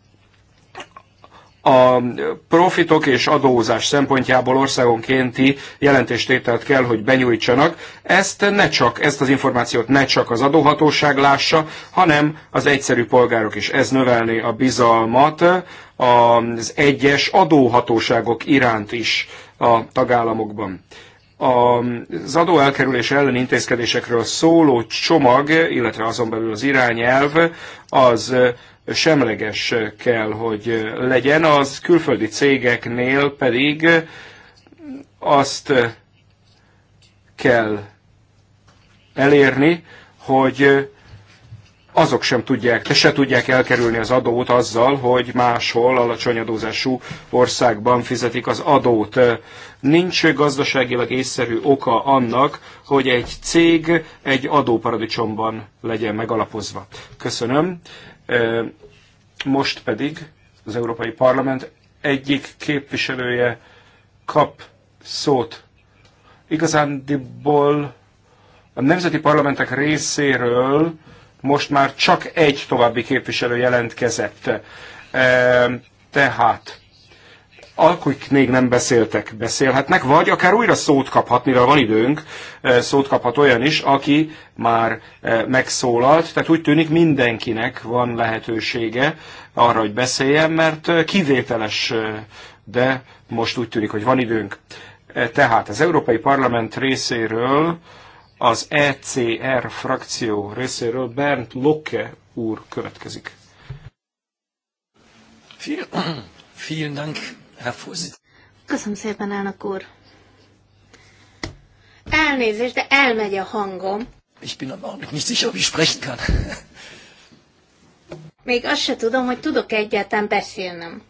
a profitok és adózás szempontjából országonkénti jelentéstételt kell, hogy benyújtsanak. Ezt ne csak, ezt az információt ne csak az adóhatóság lássa, hanem az egyszerű polgárok is. Ez növelné a bizalmat az egyes adóhatóságok iránt is a tagállamokban az adóelkerülés ellen intézkedésekről szóló csomag, illetve azon belül az irányelv, az semleges kell, hogy legyen, az külföldi cégeknél pedig azt kell elérni, hogy azok sem tudják, se tudják elkerülni az adót azzal, hogy máshol alacsony adózású országban fizetik az adót. Nincs gazdaságilag észszerű oka annak, hogy egy cég egy adóparadicsomban legyen megalapozva. Köszönöm. Most pedig az Európai Parlament egyik képviselője kap szót. Igazándiból a nemzeti parlamentek részéről most már csak egy további képviselő jelentkezett. Tehát akik még nem beszéltek, beszélhetnek, vagy akár újra szót kaphat, mivel van időnk, e, szót kaphat olyan is, aki már e, megszólalt, tehát úgy tűnik mindenkinek van lehetősége arra, hogy beszéljen, mert e, kivételes, de most úgy tűnik, hogy van időnk. Tehát az Európai Parlament részéről az ECR frakció részéről Bernd Locke úr következik. Vielen Dank. Herr Köszönöm szépen, elnök úr. Elnézést, de elmegy a hangom. Ich bin aber auch nicht sicher, ob ich sprechen kann. Még azt se tudom, hogy tudok egyáltalán beszélnem.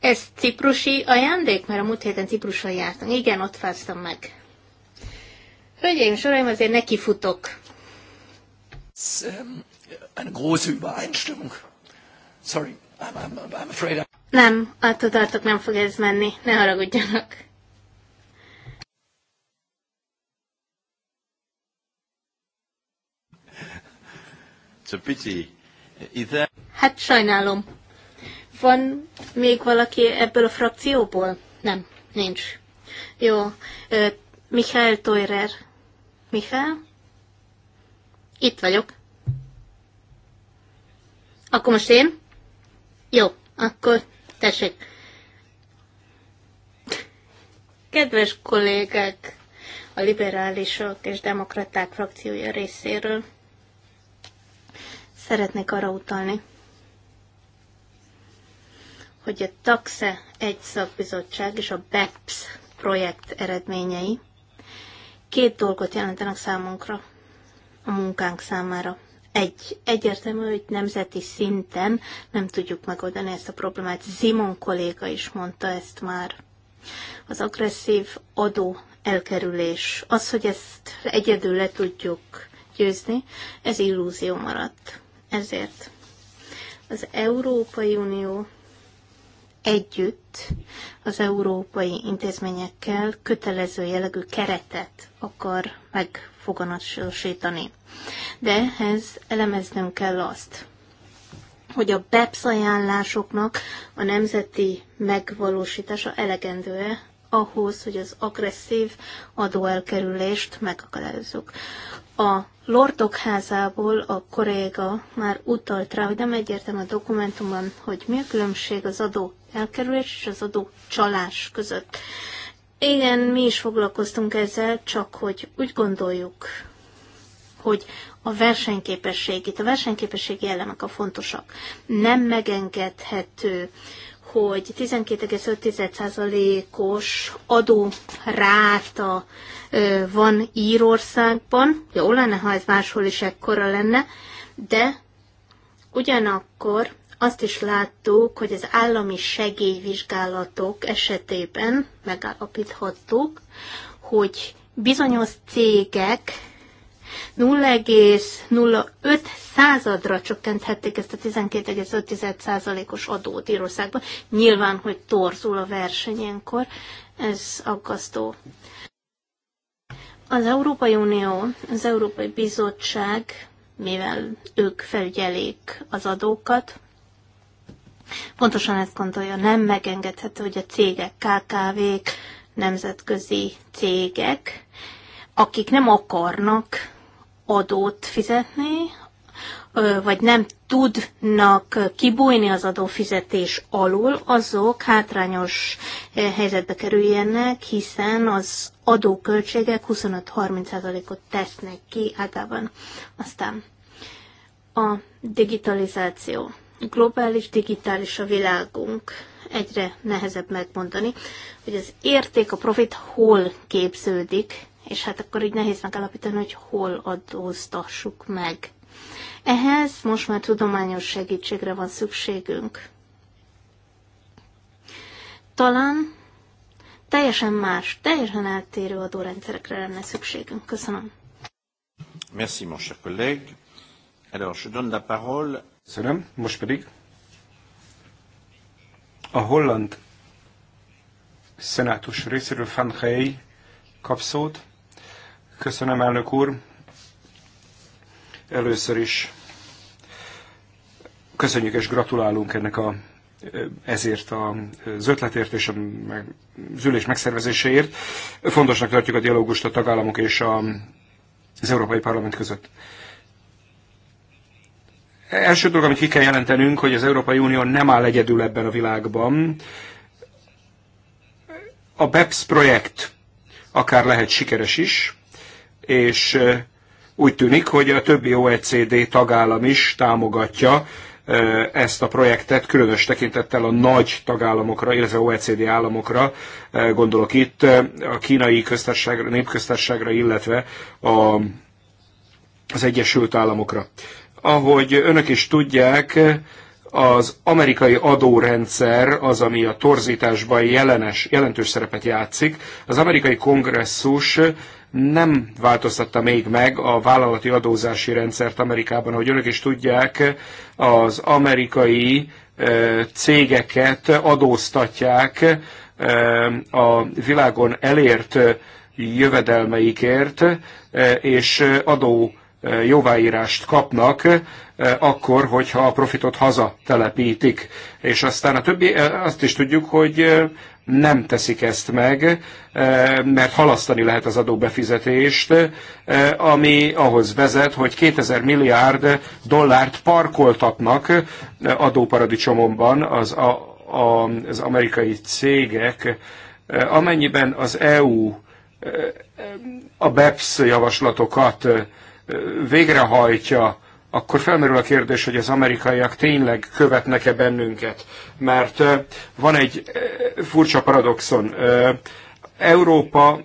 Ez ciprusi ajándék? Mert a múlt héten Cipruson jártam. Igen, ott fáztam meg. Hölgyeim, soraim, azért nekifutok. Ez, egy ähm, eine große Übereinstimmung. Sorry, I'm, I'm, I'm afraid I'm... Nem, attól tartok, nem fog ez menni. Ne haragudjanak. Hát sajnálom. Van még valaki ebből a frakcióból? Nem, nincs. Jó. Michael Toirer. Michael? Itt vagyok. Akkor most én? Jó, akkor Tessék! Kedves kollégák, a liberálisok és demokraták frakciója részéről szeretnék arra utalni, hogy a TAXE egy szakbizottság és a BEPS projekt eredményei két dolgot jelentenek számunkra, a munkánk számára egy, egyértelmű, hogy nemzeti szinten nem tudjuk megoldani ezt a problémát. Zimon kolléga is mondta ezt már. Az agresszív adó elkerülés, az, hogy ezt egyedül le tudjuk győzni, ez illúzió maradt. Ezért az Európai Unió együtt az európai intézményekkel kötelező jellegű keretet akar megfoganatosítani. De ehhez elemeznem kell azt, hogy a BEPS ajánlásoknak a nemzeti megvalósítása elegendő-e ahhoz, hogy az agresszív adóelkerülést megakadályozzuk. A Lordok házából a kolléga már utalt rá, hogy nem egyértelmű a dokumentumban, hogy mi a különbség az adó elkerülés és az adó csalás között. Igen, mi is foglalkoztunk ezzel, csak hogy úgy gondoljuk, hogy a versenyképesség, itt a versenyképességi elemek a fontosak. Nem megengedhető, hogy 12,5%-os adóráta van Írországban, jó lenne, ha ez máshol is ekkora lenne, de ugyanakkor azt is láttuk, hogy az állami segélyvizsgálatok esetében megállapíthattuk, hogy bizonyos cégek 0,05 századra csökkenthették ezt a 12,5 százalékos adót Írországban. Nyilván, hogy torzul a verseny ilyenkor, ez aggasztó. Az Európai Unió, az Európai Bizottság, mivel ők felügyelik az adókat, pontosan ezt gondolja, nem megengedhető, hogy a cégek, KKV-k, nemzetközi cégek, akik nem akarnak adót fizetni, vagy nem tudnak kibújni az adófizetés alól, azok hátrányos eh, helyzetbe kerüljenek, hiszen az adóköltségek 25-30%-ot tesznek ki általában. Aztán a digitalizáció. Globális, digitális a világunk. Egyre nehezebb megmondani, hogy az érték, a profit hol képződik, és hát akkor így nehéz megállapítani, hogy hol adóztassuk meg. Ehhez most már tudományos segítségre van szükségünk. Talán teljesen más, teljesen eltérő adórendszerekre lenne szükségünk. Köszönöm. Merci, mon cher collègue. Alors, je donne la parole. Köszönöm. Most pedig a holland szenátus részéről Van Hey kap szót. Köszönöm, elnök úr. Először is köszönjük és gratulálunk ennek a ezért az ötletért és az ülés megszervezéséért. Fontosnak tartjuk a dialógust a tagállamok és a, az Európai Parlament között. Első dolog, amit ki kell jelentenünk, hogy az Európai Unió nem áll egyedül ebben a világban. A BEPS projekt akár lehet sikeres is, és úgy tűnik, hogy a többi OECD tagállam is támogatja ezt a projektet, különös tekintettel a nagy tagállamokra, illetve OECD államokra, gondolok itt a kínai köztársaságra, népköztárságra, illetve a, az Egyesült Államokra. Ahogy önök is tudják, az amerikai adórendszer az, ami a torzításban jelenes, jelentős szerepet játszik. Az amerikai kongresszus nem változtatta még meg a vállalati adózási rendszert Amerikában. Ahogy önök is tudják, az amerikai cégeket adóztatják a világon elért jövedelmeikért, és adó jóváírást kapnak, akkor, hogyha a profitot haza telepítik. És aztán a többi, azt is tudjuk, hogy nem teszik ezt meg, eh, mert halasztani lehet az adóbefizetést, eh, ami ahhoz vezet, hogy 2000 milliárd dollárt parkoltatnak eh, adóparadicsomomban az, a, a, az amerikai cégek, amennyiben az EU a BEPS javaslatokat végrehajtja, akkor felmerül a kérdés, hogy az amerikaiak tényleg követnek-e bennünket. Mert van egy furcsa paradoxon. Európa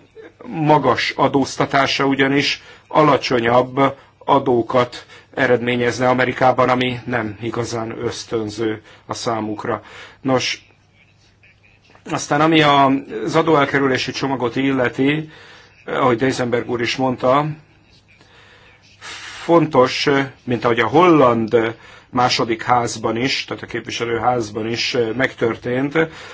magas adóztatása ugyanis alacsonyabb adókat eredményezne Amerikában, ami nem igazán ösztönző a számukra. Nos, aztán ami az adóelkerülési csomagot illeti, ahogy Deisenberg úr is mondta, fontos, mint ahogy a holland második házban is, tehát a képviselőházban is megtörtént,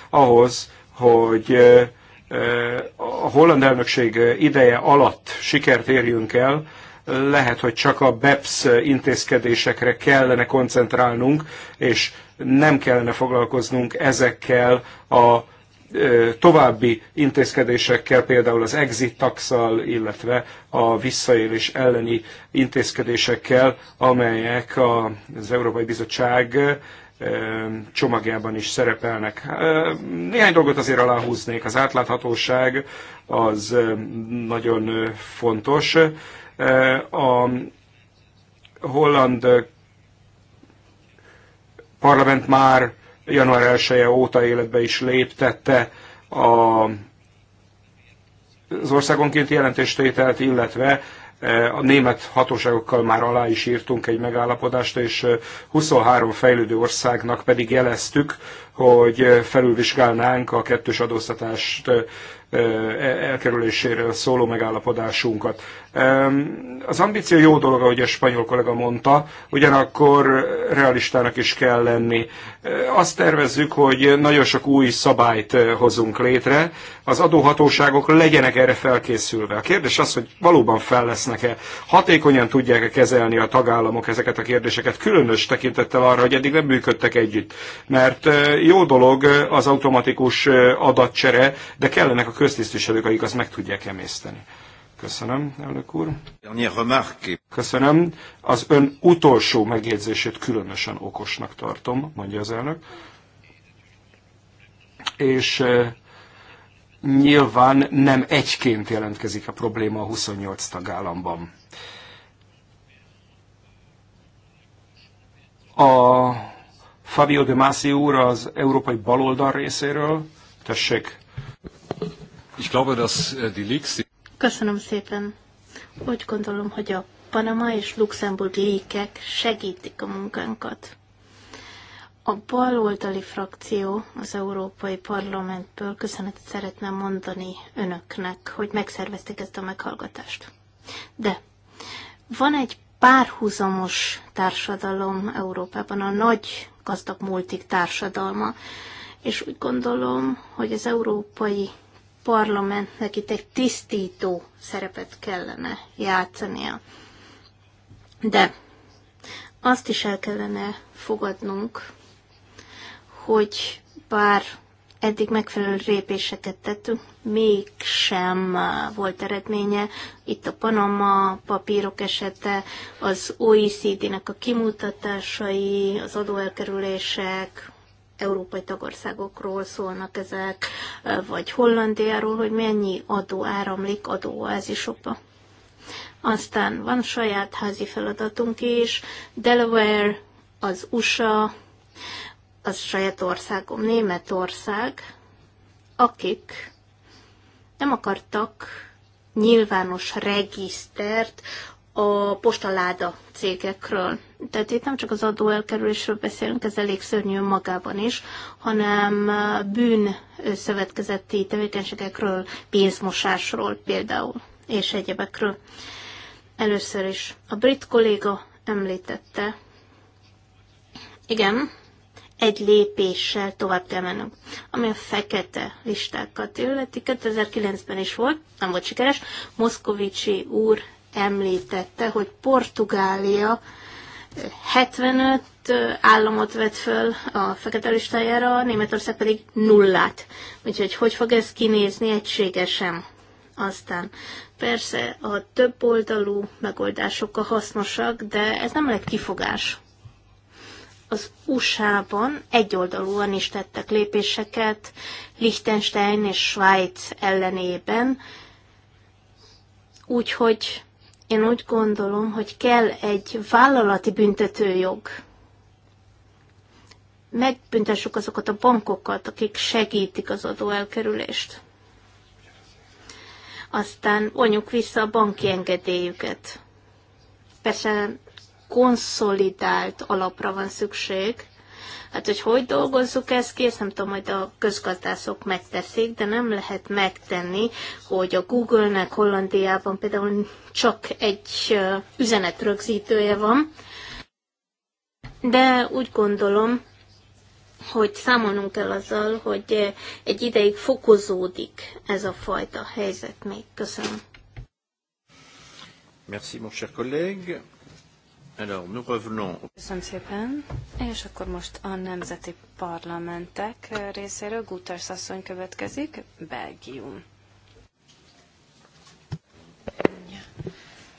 ahhoz, hogy eh, eh, a holland elnökség ideje alatt sikert érjünk el, lehet, hogy csak a BEPS intézkedésekre kellene koncentrálnunk, és nem kellene foglalkoznunk ezekkel a további intézkedésekkel, például az exit taxal, illetve a visszaélés elleni intézkedésekkel, amelyek az Európai Bizottság csomagjában is szerepelnek. Néhány dolgot azért aláhúznék. Az átláthatóság az nagyon fontos. A holland parlament már január 1 -e óta életbe is léptette a, az országonkénti jelentéstételt, illetve e, a német hatóságokkal már alá is írtunk egy megállapodást, és 23 e, fejlődő országnak pedig jeleztük, hogy e, felülvizsgálnánk a kettős adóztatást elkerüléséről szóló megállapodásunkat. Az ambíció jó dolog, ahogy a spanyol kollega mondta, ugyanakkor realistának is kell lenni. Azt tervezzük, hogy nagyon sok új szabályt hozunk létre, az adóhatóságok legyenek erre felkészülve. A kérdés az, hogy valóban fel lesznek-e, hatékonyan tudják-e kezelni a tagállamok ezeket a kérdéseket, különös tekintettel arra, hogy eddig nem működtek együtt. Mert jó dolog az automatikus adatcsere, de kellenek a köztisztviselők, akik azt meg tudják emészteni. Köszönöm, elnök úr. Köszönöm. Az ön utolsó megjegyzését különösen okosnak tartom, mondja az elnök. És e, nyilván nem egyként jelentkezik a probléma a 28 tagállamban. A Fabio De Masi úr az európai baloldal részéről, tessék. Ich glaube, dass äh, die Leaks, Köszönöm szépen. Úgy gondolom, hogy a Panama és Luxemburg lékek segítik a munkánkat. A baloldali frakció az Európai Parlamentből köszönetet szeretne mondani önöknek, hogy megszervezték ezt a meghallgatást. De van egy párhuzamos társadalom Európában, a nagy gazdag multik társadalma, és úgy gondolom, hogy az európai parlamentnek itt egy tisztító szerepet kellene játszania. De azt is el kellene fogadnunk, hogy bár eddig megfelelő lépéseket tettünk, mégsem volt eredménye. Itt a Panama papírok esete, az OECD-nek a kimutatásai, az adóelkerülések, európai tagországokról szólnak ezek, vagy Hollandiáról, hogy mennyi adó áramlik adóoázisokba. Aztán van saját házi feladatunk is, Delaware, az USA, az saját országom, Németország, akik nem akartak nyilvános regisztert a postaláda cégekről. Tehát itt nem csak az adó elkerülésről beszélünk, ez elég szörnyű magában is, hanem bűn szövetkezeti tevékenységekről, pénzmosásról például, és egyebekről. Először is a brit kolléga említette, igen, egy lépéssel tovább kell mennünk. Ami a fekete listákat illeti, 2009-ben is volt, nem volt sikeres, Moszkovicsi úr említette, hogy Portugália 75 államot vett föl a fekete listájára, Németország pedig nullát. Úgyhogy hogy fog ez kinézni egységesen? Aztán persze a több oldalú megoldások a hasznosak, de ez nem lett kifogás. Az USA-ban egyoldalúan is tettek lépéseket Liechtenstein és Svájc ellenében, úgyhogy én úgy gondolom, hogy kell egy vállalati büntetőjog. Megbüntessük azokat a bankokat, akik segítik az adóelkerülést. Aztán vonjuk vissza a banki engedélyüket. Persze konszolidált alapra van szükség, Hát, hogy hogy dolgozzuk ezt ki, ezt nem tudom, hogy a közgazdászok megteszik, de nem lehet megtenni, hogy a Google-nek Hollandiában például csak egy üzenetrögzítője van, de úgy gondolom, hogy számolnunk kell azzal, hogy egy ideig fokozódik ez a fajta helyzet még. Köszönöm. Merci, mon cher collègue. Alors, nous revenons. Köszönöm szépen. És akkor most a nemzeti parlamentek eh, részéről Guters asszony következik, Belgium.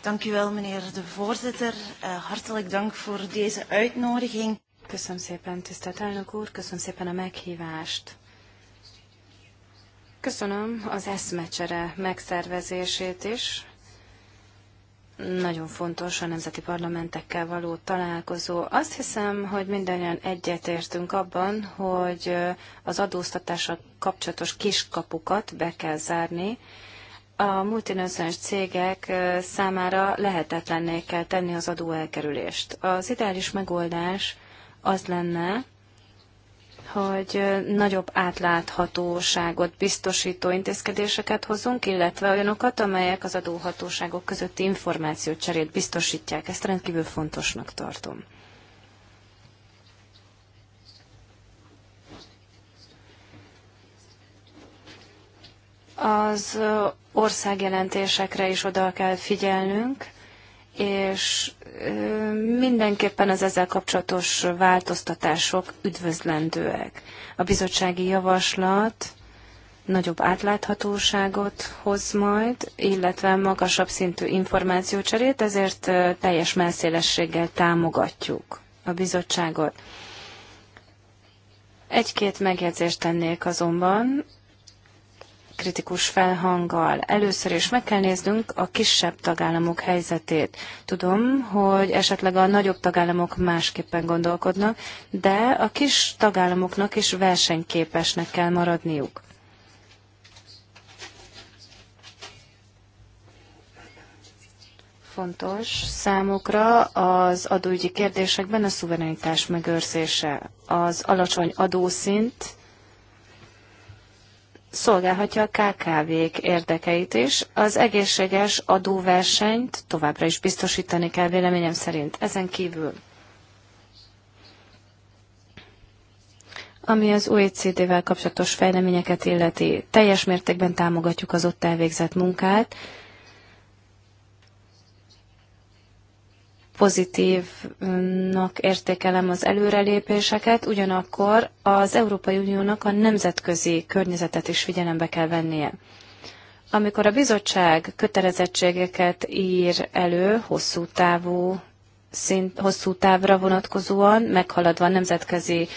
Dank u wel, meneer de voorzitter. Uh, hartelijk dank voor deze uitnodiging. Köszönöm szépen, tisztelt elnök úr, köszönöm szépen a meghívást. Köszönöm az eszmecsere megszervezését is, nagyon fontos a nemzeti parlamentekkel való találkozó. Azt hiszem, hogy mindannyian egyetértünk abban, hogy az adóztatással kapcsolatos kiskapukat be kell zárni. A multinacionális cégek számára lehetetlenné kell tenni az adóelkerülést. Az ideális megoldás az lenne, hogy nagyobb átláthatóságot biztosító intézkedéseket hozunk, illetve olyanokat, amelyek az adóhatóságok közötti információcserét biztosítják. Ezt rendkívül fontosnak tartom. Az országjelentésekre is oda kell figyelnünk, és mindenképpen az ezzel kapcsolatos változtatások üdvözlendőek. A bizottsági javaslat nagyobb átláthatóságot hoz majd, illetve magasabb szintű információcserét, ezért teljes melszélességgel támogatjuk a bizottságot. Egy-két megjegyzést tennék azonban kritikus felhanggal. Először is meg kell néznünk a kisebb tagállamok helyzetét. Tudom, hogy esetleg a nagyobb tagállamok másképpen gondolkodnak, de a kis tagállamoknak is versenyképesnek kell maradniuk. fontos számukra az adóügyi kérdésekben a szuverenitás megőrzése, az alacsony adószint, szolgálhatja a KKV-k érdekeit is. Az egészséges adóversenyt továbbra is biztosítani kell véleményem szerint. Ezen kívül, ami az OECD-vel kapcsolatos fejleményeket illeti, teljes mértékben támogatjuk az ott elvégzett munkát, pozitívnak értékelem az előrelépéseket, ugyanakkor az Európai Uniónak a nemzetközi környezetet is figyelembe kell vennie. Amikor a bizottság kötelezettségeket ír elő hosszú távú szint, hosszú távra vonatkozóan, meghaladva a nemzetközi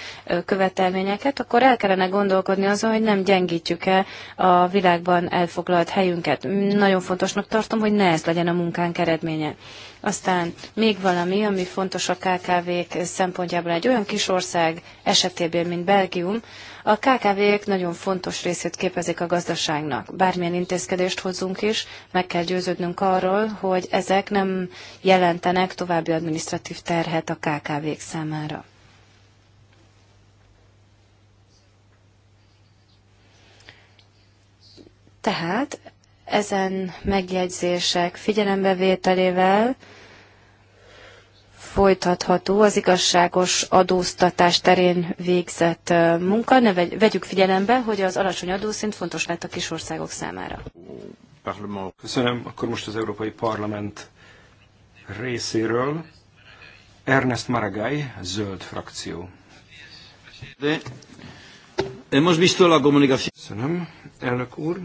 követelményeket, akkor el kellene gondolkodni azon, hogy nem gyengítjük-e a világban elfoglalt helyünket. Nagyon fontosnak tartom, hogy ne ez legyen a munkánk eredménye. Aztán még valami, ami fontos a KKV-k szempontjából egy olyan kis ország esetében, mint Belgium, a KKV-k nagyon fontos részét képezik a gazdaságnak. Bármilyen intézkedést hozzunk is, meg kell győződnünk arról, hogy ezek nem jelentenek további administratív terhet a KKV-k számára. Tehát ezen megjegyzések figyelembevételével folytatható az igazságos adóztatás terén végzett munka. Ne vegy, vegyük figyelembe, hogy az alacsony adószint fontos lett a kis országok számára. Köszönöm. Akkor most az Európai Parlament részéről Ernest Maragai, zöld frakció. De, most biztos a kommunikáció. Köszönöm, elnök úr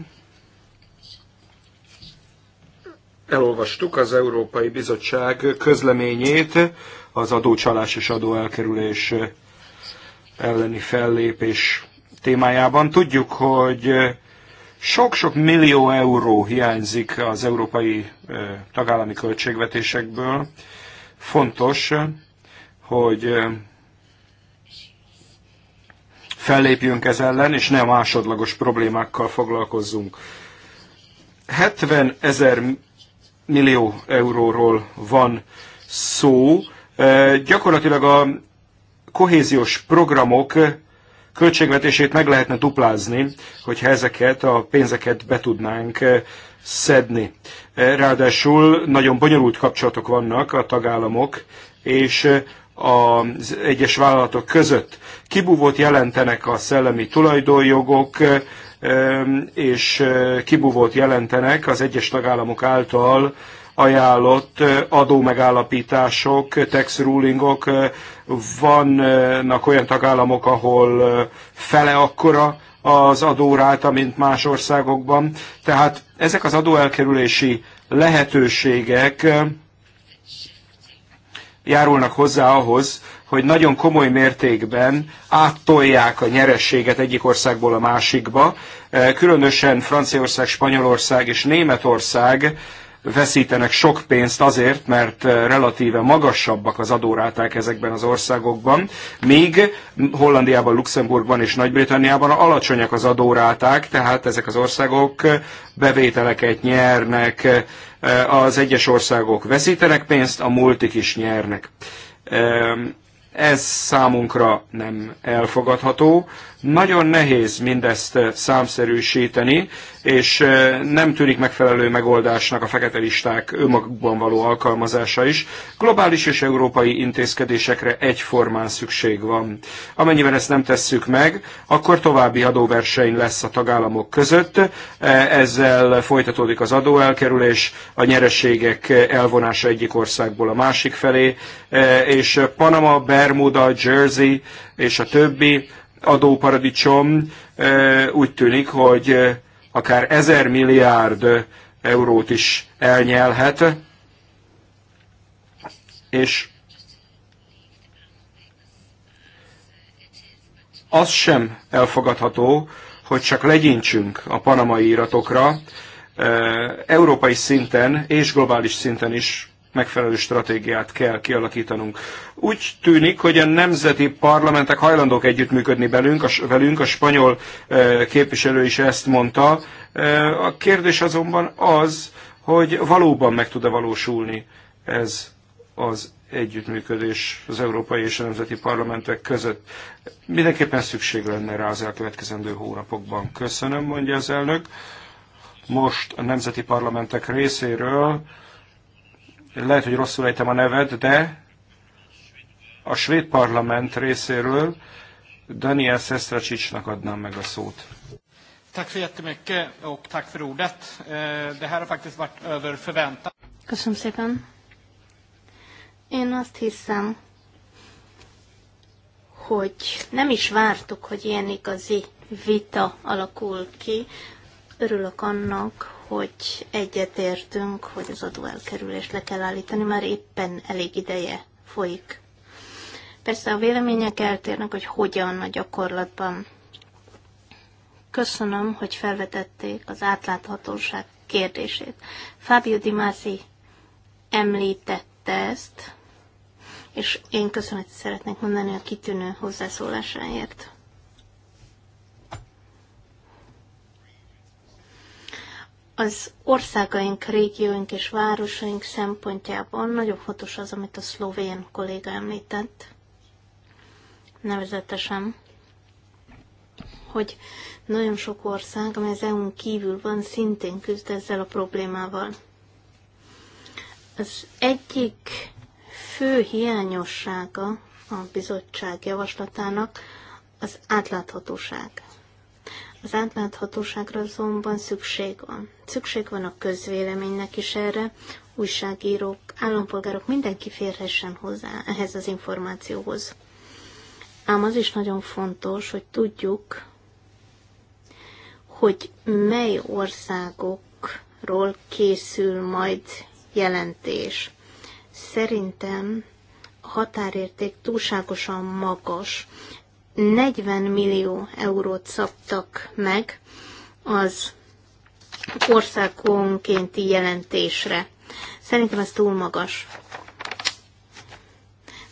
elolvastuk az Európai Bizottság közleményét az adócsalás és adóelkerülés elleni fellépés témájában. Tudjuk, hogy sok-sok millió euró hiányzik az európai tagállami költségvetésekből. Fontos, hogy fellépjünk ez ellen, és ne a másodlagos problémákkal foglalkozzunk. 70 ezer millió euróról van szó. Gyakorlatilag a kohéziós programok költségvetését meg lehetne duplázni, hogyha ezeket a pénzeket be tudnánk szedni. Ráadásul nagyon bonyolult kapcsolatok vannak a tagállamok és az egyes vállalatok között. Kibúvót jelentenek a szellemi tulajdonjogok, és kibúvót jelentenek az egyes tagállamok által ajánlott adómegállapítások, tax rulingok. Vannak olyan tagállamok, ahol fele akkora az adóráta, mint más országokban. Tehát ezek az adóelkerülési lehetőségek járulnak hozzá ahhoz, hogy nagyon komoly mértékben áttolják a nyerességet egyik országból a másikba. E, különösen Franciaország, Spanyolország és Németország veszítenek sok pénzt azért, mert e, relatíve magasabbak az adóráták ezekben az országokban, míg Hollandiában, Luxemburgban és Nagy-Britanniában alacsonyak az adóráták, tehát ezek az országok bevételeket nyernek, e, az egyes országok veszítenek pénzt, a multik is nyernek. Ez számunkra nem elfogadható. Nagyon nehéz mindezt eh, számszerűsíteni, és eh, nem tűnik megfelelő megoldásnak a fekete listák önmagukban való alkalmazása is. Globális és európai intézkedésekre egyformán szükség van. Amennyiben ezt nem tesszük meg, akkor további adóverseny lesz a tagállamok között. Eh, ezzel folytatódik az adóelkerülés, a nyereségek elvonása egyik országból a másik felé, és Panama, Bermuda, Jersey és a többi adóparadicsom úgy tűnik, hogy akár ezer milliárd eurót is elnyelhet, és az sem elfogadható, hogy csak legyintsünk a panamai iratokra, európai szinten és globális szinten is megfelelő stratégiát kell kialakítanunk. Úgy tűnik, hogy a nemzeti parlamentek hajlandók együttműködni belünk, a, velünk, a spanyol eh, képviselő is ezt mondta. Eh, a kérdés azonban az, hogy valóban meg tud-e valósulni ez az együttműködés az európai és a nemzeti parlamentek között. Mindenképpen szükség lenne rá az elkövetkezendő hónapokban. Köszönöm, mondja az elnök. Most a nemzeti parlamentek részéről lehet, hogy rosszul ejtem a neved, de a svéd parlament részéről Daniel Sestracsicsnak adnám meg a szót. Tack så jättemycket och tack för ordet. Eh, det här har faktiskt varit över förväntan. Köszönöm szépen. Én azt hiszem, hogy nem is vártuk, hogy ilyen igazi vita alakul ki. Örülök annak, hogy egyetértünk, hogy az adóelkerülést le kell állítani, már éppen elég ideje folyik. Persze a vélemények eltérnek, hogy hogyan a gyakorlatban. Köszönöm, hogy felvetették az átláthatóság kérdését. Fábio Di Masi említette ezt, és én köszönetet szeretnék mondani a kitűnő hozzászólásáért. az országaink, régióink és városaink szempontjából nagyon fontos az, amit a szlovén kolléga említett, nevezetesen, hogy nagyon sok ország, amely az EU-n kívül van, szintén küzd ezzel a problémával. Az egyik fő hiányossága a bizottság javaslatának az átláthatóság. Az átláthatóságra azonban szükség van. Szükség van a közvéleménynek is erre, újságírók, állampolgárok, mindenki férhessen hozzá ehhez az információhoz. Ám az is nagyon fontos, hogy tudjuk, hogy mely országokról készül majd jelentés. Szerintem a határérték túlságosan magas. 40 millió eurót szabtak meg az országonkénti jelentésre. Szerintem ez túl magas.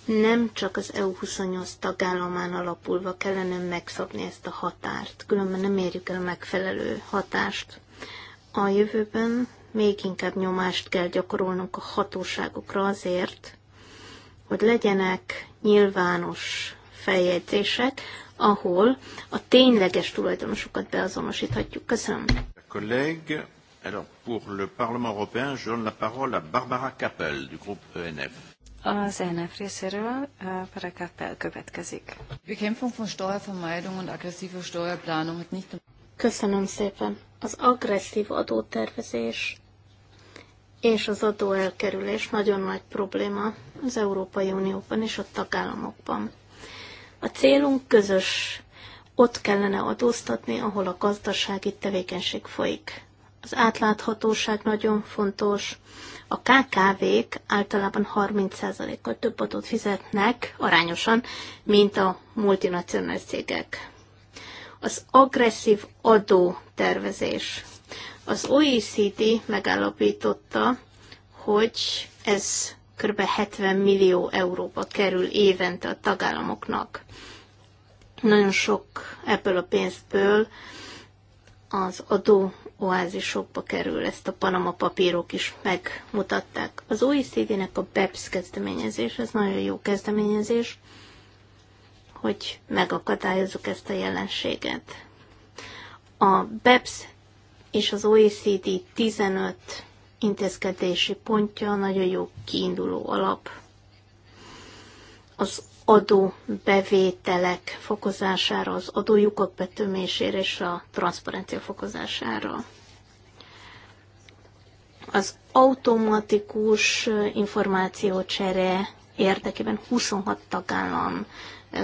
Nem csak az EU28 tagállamán alapulva kellene megszabni ezt a határt, különben nem érjük el a megfelelő hatást. A jövőben még inkább nyomást kell gyakorolnunk a hatóságokra azért, hogy legyenek nyilvános feljegyzések, ahol a tényleges tulajdonosokat beazonosíthatjuk. Köszönöm. pour le Parlement européen, je donne la parole à Barbara Kappel du groupe ENF. Az ENF részéről eh, Barbara Kappel következik. Bekämpfung von Steuervermeidung und aggressive Steuerplanung hat nicht Köszönöm szépen. Az agresszív adótervezés és az adóelkerülés nagyon nagy probléma az Európai Unióban és a tagállamokban. A célunk közös. Ott kellene adóztatni, ahol a gazdasági tevékenység folyik. Az átláthatóság nagyon fontos. A KKV-k általában 30%-kal több adót fizetnek arányosan, mint a multinacionális cégek. Az agresszív adótervezés. Az OECD megállapította, hogy ez kb. 70 millió euróba kerül évente a tagállamoknak. Nagyon sok ebből a pénzből az adó oázisokba kerül, ezt a Panama papírok is megmutatták. Az OECD-nek a BEPS kezdeményezés, ez nagyon jó kezdeményezés, hogy megakadályozzuk ezt a jelenséget. A BEPS és az OECD 15 intézkedési pontja, nagyon jó kiinduló alap. Az adó bevételek fokozására, az adójukok betömésére és a transzparencia fokozására. Az automatikus információcsere érdekében 26 tagállam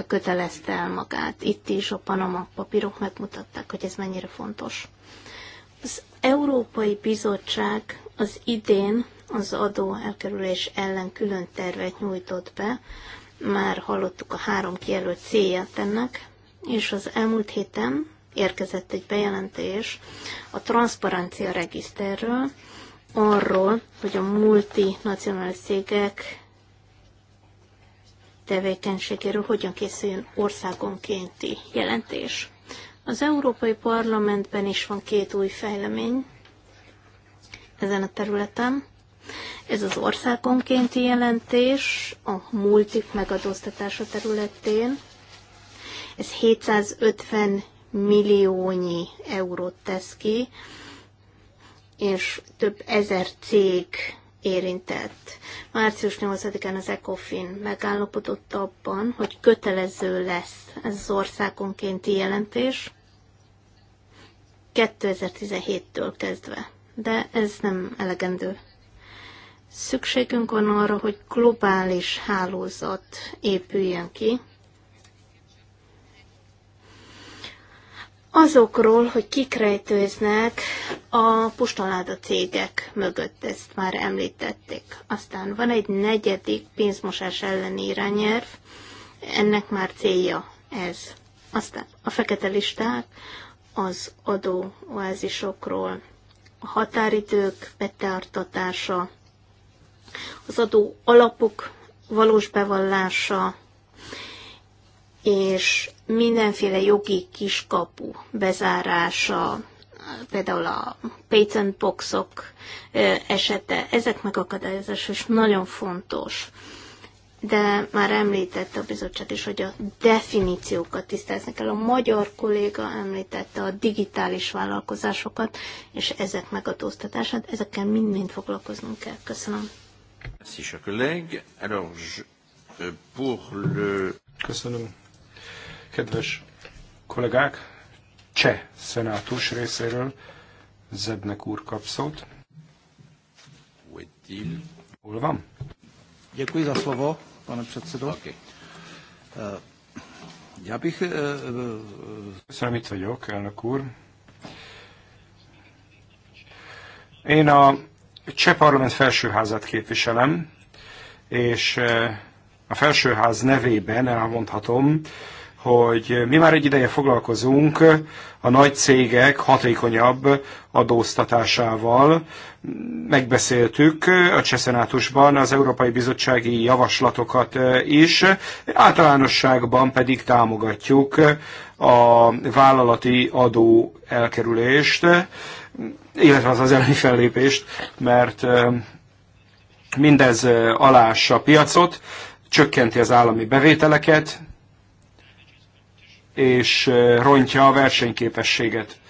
kötelezte el magát. Itt is a Panama papírok megmutatták, hogy ez mennyire fontos. Az Európai Bizottság az idén az adó elkerülés ellen külön tervet nyújtott be, már hallottuk a három kijelölt célját ennek, és az elmúlt héten érkezett egy bejelentés a transzparencia regiszterről, arról, hogy a multinacionális cégek tevékenységéről hogyan készüljön országonkénti jelentés. Az Európai Parlamentben is van két új fejlemény, ezen a területen. Ez az országonkénti jelentés a multik megadóztatása területén. Ez 750 milliónyi eurót tesz ki, és több ezer cég érintett. Március 8-án az ECOFIN megállapodott abban, hogy kötelező lesz ez az országonkénti jelentés 2017-től kezdve de ez nem elegendő. Szükségünk van arra, hogy globális hálózat épüljön ki, azokról, hogy kik rejtőznek a postaláda cégek mögött, ezt már említették. Aztán van egy negyedik pénzmosás elleni irányelv, ennek már célja ez. Aztán a fekete listák az adóoázisokról, határidők betartatása, az adó alapok valós bevallása, és mindenféle jogi kiskapu bezárása, például a patent boxok esete, ezek megakadályozása, és nagyon fontos de már említette a bizottság is, hogy a definíciókat tisztázni kell. A magyar kolléga említette a digitális vállalkozásokat és ezek megadóztatását. Ezekkel mind-mind foglalkoznunk kell. Köszönöm. Euh, Köszönöm. Kedves kollégák, cseh szenátus részéről Zednek úr kap szót. Hol van? Děkuji za slovo, pane předsedo. Okay. Eh, já bych... Köszönöm, eh, eh, itt vagyok, elnök úr. Én a Cseh Parlament felsőházát képviselem, és a felsőház nevében elmondhatom, hogy mi már egy ideje foglalkozunk a nagy cégek hatékonyabb adóztatásával. Megbeszéltük a Cseszenátusban az Európai Bizottsági javaslatokat is, általánosságban pedig támogatjuk a vállalati adó elkerülést, illetve az az elleni fellépést, mert mindez alássa a piacot, csökkenti az állami bevételeket, és rontja a versenyképességet.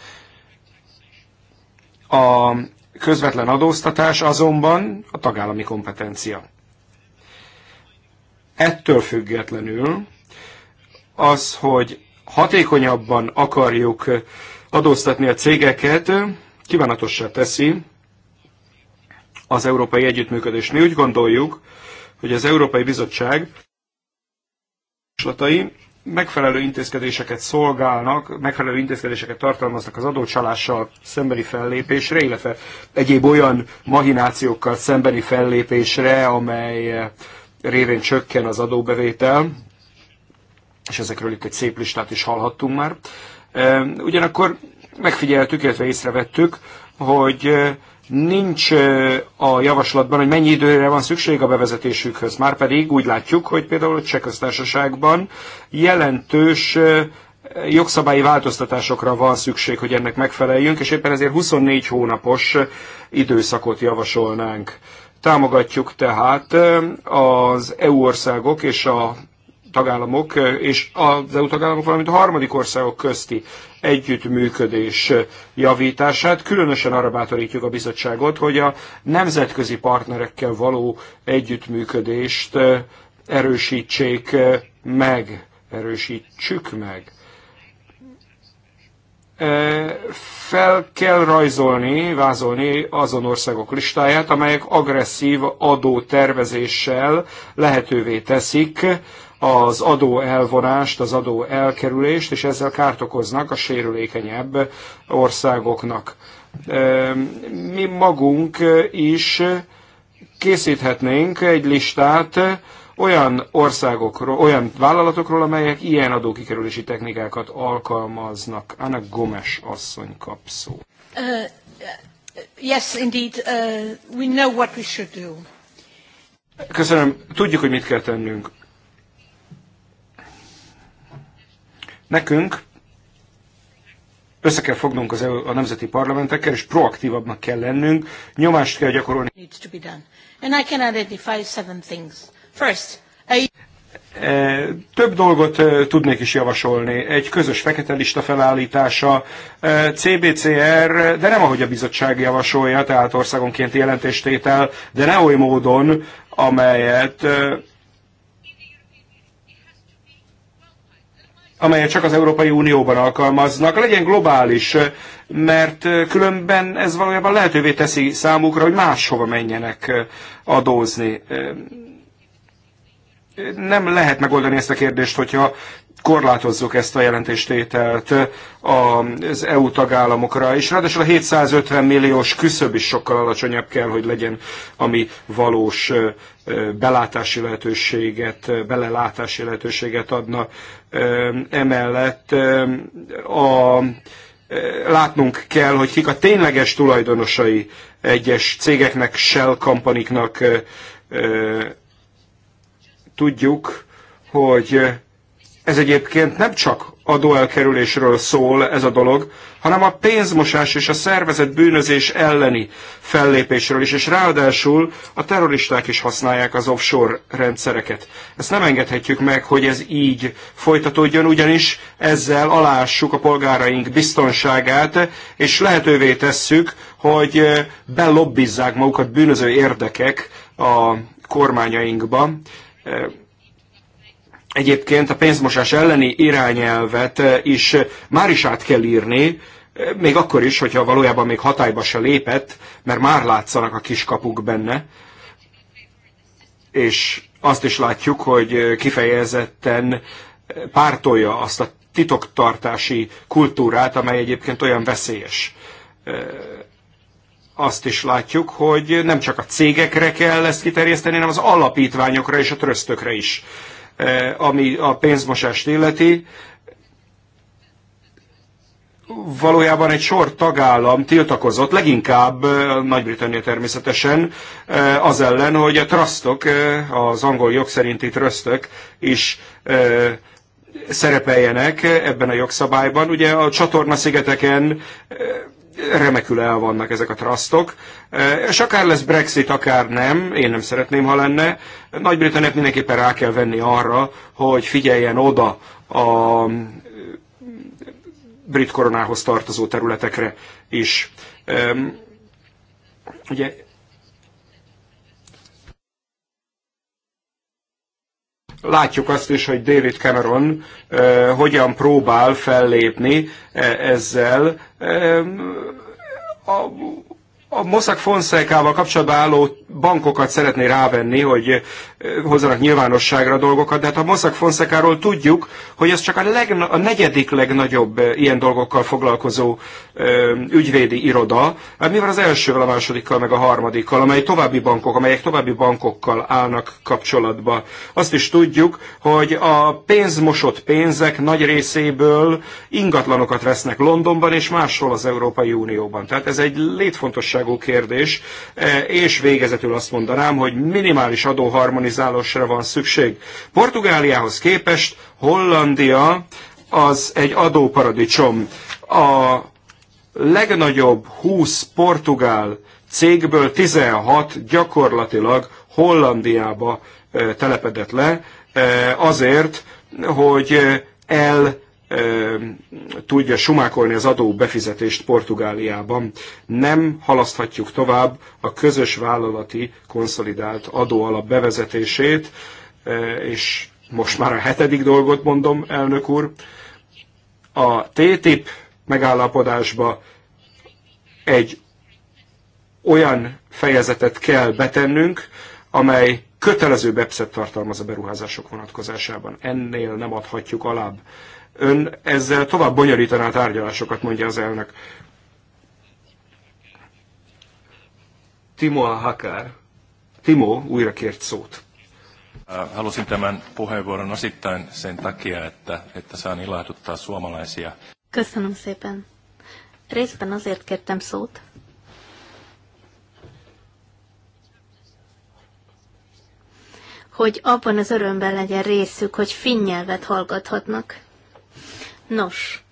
A közvetlen adóztatás azonban a tagállami kompetencia. Ettől függetlenül az, hogy hatékonyabban akarjuk adóztatni a cégeket, kívánatossá teszi az európai együttműködést. Mi úgy gondoljuk, hogy az Európai Bizottság megfelelő intézkedéseket szolgálnak, megfelelő intézkedéseket tartalmaznak az adócsalással szembeni fellépésre, illetve egyéb olyan mahinációkkal szembeni fellépésre, amely révén csökken az adóbevétel, és ezekről itt egy szép listát is hallhattunk már. Ugyanakkor megfigyeltük, illetve észrevettük, hogy nincs a javaslatban, hogy mennyi időre van szükség a bevezetésükhöz. Márpedig úgy látjuk, hogy például a Csehköztársaságban jelentős jogszabályi változtatásokra van szükség, hogy ennek megfeleljünk, és éppen ezért 24 hónapos időszakot javasolnánk. Támogatjuk tehát az EU országok és a tagállamok és az EU tagállamok, valamint a harmadik országok közti együttműködés javítását. Különösen arra bátorítjuk a bizottságot, hogy a nemzetközi partnerekkel való együttműködést erősítsék meg, erősítsük meg. E, fel kell rajzolni, vázolni azon országok listáját, amelyek agresszív adótervezéssel lehetővé teszik az adó elvonást, az adó elkerülést, és ezzel kárt okoznak a sérülékenyebb országoknak. Mi magunk is készíthetnénk egy listát olyan országokról, olyan vállalatokról, amelyek ilyen adókikerülési technikákat alkalmaznak. Anna Gomes asszony kap szó. Uh, uh, yes, indeed, uh, we know what we should do. Köszönöm. Tudjuk, hogy mit kell tennünk. Nekünk össze kell fognunk az, a nemzeti parlamentekkel, és proaktívabbnak kell lennünk, nyomást kell gyakorolni. E, több dolgot e, tudnék is javasolni. Egy közös fekete lista felállítása, e, CBCR, de nem ahogy a bizottság javasolja, tehát országonként jelentéstétel, de ne oly módon, amelyet amelyet csak az Európai Unióban alkalmaznak, legyen globális, mert különben ez valójában lehetővé teszi számukra, hogy máshova menjenek adózni. Nem lehet megoldani ezt a kérdést, hogyha korlátozzuk ezt a jelentéstételt az EU tagállamokra, és ráadásul a 750 milliós küszöb is sokkal alacsonyabb kell, hogy legyen, ami valós belátási lehetőséget, belelátási lehetőséget adna. Emellett a látnunk kell, hogy kik a tényleges tulajdonosai egyes cégeknek, shell kampaniknak tudjuk, hogy ez egyébként nem csak adóelkerülésről szól ez a dolog, hanem a pénzmosás és a szervezett bűnözés elleni fellépésről is, és ráadásul a terroristák is használják az offshore rendszereket. Ezt nem engedhetjük meg, hogy ez így folytatódjon, ugyanis ezzel alássuk a polgáraink biztonságát, és lehetővé tesszük, hogy belobbizzák magukat bűnöző érdekek a kormányainkba egyébként a pénzmosás elleni irányelvet eh, is eh, már is át kell írni, eh, még akkor is, hogyha valójában még hatályba se lépett, mert már látszanak a kiskapuk benne, és azt is látjuk, hogy kifejezetten pártolja azt a titoktartási kultúrát, amely egyébként olyan veszélyes. Azt is látjuk, hogy nem csak a cégekre kell ezt kiterjeszteni, hanem az alapítványokra és a trösztökre is Eh, ami a pénzmosást illeti, valójában egy sor tagállam tiltakozott, leginkább eh, Nagy-Britannia természetesen, eh, az ellen, hogy a trustok, az angol jog szerinti trustök is szerepeljenek ebben a jogszabályban. Ugye a szigeteken remekül el vannak ezek a trasztok. E, és akár lesz Brexit, akár nem, én nem szeretném, ha lenne. Nagy-Britanniát mindenképpen rá kell venni arra, hogy figyeljen oda a e, brit koronához tartozó területekre is. E, ugye Látjuk azt is, hogy David Cameron hogyan próbál fellépni ezzel. A a Mossack val kapcsolatban álló bankokat szeretné rávenni, hogy eh, hozzanak nyilvánosságra dolgokat, de hát a Mossack ról tudjuk, hogy ez csak a, legna- a negyedik legnagyobb eh, ilyen dolgokkal foglalkozó ö, eh, ügyvédi iroda. Hát mi van az elsővel, a másodikkal, meg a harmadikkal, amely további bankok, amelyek további bankokkal állnak kapcsolatba. Azt is tudjuk, hogy a pénzmosott pénzek nagy részéből ingatlanokat vesznek Londonban és máshol az Európai Unióban. Tehát ez egy létfontosság kulcsfontosságú kérdés, e, és végezetül azt mondanám, hogy minimális adóharmonizálásra van szükség. Portugáliához képest Hollandia az egy adóparadicsom. A legnagyobb 20 portugál cégből 16 gyakorlatilag Hollandiába e, telepedett le, e, azért, hogy el tudja sumákolni az adó befizetést Portugáliában. Nem halaszthatjuk tovább a közös vállalati konszolidált adóalap bevezetését, és most már a hetedik dolgot mondom, elnök úr. A TTIP megállapodásba egy olyan fejezetet kell betennünk, amely kötelező beps tartalmaz a beruházások vonatkozásában. Ennél nem adhatjuk alább Ön ezzel tovább bonyolítaná a tárgyalásokat, mondja az elnök. Timo Hakár. Timo újra kért szót. Halusin tämän puheenvuoron osittain sen takia, että, että saan ilahduttaa suomalaisia. Köszönöm szépen. Részben azért kértem szót, hogy abban az örömben legyen részük, hogy finnyelvet hallgathatnak. Nos,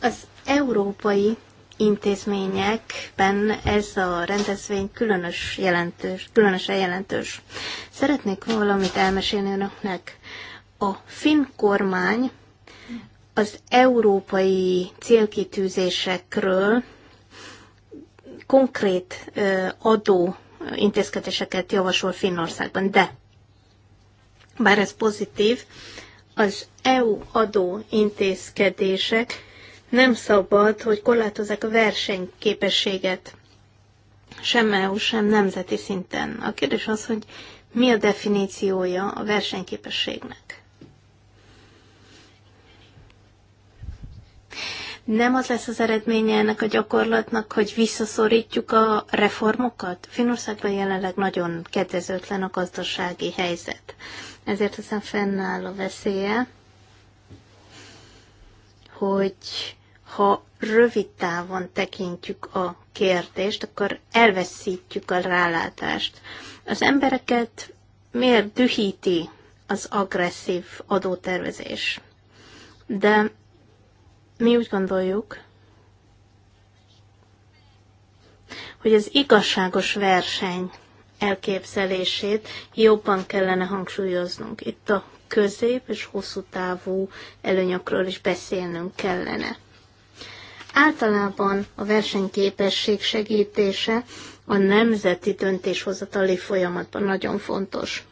az európai intézményekben ez a rendezvény különös jelentős, különösen jelentős. Szeretnék valamit elmesélni önöknek. A finn kormány az európai célkitűzésekről konkrét adó intézkedéseket javasol Finnországban, de bár ez pozitív, az EU adó intézkedések nem szabad, hogy korlátozzák a versenyképességet sem EU, sem nemzeti szinten. A kérdés az, hogy mi a definíciója a versenyképességnek. Nem az lesz az eredménye ennek a gyakorlatnak, hogy visszaszorítjuk a reformokat? Finországban jelenleg nagyon kedvezőtlen a gazdasági helyzet ezért aztán fennáll a veszélye, hogy ha rövid távon tekintjük a kérdést, akkor elveszítjük a rálátást. Az embereket miért dühíti az agresszív adótervezés? De mi úgy gondoljuk, hogy az igazságos verseny elképzelését jobban kellene hangsúlyoznunk. Itt a közép és hosszú távú előnyökről is beszélnünk kellene. Általában a versenyképesség segítése a nemzeti döntéshozatali folyamatban nagyon fontos.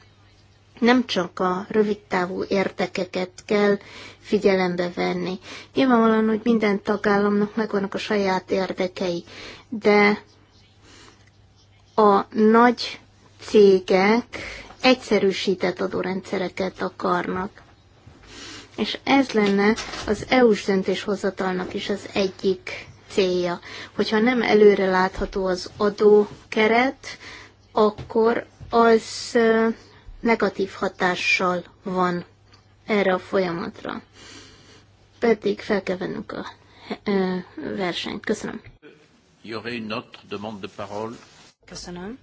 Nem csak a rövidtávú érdekeket kell figyelembe venni. Nyilvánvalóan, hogy minden tagállamnak megvannak a saját érdekei, de a nagy cégek egyszerűsített adórendszereket akarnak. És ez lenne az EU-s döntéshozatalnak is az egyik célja. Hogyha nem előre látható az adókeret, akkor az negatív hatással van erre a folyamatra. Pedig fel kell vennünk a versenyt. Köszönöm. Il y aurait une autre demande de parole Köszönöm.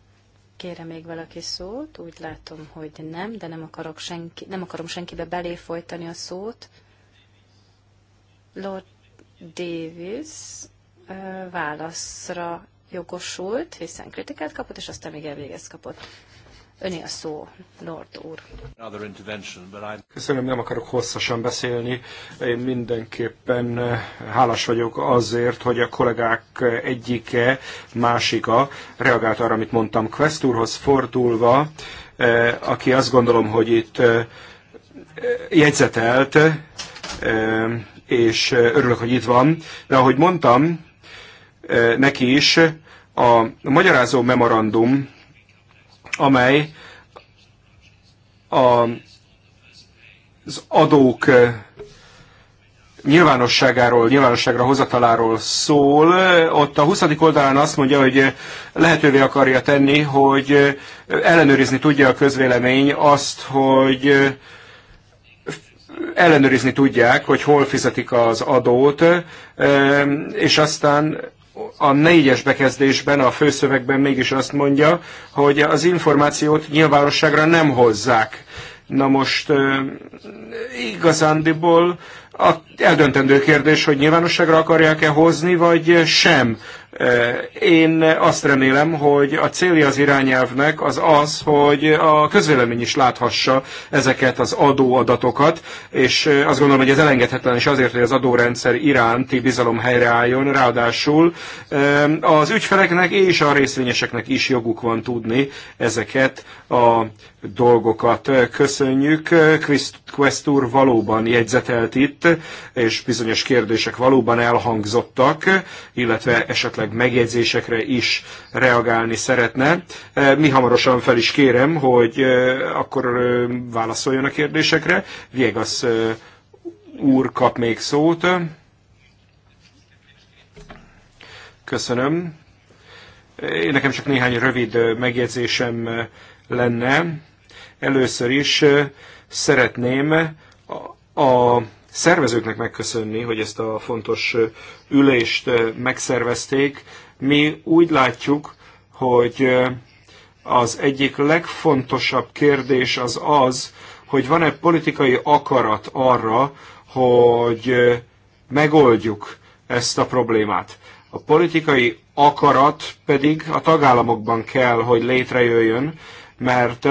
Kérem még valaki szót? Úgy látom, hogy nem, de nem, akarok senki, nem akarom senkibe belé folytani a szót. Lord Davis válaszra jogosult, hiszen kritikát kapott, és aztán még elvégezt kapott. Öné a szó, Lord úr. Köszönöm, nem akarok hosszasan beszélni. Én mindenképpen eh, hálás vagyok azért, hogy a kollégák egyike, másika reagált arra, amit mondtam Quest úrhoz fordulva, eh, aki azt gondolom, hogy itt eh, jegyzetelt, és örülök, hogy itt van. De ahogy mondtam, neki is, a magyarázó memorandum amely a, az adók nyilvánosságáról, nyilvánosságra hozataláról szól. Ott a 20. oldalán azt mondja, hogy lehetővé akarja tenni, hogy ellenőrizni tudja a közvélemény azt, hogy ellenőrizni tudják, hogy hol fizetik az adót, és aztán a négyes bekezdésben, a főszövegben mégis azt mondja, hogy az információt nyilvánosságra nem hozzák. Na most igazándiból a eldöntendő kérdés, hogy nyilvánosságra akarják-e hozni, vagy sem. Eh, én azt remélem, hogy a célja az irányelvnek az az, hogy a közvélemény is láthassa ezeket az adóadatokat, és eh, azt gondolom, hogy ez elengedhetetlen is azért, hogy az adórendszer iránti bizalom helyreálljon, ráadásul eh, az ügyfeleknek és a részvényeseknek is joguk van tudni ezeket a dolgokat. Köszönjük. Quest úr valóban jegyzetelt itt, és bizonyos kérdések valóban elhangzottak, illetve esetleg esetleg megjegyzésekre is reagálni szeretne. E, mi hamarosan fel is kérem, hogy e, akkor e, válaszoljon a kérdésekre. Viegas úr kap még szót. Köszönöm. Én nekem csak néhány rövid megjegyzésem lenne. Először is szeretném a szervezőknek megköszönni, hogy ezt a fontos ülést megszervezték. Mi úgy látjuk, hogy az egyik legfontosabb kérdés az az, hogy van-e politikai akarat arra, hogy megoldjuk ezt a problémát. A politikai akarat pedig a tagállamokban kell, hogy létrejöjjön, mert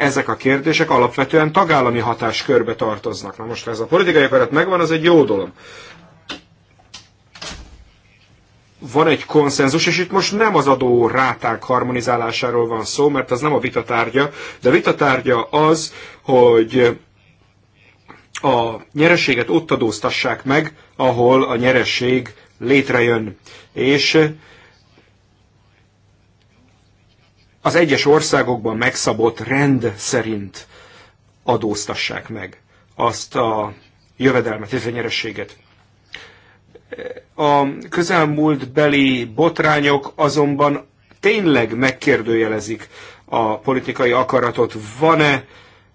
ezek a kérdések alapvetően tagállami hatáskörbe tartoznak. Na most, ha ez a politikai akarat megvan, az egy jó dolog. Van egy konszenzus, és itt most nem az adó ráták harmonizálásáról van szó, mert az nem a vitatárgya, de a vitatárgya az, hogy a nyereséget ott adóztassák meg, ahol a nyereség létrejön. És az egyes országokban megszabott rend szerint adóztassák meg azt a jövedelmet, a nyerességet. A közelmúlt beli botrányok azonban tényleg megkérdőjelezik a politikai akaratot. Van-e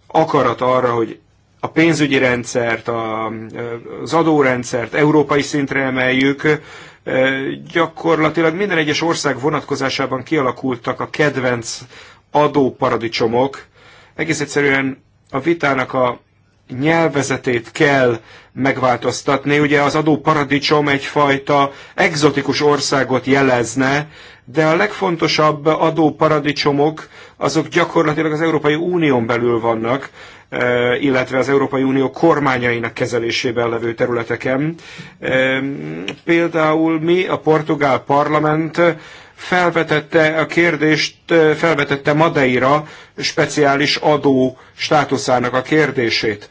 akarat arra, hogy a pénzügyi rendszert, a, az adórendszert európai szintre emeljük, Gyakorlatilag minden egyes ország vonatkozásában kialakultak a kedvenc adóparadicsomok. Egész egyszerűen a vitának a nyelvezetét kell megváltoztatni. Ugye az adóparadicsom egyfajta egzotikus országot jelezne, de a legfontosabb adóparadicsomok azok gyakorlatilag az Európai Unión belül vannak, illetve az Európai Unió kormányainak kezelésében levő területeken. Például mi a portugál parlament felvetette a kérdést, felvetette Madeira speciális adó státuszának a kérdését.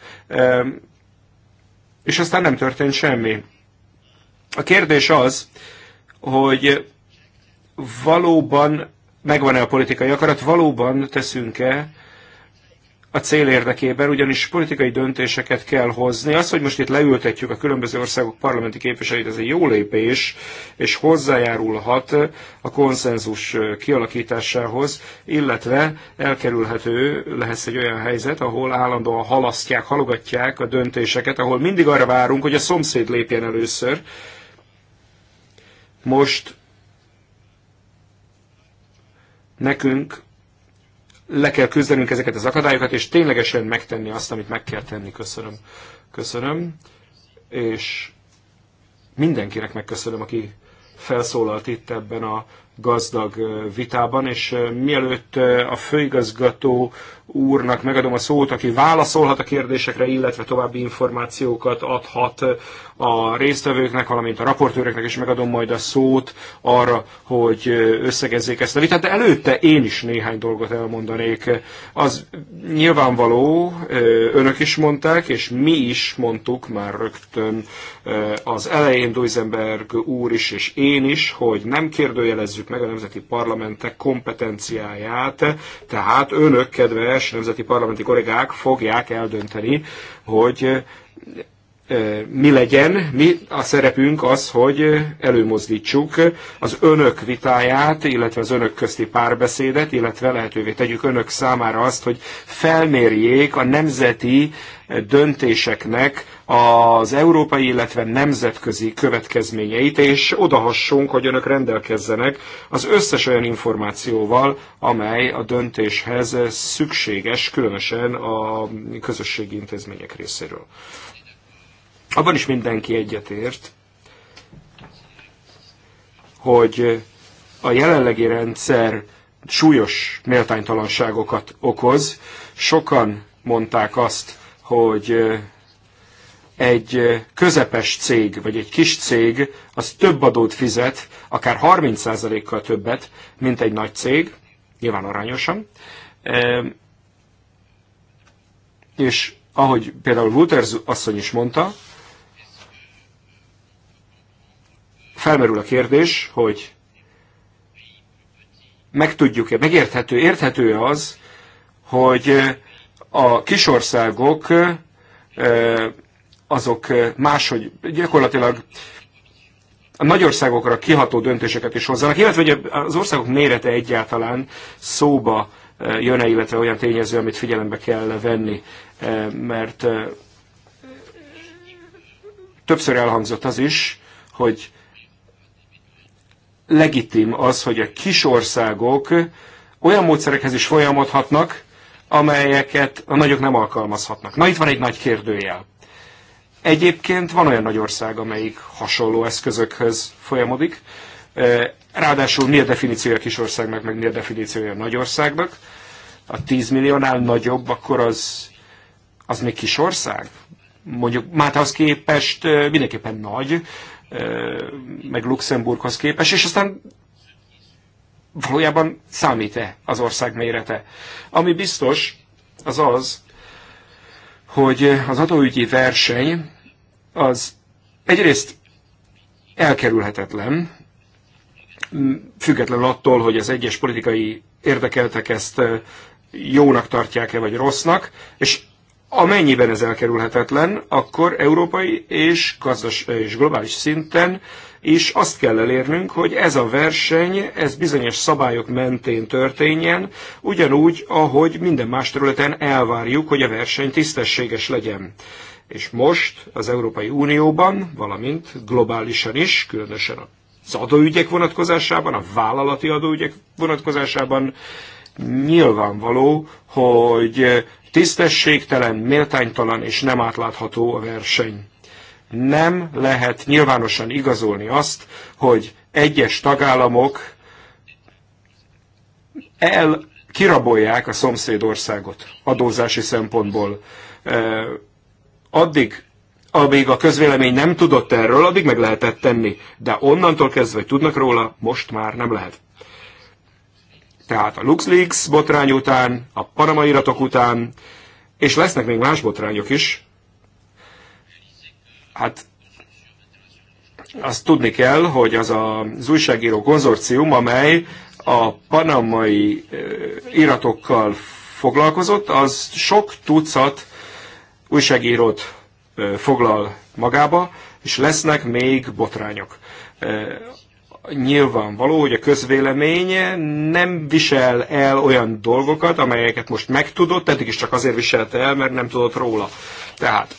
És aztán nem történt semmi. A kérdés az, hogy valóban megvan-e a politikai akarat, valóban teszünk-e a cél érdekében, ugyanis politikai döntéseket kell hozni. Az, hogy most itt leültetjük a különböző országok parlamenti képviselőit, ez egy jó lépés, és hozzájárulhat a konszenzus kialakításához, illetve elkerülhető lehet egy olyan helyzet, ahol állandóan halasztják, halogatják a döntéseket, ahol mindig arra várunk, hogy a szomszéd lépjen először. Most nekünk le kell küzdenünk ezeket az akadályokat, és ténylegesen megtenni azt, amit meg kell tenni. Köszönöm. Köszönöm. És mindenkinek megköszönöm, aki felszólalt itt ebben a gazdag vitában, és mielőtt a főigazgató úrnak megadom a szót, aki válaszolhat a kérdésekre, illetve további információkat adhat a résztvevőknek, valamint a raportőröknek, és megadom majd a szót arra, hogy összegezzék ezt a vitát. De előtte én is néhány dolgot elmondanék. Az nyilvánvaló, önök is mondták, és mi is mondtuk már rögtön az elején Duisenberg úr is, és én is, hogy nem kérdőjelezzük meg a nemzeti parlamentek kompetenciáját, tehát önök, kedve egyes nemzeti parlamenti kollégák fogják eldönteni, hogy mi legyen, mi a szerepünk az, hogy előmozdítsuk az önök vitáját, illetve az önök közti párbeszédet, illetve lehetővé tegyük önök számára azt, hogy felmérjék a nemzeti döntéseknek az európai, illetve nemzetközi következményeit, és odahassunk, hogy önök rendelkezzenek az összes olyan információval, amely a döntéshez szükséges, különösen a közösségi intézmények részéről. Abban is mindenki egyetért, hogy a jelenlegi rendszer súlyos méltánytalanságokat okoz. Sokan mondták azt, hogy egy közepes cég, vagy egy kis cég, az több adót fizet, akár 30%-kal többet, mint egy nagy cég, nyilván arányosan. És ahogy például Wouters asszony is mondta, felmerül a kérdés, hogy meg tudjuk-e, megérthető, érthető az, hogy a kisországok azok máshogy gyakorlatilag a nagy országokra kiható döntéseket is hozzanak, illetve hogy az országok mérete egyáltalán szóba jön-e, illetve olyan tényező, amit figyelembe kell venni, mert többször elhangzott az is, hogy legitim az, hogy a kis országok olyan módszerekhez is folyamodhatnak, amelyeket a nagyok nem alkalmazhatnak. Na itt van egy nagy kérdőjel. Egyébként van olyan nagy ország, amelyik hasonló eszközökhöz folyamodik. Ráadásul mi a definíciója a kisországnak, meg mi a definíciója a nagyországnak. A 10 milliónál nagyobb, akkor az, az még kisország? Mondjuk Mátához képest mindenképpen nagy, meg Luxemburghoz képest, és aztán valójában számít-e az ország mérete. Ami biztos, az az, hogy az adóügyi verseny az egyrészt elkerülhetetlen, függetlenül attól, hogy az egyes politikai érdekeltek ezt jónak tartják-e, vagy rossznak, és Amennyiben ez elkerülhetetlen, akkor európai és, gazdas, és globális szinten is azt kell elérnünk, hogy ez a verseny, ez bizonyos szabályok mentén történjen, ugyanúgy, ahogy minden más területen elvárjuk, hogy a verseny tisztességes legyen. És most az Európai Unióban, valamint globálisan is, különösen az adóügyek vonatkozásában, a vállalati adóügyek vonatkozásában nyilvánvaló, hogy Tisztességtelen, méltánytalan és nem átlátható a verseny. Nem lehet nyilvánosan igazolni azt, hogy egyes tagállamok el kirabolják a szomszédországot adózási szempontból. Addig, amíg a közvélemény nem tudott erről, addig meg lehetett tenni. De onnantól kezdve, hogy tudnak róla, most már nem lehet. Tehát a LuxLeaks botrány után, a Panama iratok után, és lesznek még más botrányok is, hát azt tudni kell, hogy az az újságíró konzorcium, amely a panamai iratokkal foglalkozott, az sok tucat újságírót foglal magába, és lesznek még botrányok nyilvánvaló, hogy a közvélemény nem visel el olyan dolgokat, amelyeket most megtudott, eddig is csak azért viselte el, mert nem tudott róla. Tehát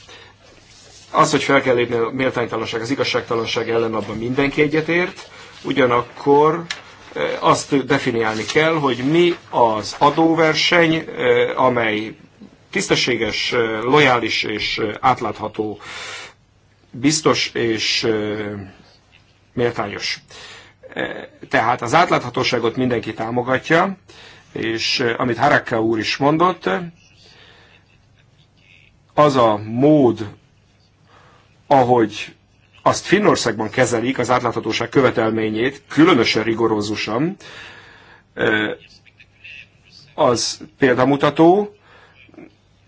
az, hogy fel kell lépni a méltánytalanság, az igazságtalanság ellen abban mindenki egyetért, ugyanakkor azt definiálni kell, hogy mi az adóverseny, amely tisztességes, lojális és átlátható, biztos és méltányos. Tehát az átláthatóságot mindenki támogatja, és eh, amit Harakka úr is mondott, az a mód, ahogy azt Finnországban kezelik, az átláthatóság követelményét, különösen rigorózusan, eh, az példamutató.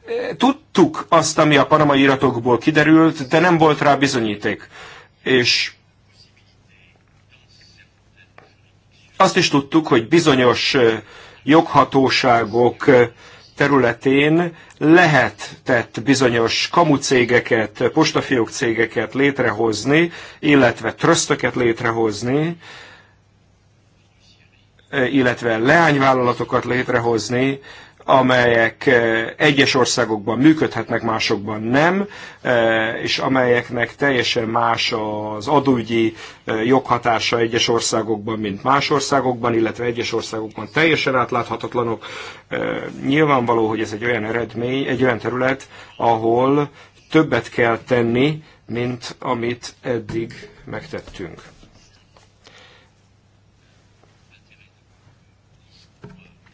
Eh, tudtuk azt, ami a panamai iratokból kiderült, de nem volt rá bizonyíték. És Azt is tudtuk, hogy bizonyos joghatóságok területén lehetett bizonyos kamucégeket, postafiók cégeket létrehozni, illetve trösztöket létrehozni, illetve leányvállalatokat létrehozni, amelyek eh, egyes országokban működhetnek, másokban nem, eh, és amelyeknek teljesen más az adógyi eh, joghatása egyes országokban, mint más országokban, illetve egyes országokban teljesen átláthatatlanok. Nyilvánvaló, hogy ez egy olyan eredmény, egy olyan terület, ahol többet kell tenni, mint amit eddig megtettünk.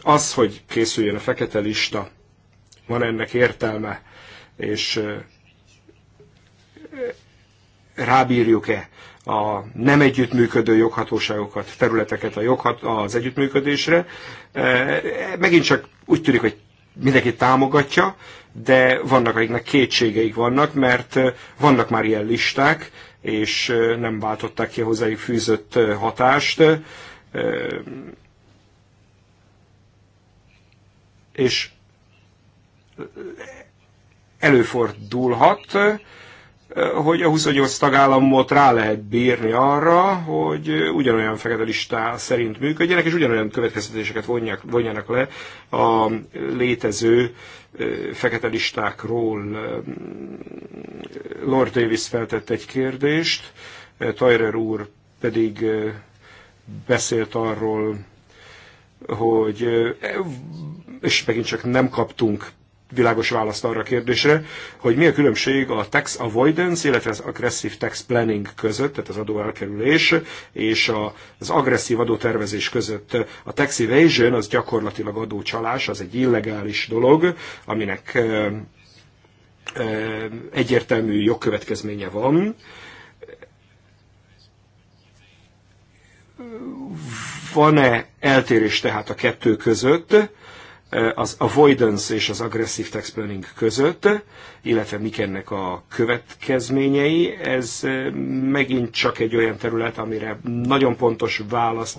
az, hogy készüljön a fekete lista, van ennek értelme, és rábírjuk-e a nem együttműködő joghatóságokat, területeket a joghat, az együttműködésre. Megint csak úgy tűnik, hogy mindenki támogatja, de vannak, akiknek kétségeik vannak, mert vannak már ilyen listák, és nem váltották ki hozzájuk fűzött hatást. és előfordulhat, hogy a 28 tagállamot rá lehet bírni arra, hogy ugyanolyan fekete listá szerint működjenek, és ugyanolyan következtetéseket vonjak, vonjanak le a létező fekete listákról. Lord Davis feltett egy kérdést, Tyrer úr pedig beszélt arról, hogy és megint csak nem kaptunk világos választ arra a kérdésre, hogy mi a különbség a tax avoidance, illetve az aggressive tax planning között, tehát az elkerülés és az agresszív adótervezés között. A tax evasion az gyakorlatilag adócsalás, az egy illegális dolog, aminek egyértelmű jogkövetkezménye van. Van-e eltérés tehát a kettő között? az avoidance és az aggressive tax planning között, illetve mik ennek a következményei. Ez megint csak egy olyan terület, amire nagyon pontos választ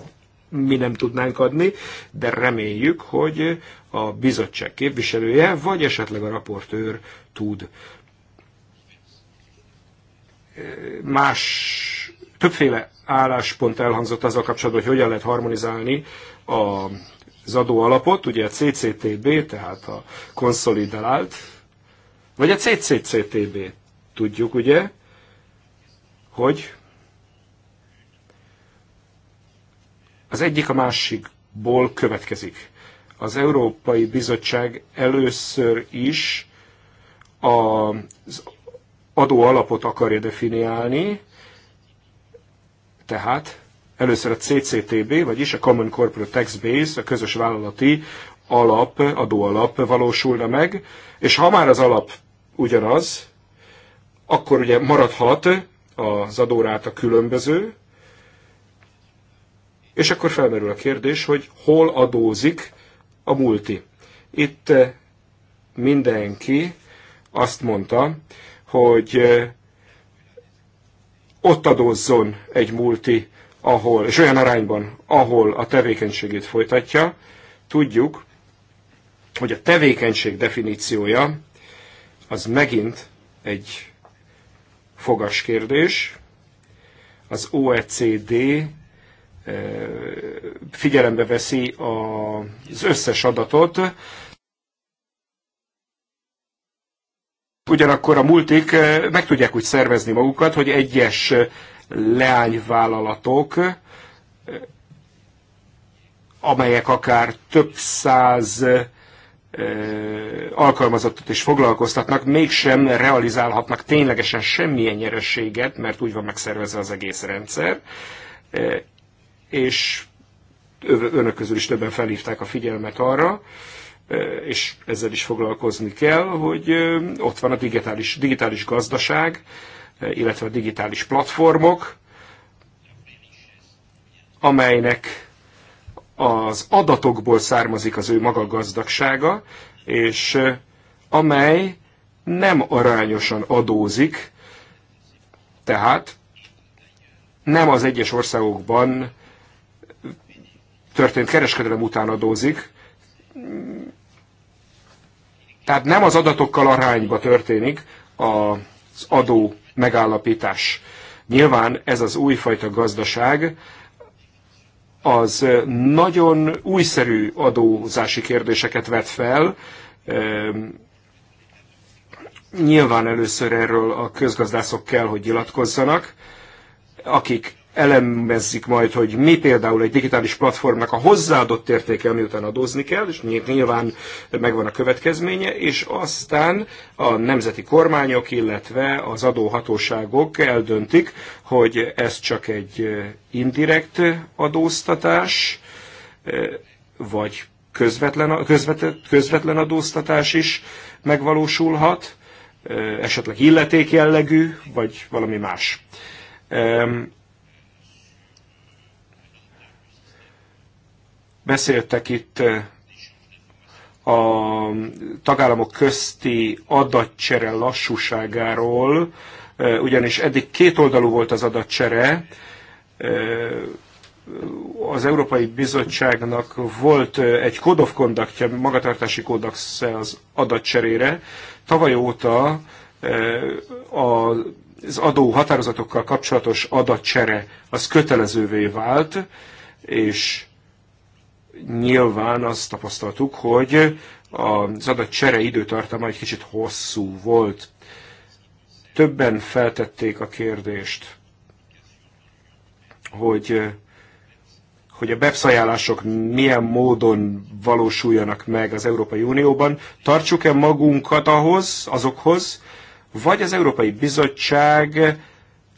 mi nem tudnánk adni, de reméljük, hogy a bizottság képviselője, vagy esetleg a raportőr tud más, többféle álláspont elhangzott azzal kapcsolatban, hogy hogyan lehet harmonizálni a az adóalapot, ugye a CCTB, tehát a konszolidált, vagy a CCCTB, tudjuk ugye, hogy az egyik a másikból következik. Az Európai Bizottság először is az adóalapot akarja definiálni, tehát Először a CCTB, vagyis a Common Corporate Tax Base, a közös vállalati alap, adóalap valósulna meg, és ha már az alap ugyanaz, akkor ugye maradhat az adóráta különböző, és akkor felmerül a kérdés, hogy hol adózik a multi. Itt eh, mindenki azt mondta, hogy eh, ott adózzon egy multi ahol, és olyan arányban, ahol a tevékenységét folytatja, tudjuk, hogy a tevékenység definíciója az megint egy fogaskérdés. Az OECD eh, figyelembe veszi az összes adatot, Ugyanakkor a multik eh, meg tudják úgy szervezni magukat, hogy egyes leányvállalatok, amelyek akár több száz eh, alkalmazottat is foglalkoztatnak, mégsem realizálhatnak ténylegesen semmilyen nyerességet, mert úgy van megszervezve az egész rendszer. Eh, és önök közül is többen felhívták a figyelmet arra, eh, és ezzel is foglalkozni kell, hogy ott van a digitális, digitális gazdaság, illetve a digitális platformok, amelynek az adatokból származik az ő maga gazdagsága, és amely nem arányosan adózik, tehát nem az egyes országokban történt kereskedelem után adózik, tehát nem az adatokkal arányba történik az adó megállapítás. Nyilván ez az újfajta gazdaság, az nagyon újszerű adózási kérdéseket vet fel. Ehm, nyilván először erről a közgazdászok kell, hogy nyilatkozzanak, akik elemezzük majd, hogy mi például egy digitális platformnak a hozzáadott értéke, miután adózni kell, és nyilván megvan a következménye, és aztán a nemzeti kormányok, illetve az adóhatóságok eldöntik, hogy ez csak egy indirekt adóztatás, vagy közvetlen, közvetet, közvetlen adóztatás is megvalósulhat, esetleg illeték jellegű, vagy valami más. Beszéltek itt eh, a tagállamok közti adatcsere lassúságáról, eh, ugyanis eddig kétoldalú volt az adatcsere, eh, az Európai Bizottságnak volt egy Code of Conduct-ja, magatartási kódex az adatcserére. Tavaly óta az adó határozatokkal kapcsolatos adatcsere az kötelezővé vált, és nyilván azt tapasztaltuk, hogy az csere időtartama egy kicsit hosszú volt. Többen feltették a kérdést, hogy, hogy a BEPS ajánlások milyen módon valósuljanak meg az Európai Unióban. Tartsuk-e magunkat ahhoz, azokhoz, vagy az Európai Bizottság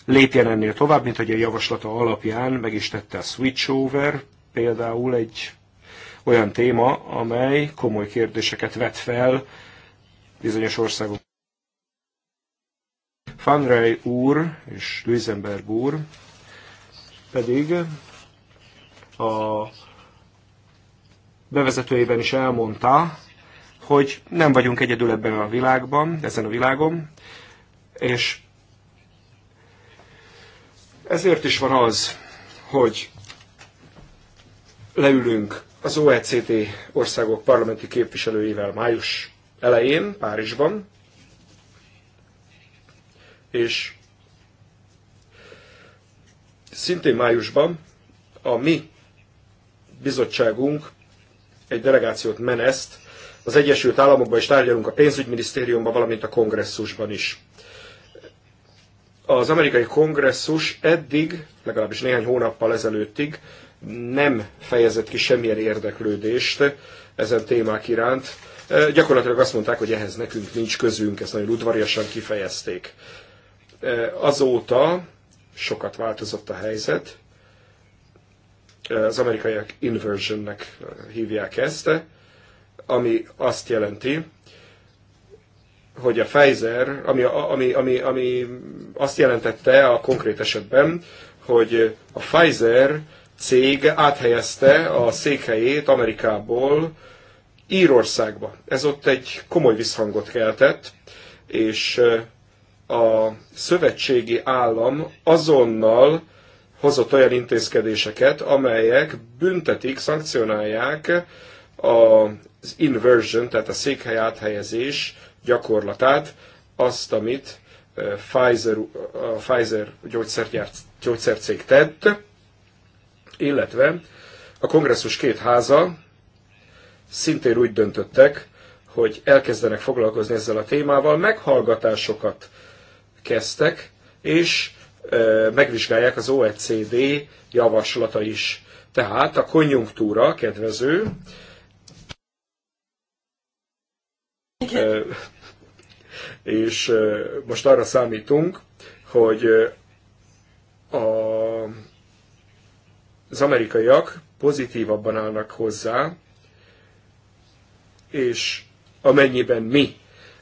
lépjen ennél tovább, mint hogy a javaslata alapján meg is tette a switchover, például egy olyan téma, amely komoly kérdéseket vet fel bizonyos országok. Fanrei úr és Luisenberg úr pedig a bevezetőjében is elmondta, hogy nem vagyunk egyedül ebben a világban, ezen a világon, és ezért is van az, hogy leülünk az OECD országok parlamenti képviselőivel május elején Párizsban, és szintén májusban a mi bizottságunk egy delegációt meneszt az Egyesült Államokban is tárgyalunk a pénzügyminisztériumban, valamint a kongresszusban is. Az amerikai kongresszus eddig, legalábbis néhány hónappal ezelőttig nem fejezett ki semmilyen érdeklődést ezen témák iránt. Gyakorlatilag azt mondták, hogy ehhez nekünk nincs közünk, ezt nagyon udvariasan kifejezték. Azóta sokat változott a helyzet. Az amerikaiak inversionnek hívják ezt, ami azt jelenti, hogy a Pfizer, ami, ami, ami, ami azt jelentette a konkrét esetben, hogy a Pfizer cég áthelyezte a székhelyét Amerikából Írországba. Ez ott egy komoly visszhangot keltett, és a szövetségi állam azonnal hozott olyan intézkedéseket, amelyek büntetik, szankcionálják az inversion, tehát a székhely áthelyezés gyakorlatát, azt, amit Pfizer, a Pfizer gyógyszercég tett, illetve a kongresszus két háza szintén úgy döntöttek, hogy elkezdenek foglalkozni ezzel a témával, meghallgatásokat kezdtek, és megvizsgálják az OECD javaslata is. Tehát a konjunktúra kedvező, E, és most arra számítunk, hogy a az amerikaiak pozitívabban állnak hozzá, és amennyiben mi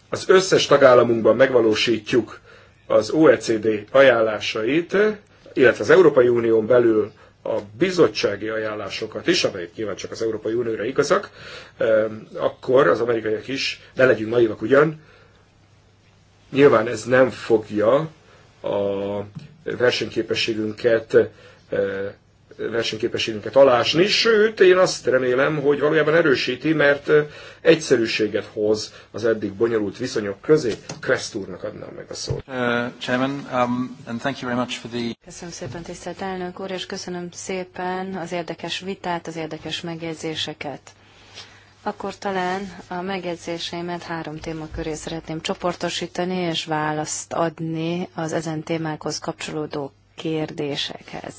az összes tagállamunkban megvalósítjuk az OECD ajánlásait, illetve az Európai Unión belül a bizottsági ajánlásokat is, amelyek nyilván csak az Európai Unióra igazak, ehm, akkor az amerikaiak is, ne legyünk naivak ugyan, nyilván ez nem fogja a versenyképességünket ehm, versenyképességünket alásni, sőt, én azt remélem, hogy valójában erősíti, mert egyszerűséget hoz az eddig bonyolult viszonyok közé. Kressz úrnak adnám meg a szót. Uh, um, and thank you very much for the... Köszönöm szépen, tisztelt elnök úr, és köszönöm szépen az érdekes vitát, az érdekes megjegyzéseket. Akkor talán a megjegyzéseimet három témaköré szeretném csoportosítani, és választ adni az ezen témákhoz kapcsolódó kérdésekhez.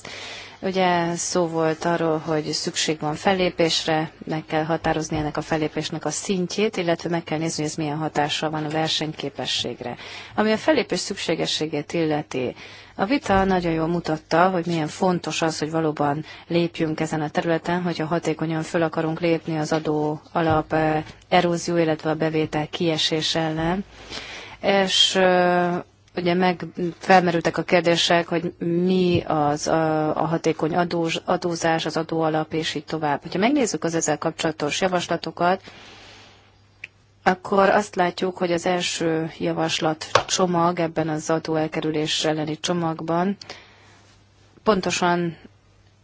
Ugye szó volt arról, hogy szükség van fellépésre, meg kell határozni ennek a fellépésnek a szintjét, illetve meg kell nézni, hogy ez milyen hatással van a versenyképességre. Ami a fellépés szükségességét illeti, a vita nagyon jól mutatta, hogy milyen fontos az, hogy valóban lépjünk ezen a területen, hogyha hatékonyan föl akarunk lépni az adó alap eh, erózió, illetve a bevétel kiesés ellen. És eh, ugye meg felmerültek a kérdések, hogy mi az a, a hatékony adóz, adózás, az adóalap, és így tovább. Ha megnézzük az ezzel kapcsolatos javaslatokat, akkor azt látjuk, hogy az első javaslat csomag ebben az adóelkerülés elleni csomagban pontosan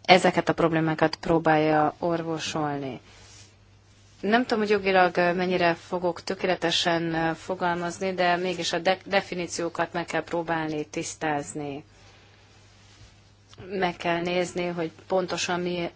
ezeket a problémákat próbálja orvosolni. Nem tudom, hogy jogilag mennyire fogok tökéletesen fogalmazni, de mégis a de- definíciókat meg kell próbálni tisztázni. Meg kell nézni, hogy pontosan mi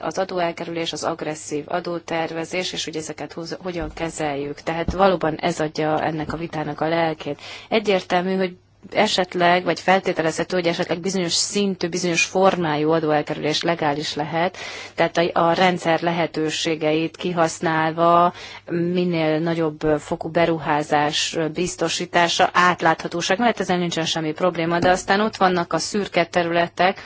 az adóelkerülés, az agresszív adótervezés, és hogy ezeket hogyan kezeljük. Tehát valóban ez adja ennek a vitának a lelkét. Egyértelmű, hogy esetleg, vagy feltételezhető, hogy esetleg bizonyos szintű, bizonyos formájú adóelkerülés legális lehet, tehát a, a rendszer lehetőségeit kihasználva minél nagyobb fokú beruházás biztosítása, átláthatóság mert ezzel nincsen semmi probléma, de aztán ott vannak a szürke területek,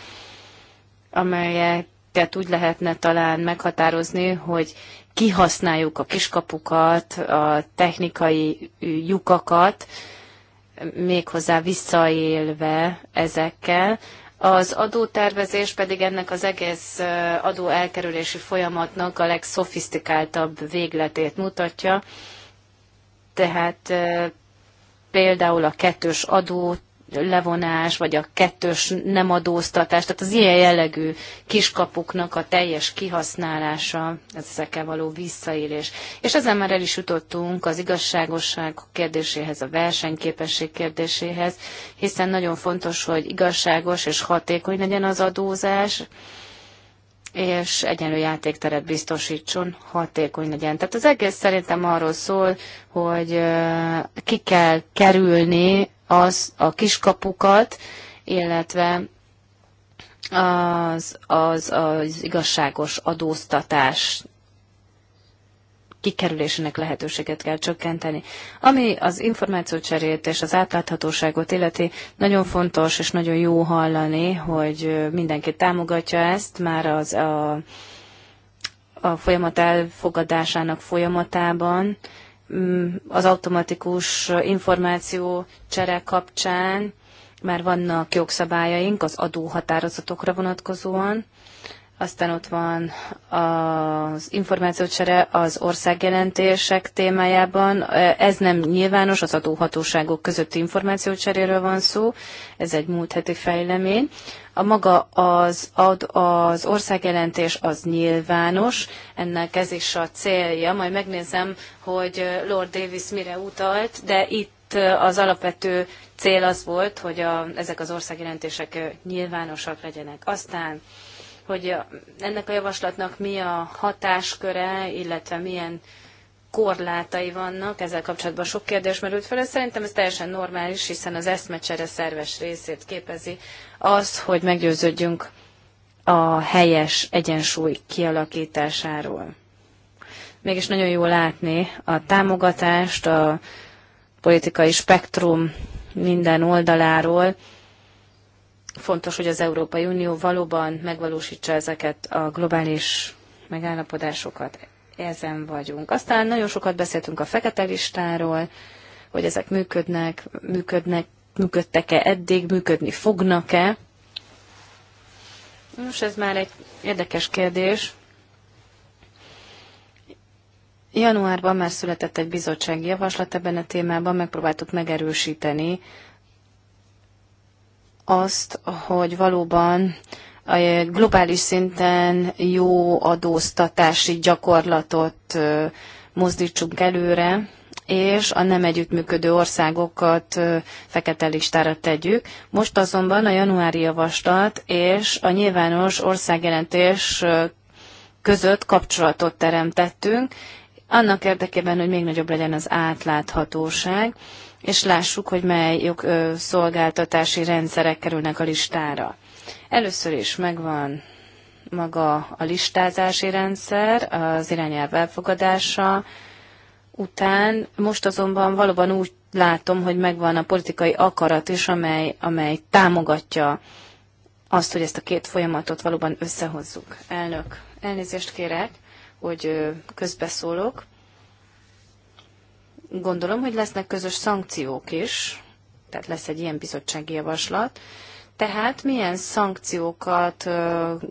amelyeket úgy lehetne talán meghatározni, hogy kihasználjuk a kiskapukat, a technikai lyukakat, méghozzá visszaélve ezekkel, az adótervezés pedig ennek az egész adó elkerülési folyamatnak a legszofisztikáltabb végletét mutatja. Tehát például a kettős adót levonás, vagy a kettős nem adóztatás, tehát az ilyen jellegű kiskapuknak a teljes kihasználása, ezekkel való visszaélés. És ezzel már el is jutottunk az igazságosság kérdéséhez, a versenyképesség kérdéséhez, hiszen nagyon fontos, hogy igazságos és hatékony legyen az adózás, és egyenlő játékteret biztosítson, hatékony legyen. Tehát az egész szerintem arról szól, hogy ki kell kerülni az a kiskapukat, illetve az, az, az igazságos adóztatás kikerülésének lehetőséget kell csökkenteni. Ami az információcserét és az átláthatóságot illeti, nagyon fontos és nagyon jó hallani, hogy mindenki támogatja ezt, már az a, a folyamat elfogadásának folyamatában, Mm, az automatikus információ csere kapcsán már vannak jogszabályaink az adóhatározatokra vonatkozóan, aztán ott van az információcsere az országjelentések témájában. Ez nem nyilvános, az adóhatóságok közötti információcseréről van szó. Ez egy múlt heti fejlemény. A maga az, ad, az országjelentés az nyilvános, ennek ez is a célja. Majd megnézem, hogy Lord Davis mire utalt, de itt az alapvető cél az volt, hogy a, ezek az országjelentések nyilvánosak legyenek. Aztán hogy ennek a javaslatnak mi a hatásköre, illetve milyen korlátai vannak, ezzel kapcsolatban sok kérdés merült fel, és szerintem ez teljesen normális, hiszen az eszmecsere szerves részét képezi az, hogy meggyőződjünk a helyes egyensúly kialakításáról. Mégis nagyon jó látni a támogatást, a politikai spektrum minden oldaláról, Fontos, hogy az Európai Unió valóban megvalósítsa ezeket a globális megállapodásokat. Ezen vagyunk. Aztán nagyon sokat beszéltünk a fekete listáról, hogy ezek működnek, működnek, működtek-e eddig, működni fognak-e. Most ez már egy érdekes kérdés. Januárban már született egy bizottsági javaslat ebben a témában, megpróbáltuk megerősíteni azt, hogy valóban a globális szinten jó adóztatási gyakorlatot mozdítsunk előre, és a nem együttműködő országokat fekete listára tegyük. Most azonban a januári javaslat és a nyilvános országjelentés között kapcsolatot teremtettünk, annak érdekében, hogy még nagyobb legyen az átláthatóság, és lássuk, hogy mely szolgáltatási rendszerek kerülnek a listára. Először is megvan maga a listázási rendszer, az irányelv elfogadása után. Most azonban valóban úgy látom, hogy megvan a politikai akarat is, amely, amely támogatja azt, hogy ezt a két folyamatot valóban összehozzuk. Elnök, elnézést kérek, hogy közbeszólok. Gondolom, hogy lesznek közös szankciók is, tehát lesz egy ilyen bizottsági javaslat. Tehát milyen szankciókat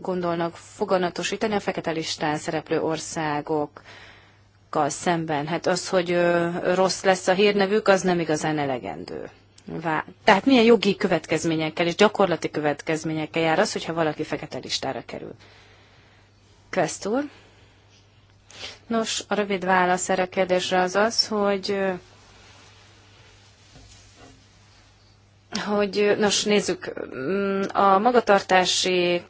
gondolnak foganatosítani a fekete listán szereplő országokkal szemben? Hát az, hogy rossz lesz a hírnevük, az nem igazán elegendő. Tehát milyen jogi következményekkel és gyakorlati következményekkel jár az, hogyha valaki fekete listára kerül? Questor. Nos, a rövid válasz erre a kérdésre az az, hogy hogy, nos, nézzük, a magatartási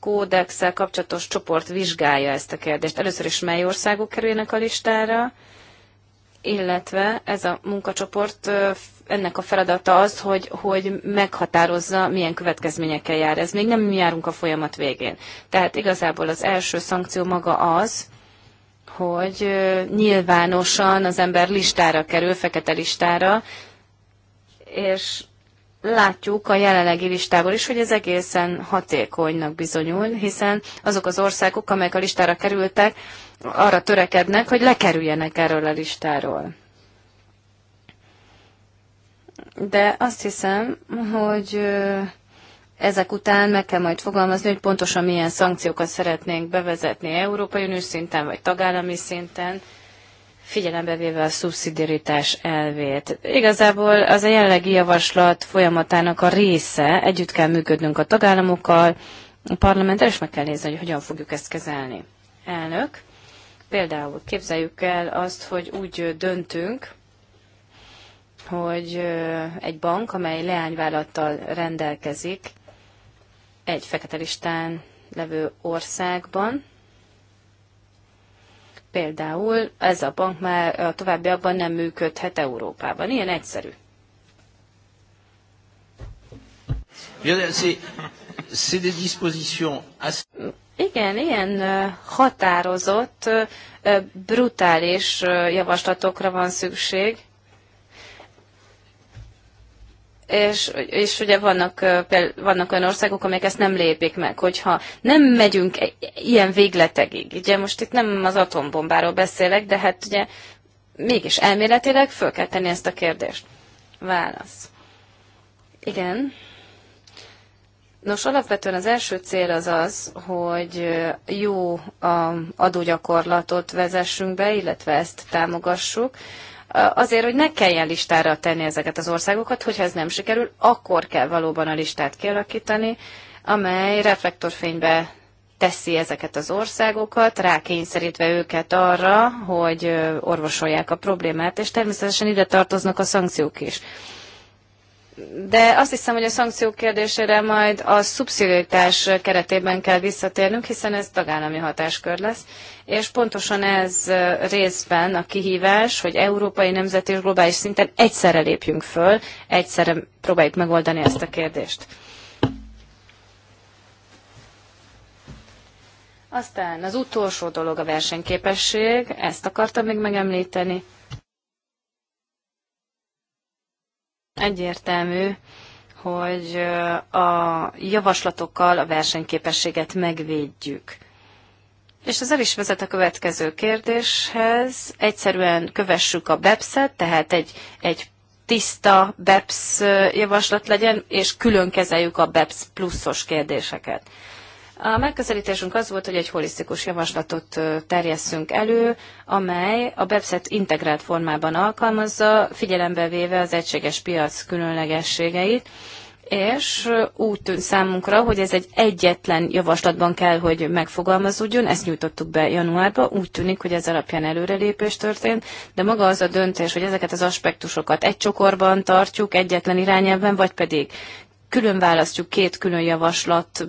kódexsel kapcsolatos csoport vizsgálja ezt a kérdést. Először is mely országok kerülnek a listára, illetve ez a munkacsoport ennek a feladata az, hogy, hogy meghatározza, milyen következményekkel jár ez. Még nem járunk a folyamat végén. Tehát igazából az első szankció maga az, hogy nyilvánosan az ember listára kerül, fekete listára, és látjuk a jelenlegi listából is, hogy ez egészen hatékonynak bizonyul, hiszen azok az országok, amelyek a listára kerültek, arra törekednek, hogy lekerüljenek erről a listáról. De azt hiszem, hogy ezek után meg kell majd fogalmazni, hogy pontosan milyen szankciókat szeretnénk bevezetni Európai Uniós szinten vagy tagállami szinten, figyelembe véve a szubszidiaritás elvét. Igazából az a jelenlegi javaslat folyamatának a része, együtt kell működnünk a tagállamokkal, a parlamenttel is meg kell nézni, hogy hogyan fogjuk ezt kezelni. Elnök, például képzeljük el azt, hogy úgy döntünk, hogy egy bank, amely leányvállalattal rendelkezik, egy fekete listán levő országban. Például ez a bank már a továbbiakban nem működhet Európában. Ilyen egyszerű. Igen, ilyen határozott, brutális javaslatokra van szükség és, és ugye vannak, vannak olyan országok, amelyek ezt nem lépik meg, hogyha nem megyünk e-, ilyen végletegig. Ugye most itt nem az atombombáról beszélek, de hát ugye mégis elméletileg föl kell tenni ezt a kérdést. Válasz. Igen. Nos, alapvetően az első cél az az, hogy jó adógyakorlatot vezessünk be, illetve ezt támogassuk azért, hogy ne kelljen listára tenni ezeket az országokat, hogyha ez nem sikerül, akkor kell valóban a listát kialakítani, amely reflektorfénybe teszi ezeket az országokat, rákényszerítve őket arra, hogy orvosolják a problémát, és természetesen ide tartoznak a szankciók is de azt hiszem, hogy a szankciók kérdésére majd a szubszidiaritás keretében kell visszatérnünk, hiszen ez tagállami hatáskör lesz. És pontosan ez részben a kihívás, hogy európai, nemzeti és globális szinten egyszerre lépjünk föl, egyszerre próbáljuk megoldani ezt a kérdést. Aztán az utolsó dolog a versenyképesség, ezt akartam még megemlíteni. Egyértelmű, hogy a javaslatokkal a versenyképességet megvédjük. És ez el is vezet a következő kérdéshez. Egyszerűen kövessük a BEPS-et, tehát egy, egy tiszta BEPS javaslat legyen, és külön kezeljük a BEPS pluszos kérdéseket. A megközelítésünk az volt, hogy egy holisztikus javaslatot terjesszünk elő, amely a BEPSZET integrált formában alkalmazza, figyelembe véve az egységes piac különlegességeit, és úgy tűnt számunkra, hogy ez egy egyetlen javaslatban kell, hogy megfogalmazódjon, ezt nyújtottuk be januárba, úgy tűnik, hogy ez alapján előrelépés történt, de maga az a döntés, hogy ezeket az aspektusokat egy csokorban tartjuk, egyetlen irányelven, vagy pedig külön választjuk két külön javaslat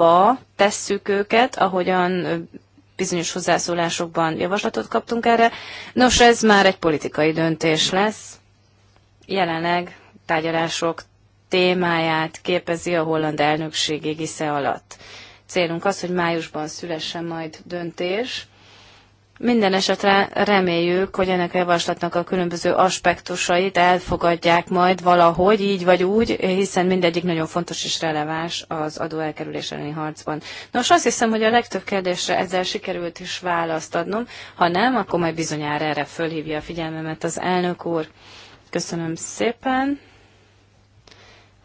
alapba tesszük őket, ahogyan bizonyos hozzászólásokban javaslatot kaptunk erre. Nos, ez már egy politikai döntés lesz. Jelenleg tárgyalások témáját képezi a holland elnökség égisze alatt. Célunk az, hogy májusban szülessen majd döntés, minden esetre reméljük, hogy ennek a javaslatnak a különböző aspektusait elfogadják majd valahogy, így vagy úgy, hiszen mindegyik nagyon fontos és releváns az adó elleni harcban. Nos, azt hiszem, hogy a legtöbb kérdésre ezzel sikerült is választ adnom, ha nem, akkor majd bizonyára erre fölhívja a figyelmemet az elnök úr. Köszönöm szépen.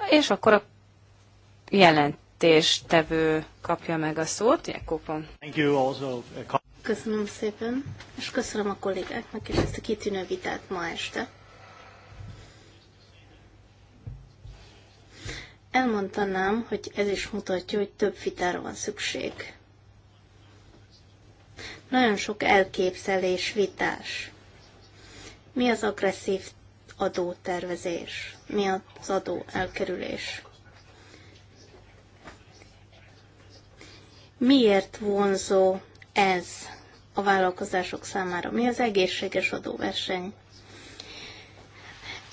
És akkor a jelentéstevő kapja meg a szót, Jakobon. Köszönöm szépen, és köszönöm a kollégáknak is ezt a kitűnő vitát ma este. Elmondanám, hogy ez is mutatja, hogy több vitára van szükség. Nagyon sok elképzelés vitás. Mi az agresszív adótervezés? Mi az adó elkerülés? Miért vonzó ez a vállalkozások számára? Mi az egészséges adóverseny?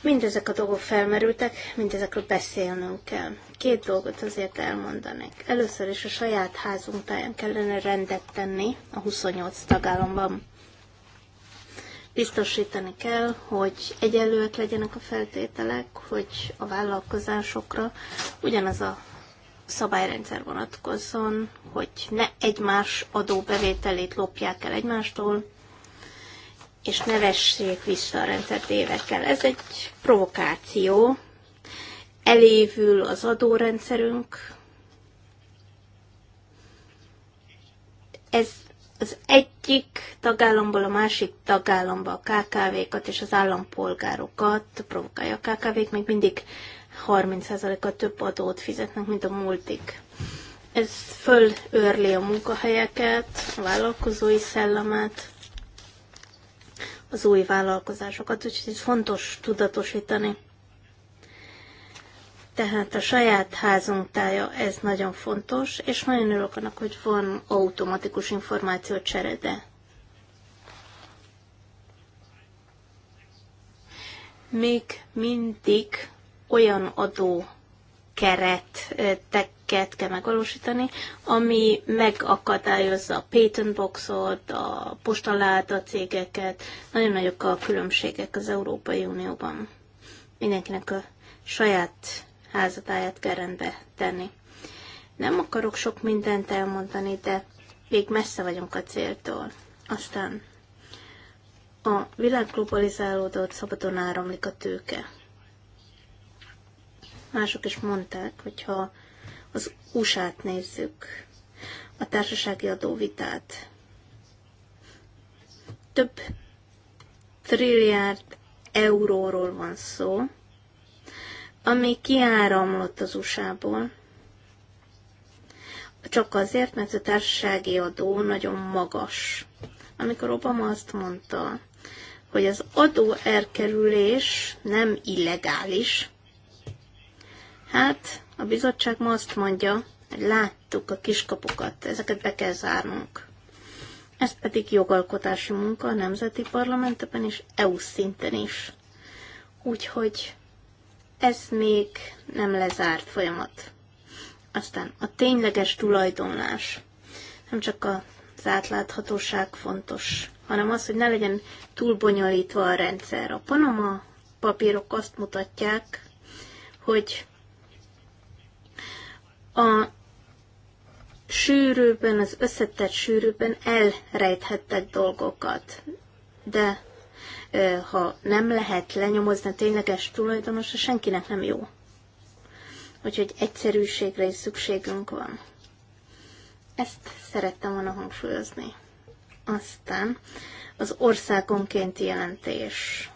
Mindezek a dolgok felmerültek, mindezekről beszélnünk kell. Két dolgot azért elmondanék. Először is a saját házunk táján kellene rendet tenni a 28 tagállamban. Biztosítani kell, hogy egyenlőek legyenek a feltételek, hogy a vállalkozásokra ugyanaz a szabályrendszer vonatkozzon, hogy ne egymás adóbevételét lopják el egymástól, és ne vessék vissza a rendszert évekkel. Ez egy provokáció. Elévül az adórendszerünk. Ez az egyik tagállamból a másik tagállamba a KKV-kat és az állampolgárokat provokálja. A KKV-k még mindig 30%-a több adót fizetnek, mint a multik. Ez fölőrli a munkahelyeket, a vállalkozói szellemet, az új vállalkozásokat, úgyhogy ez fontos tudatosítani. Tehát a saját házunk tája, ez nagyon fontos, és nagyon örülök annak, hogy van automatikus információ cserede. Még mindig olyan adó kereteket kell megvalósítani, ami megakadályozza a patent boxot, a postaláda cégeket. Nagyon nagyok a különbségek az Európai Unióban. Mindenkinek a saját házatáját kell rendbe tenni. Nem akarok sok mindent elmondani, de még messze vagyunk a céltól. Aztán a világ globalizálódott, szabadon áramlik a tőke mások is mondták, hogyha az USA-t nézzük, a társasági adóvitát, több trilliárd euróról van szó, ami kiáramlott az USA-ból, csak azért, mert a társasági adó nagyon magas. Amikor Obama azt mondta, hogy az adó elkerülés nem illegális, Hát, a bizottság ma azt mondja, hogy láttuk a kiskapukat, ezeket be kell zárnunk. Ez pedig jogalkotási munka a nemzeti parlamentben és EU szinten is. Úgyhogy ez még nem lezárt folyamat. Aztán a tényleges tulajdonlás. Nem csak az átláthatóság fontos, hanem az, hogy ne legyen túl bonyolítva a rendszer. A Panama papírok azt mutatják, hogy a sűrűben, az összetett sűrűben elrejthettek dolgokat. De ha nem lehet lenyomozni a tényleges tulajdonosa, senkinek nem jó. Úgyhogy egyszerűségre is szükségünk van. Ezt szerettem volna hangsúlyozni. Aztán az országonként jelentés.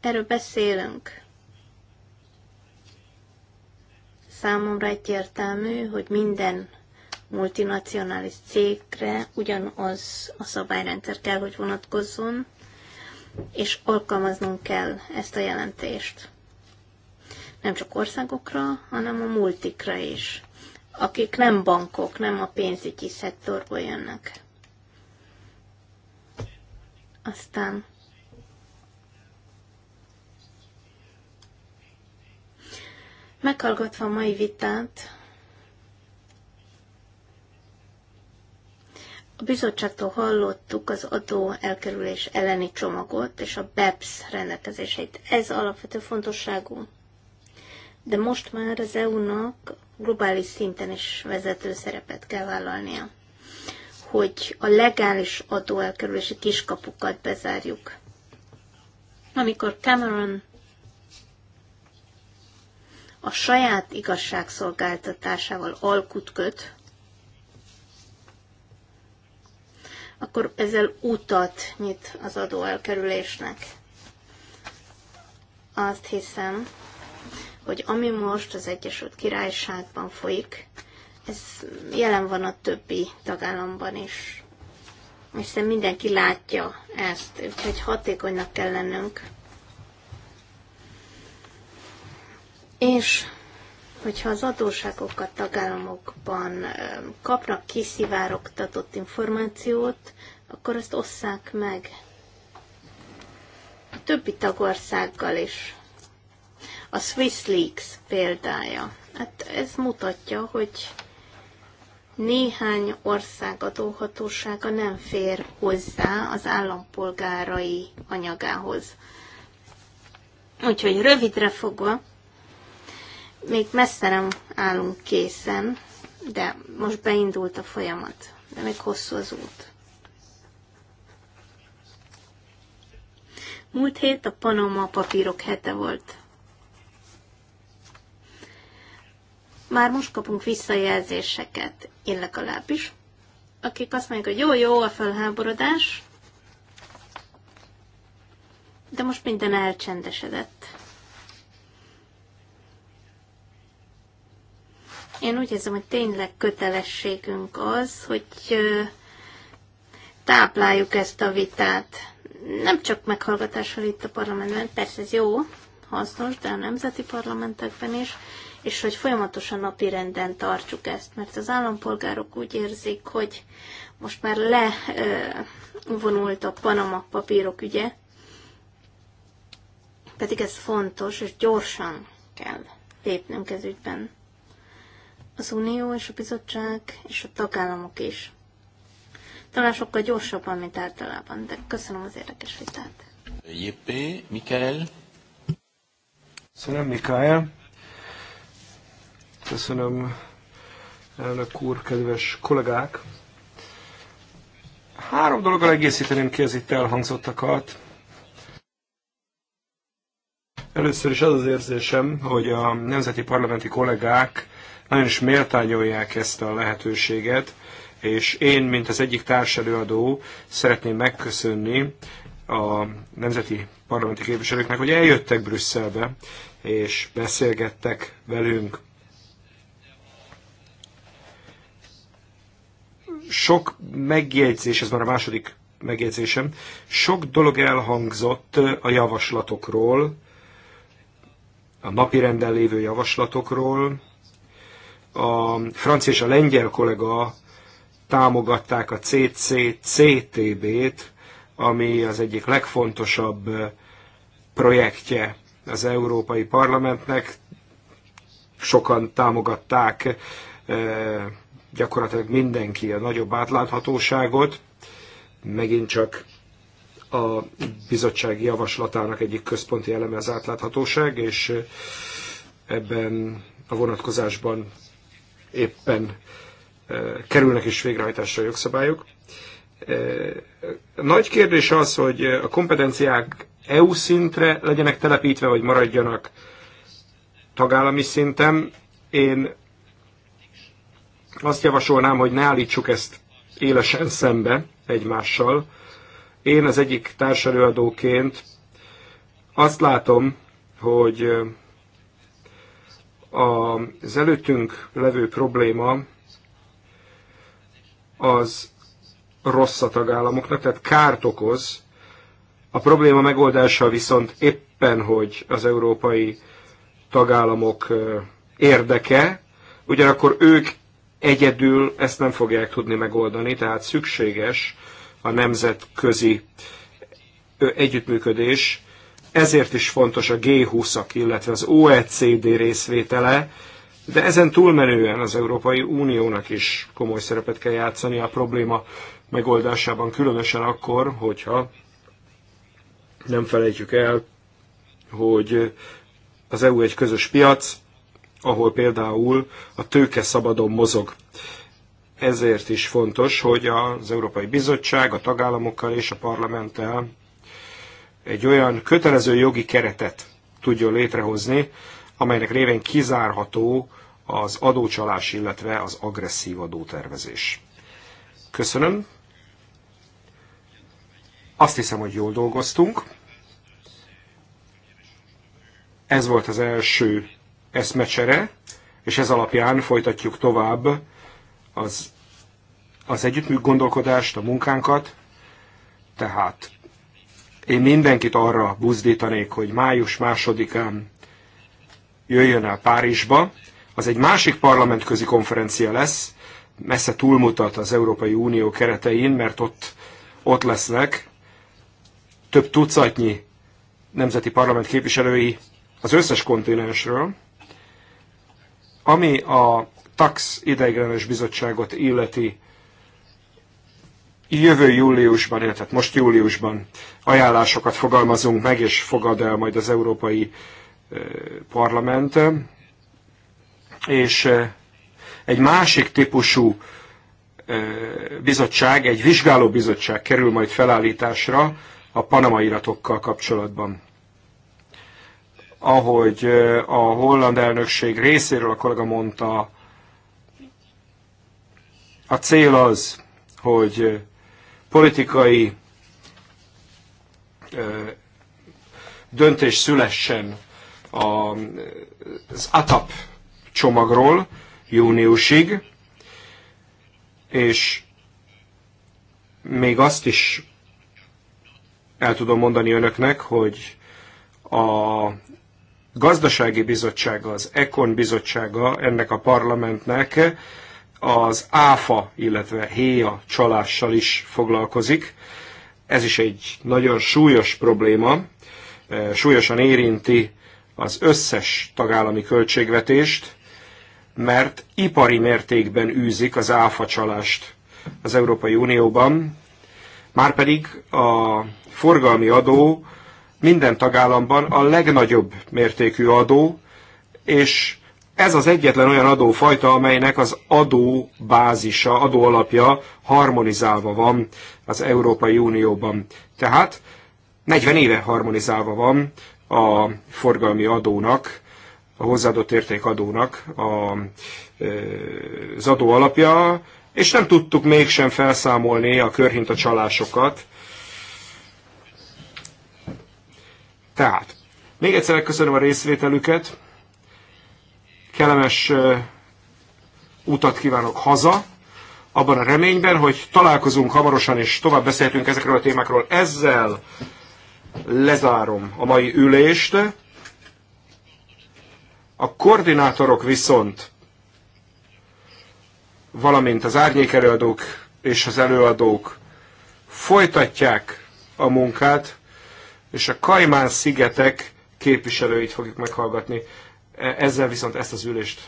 Erről beszélünk. Számomra egyértelmű, hogy minden multinacionális cégre ugyanaz a szabályrendszer kell, hogy vonatkozzon, és alkalmaznunk kell ezt a jelentést. Nem csak országokra, hanem a multikra is, akik nem bankok, nem a pénzügyi szektorból jönnek. Aztán Meghallgatva a mai vitát, a bizottságtól hallottuk az adó elkerülés elleni csomagot és a BEPS rendelkezéseit. Ez alapvető fontosságú. De most már az EU-nak globális szinten is vezető szerepet kell vállalnia, hogy a legális adóelkerülési kiskapukat bezárjuk. Amikor Cameron a saját igazságszolgáltatásával alkut köt, akkor ezzel utat nyit az adóelkerülésnek. Azt hiszem, hogy ami most az Egyesült Királyságban folyik, ez jelen van a többi tagállamban is. Hiszen mindenki látja ezt, úgyhogy hatékonynak kell lennünk És hogyha az adóságokat tagállamokban kapnak kiszivárogtatott információt, akkor azt osszák meg a többi tagországgal is. A Swiss Leaks példája. Hát ez mutatja, hogy néhány ország adóhatósága nem fér hozzá az állampolgárai anyagához. Úgyhogy rövidre fogva, még messze nem állunk készen, de most beindult a folyamat, de még hosszú az út. Múlt hét a Panama papírok hete volt. Már most kapunk visszajelzéseket, én legalábbis, akik azt mondják, hogy jó, jó a felháborodás, de most minden elcsendesedett. Én úgy érzem, hogy tényleg kötelességünk az, hogy tápláljuk ezt a vitát. Nem csak meghallgatással itt a parlamentben, persze ez jó, hasznos, de a nemzeti parlamentekben is, és hogy folyamatosan napi renden tartsuk ezt, mert az állampolgárok úgy érzik, hogy most már levonult a Panama papírok ügye, pedig ez fontos, és gyorsan kell lépnünk ez ügyben az Unió és a bizottság és a tagállamok is. Talán sokkal gyorsabban, mint általában, de köszönöm az érdekes vitát. J.P. Mikael. Köszönöm, Mikael. Köszönöm, elnök úr, kedves kollégák. Három dologgal egészíteném ki az itt elhangzottakat. Először is az az érzésem, hogy a nemzeti parlamenti kollégák nagyon is méltányolják ezt a lehetőséget, és én, mint az egyik társelőadó, szeretném megköszönni a nemzeti parlamenti képviselőknek, hogy eljöttek Brüsszelbe, és beszélgettek velünk. Sok megjegyzés, ez már a második megjegyzésem, sok dolog elhangzott a javaslatokról, a napirenden lévő javaslatokról, a francia és a lengyel kollega támogatták a CCCTB-t, ami az egyik legfontosabb projektje az Európai Parlamentnek. Sokan támogatták gyakorlatilag mindenki a nagyobb átláthatóságot. Megint csak a bizottsági javaslatának egyik központi eleme az átláthatóság, és ebben a vonatkozásban éppen eh, kerülnek is végrehajtásra a jogszabályok. Eh, nagy kérdés az, hogy a kompetenciák EU szintre legyenek telepítve, vagy maradjanak tagállami szinten. Én azt javasolnám, hogy ne állítsuk ezt élesen szembe egymással. Én az egyik társelőadóként azt látom, hogy eh, az előttünk levő probléma az rossz a tagállamoknak, tehát kárt okoz. A probléma megoldása viszont éppen, hogy az európai tagállamok érdeke, ugyanakkor ők egyedül ezt nem fogják tudni megoldani, tehát szükséges a nemzetközi együttműködés, ezért is fontos a G20-ak, illetve az OECD részvétele, de ezen túlmenően az Európai Uniónak is komoly szerepet kell játszani a probléma megoldásában, különösen akkor, hogyha nem felejtjük el, hogy az EU egy közös piac, ahol például a tőke szabadon mozog. Ezért is fontos, hogy az Európai Bizottság a tagállamokkal és a parlamenttel egy olyan kötelező jogi keretet tudjon létrehozni, amelynek révén kizárható az adócsalás, illetve az agresszív adótervezés. Köszönöm. Azt hiszem, hogy jól dolgoztunk. Ez volt az első eszmecsere, és ez alapján folytatjuk tovább az, az együttműk gondolkodást, a munkánkat. Tehát én mindenkit arra buzdítanék, hogy május másodikán jöjjön el Párizsba. Az egy másik parlamentközi konferencia lesz, messze túlmutat az Európai Unió keretein, mert ott, ott lesznek több tucatnyi nemzeti parlament képviselői az összes kontinensről, ami a TAX ideiglenes bizottságot illeti jövő júliusban, illetve hát most júliusban ajánlásokat fogalmazunk meg, és fogad el majd az Európai Parlament. És egy másik típusú bizottság, egy vizsgáló bizottság kerül majd felállításra a Panama iratokkal kapcsolatban. Ahogy a holland elnökség részéről a kollega mondta, a cél az, hogy politikai döntés szülessen az ATAP csomagról júniusig, és még azt is el tudom mondani önöknek, hogy a gazdasági bizottsága, az Ekon bizottsága ennek a parlamentnek az áfa, illetve héja csalással is foglalkozik. Ez is egy nagyon súlyos probléma, eh, súlyosan érinti az összes tagállami költségvetést, mert ipari mértékben űzik az áfa csalást az Európai Unióban, márpedig a forgalmi adó minden tagállamban a legnagyobb mértékű adó, és ez az egyetlen olyan adófajta, amelynek az adóbázisa, adóalapja harmonizálva van az Európai Unióban. Tehát 40 éve harmonizálva van a forgalmi adónak, a hozzáadott adónak, a, az adó alapja, és nem tudtuk mégsem felszámolni a körhinta csalásokat. Tehát, még egyszer köszönöm a részvételüket kellemes utat kívánok haza, abban a reményben, hogy találkozunk hamarosan, és tovább beszéltünk ezekről a témákról. Ezzel lezárom a mai ülést. A koordinátorok viszont, valamint az árnyékelőadók és az előadók folytatják a munkát, és a Kajmán szigetek képviselőit fogjuk meghallgatni. E-, ezzel viszont ezt az ülést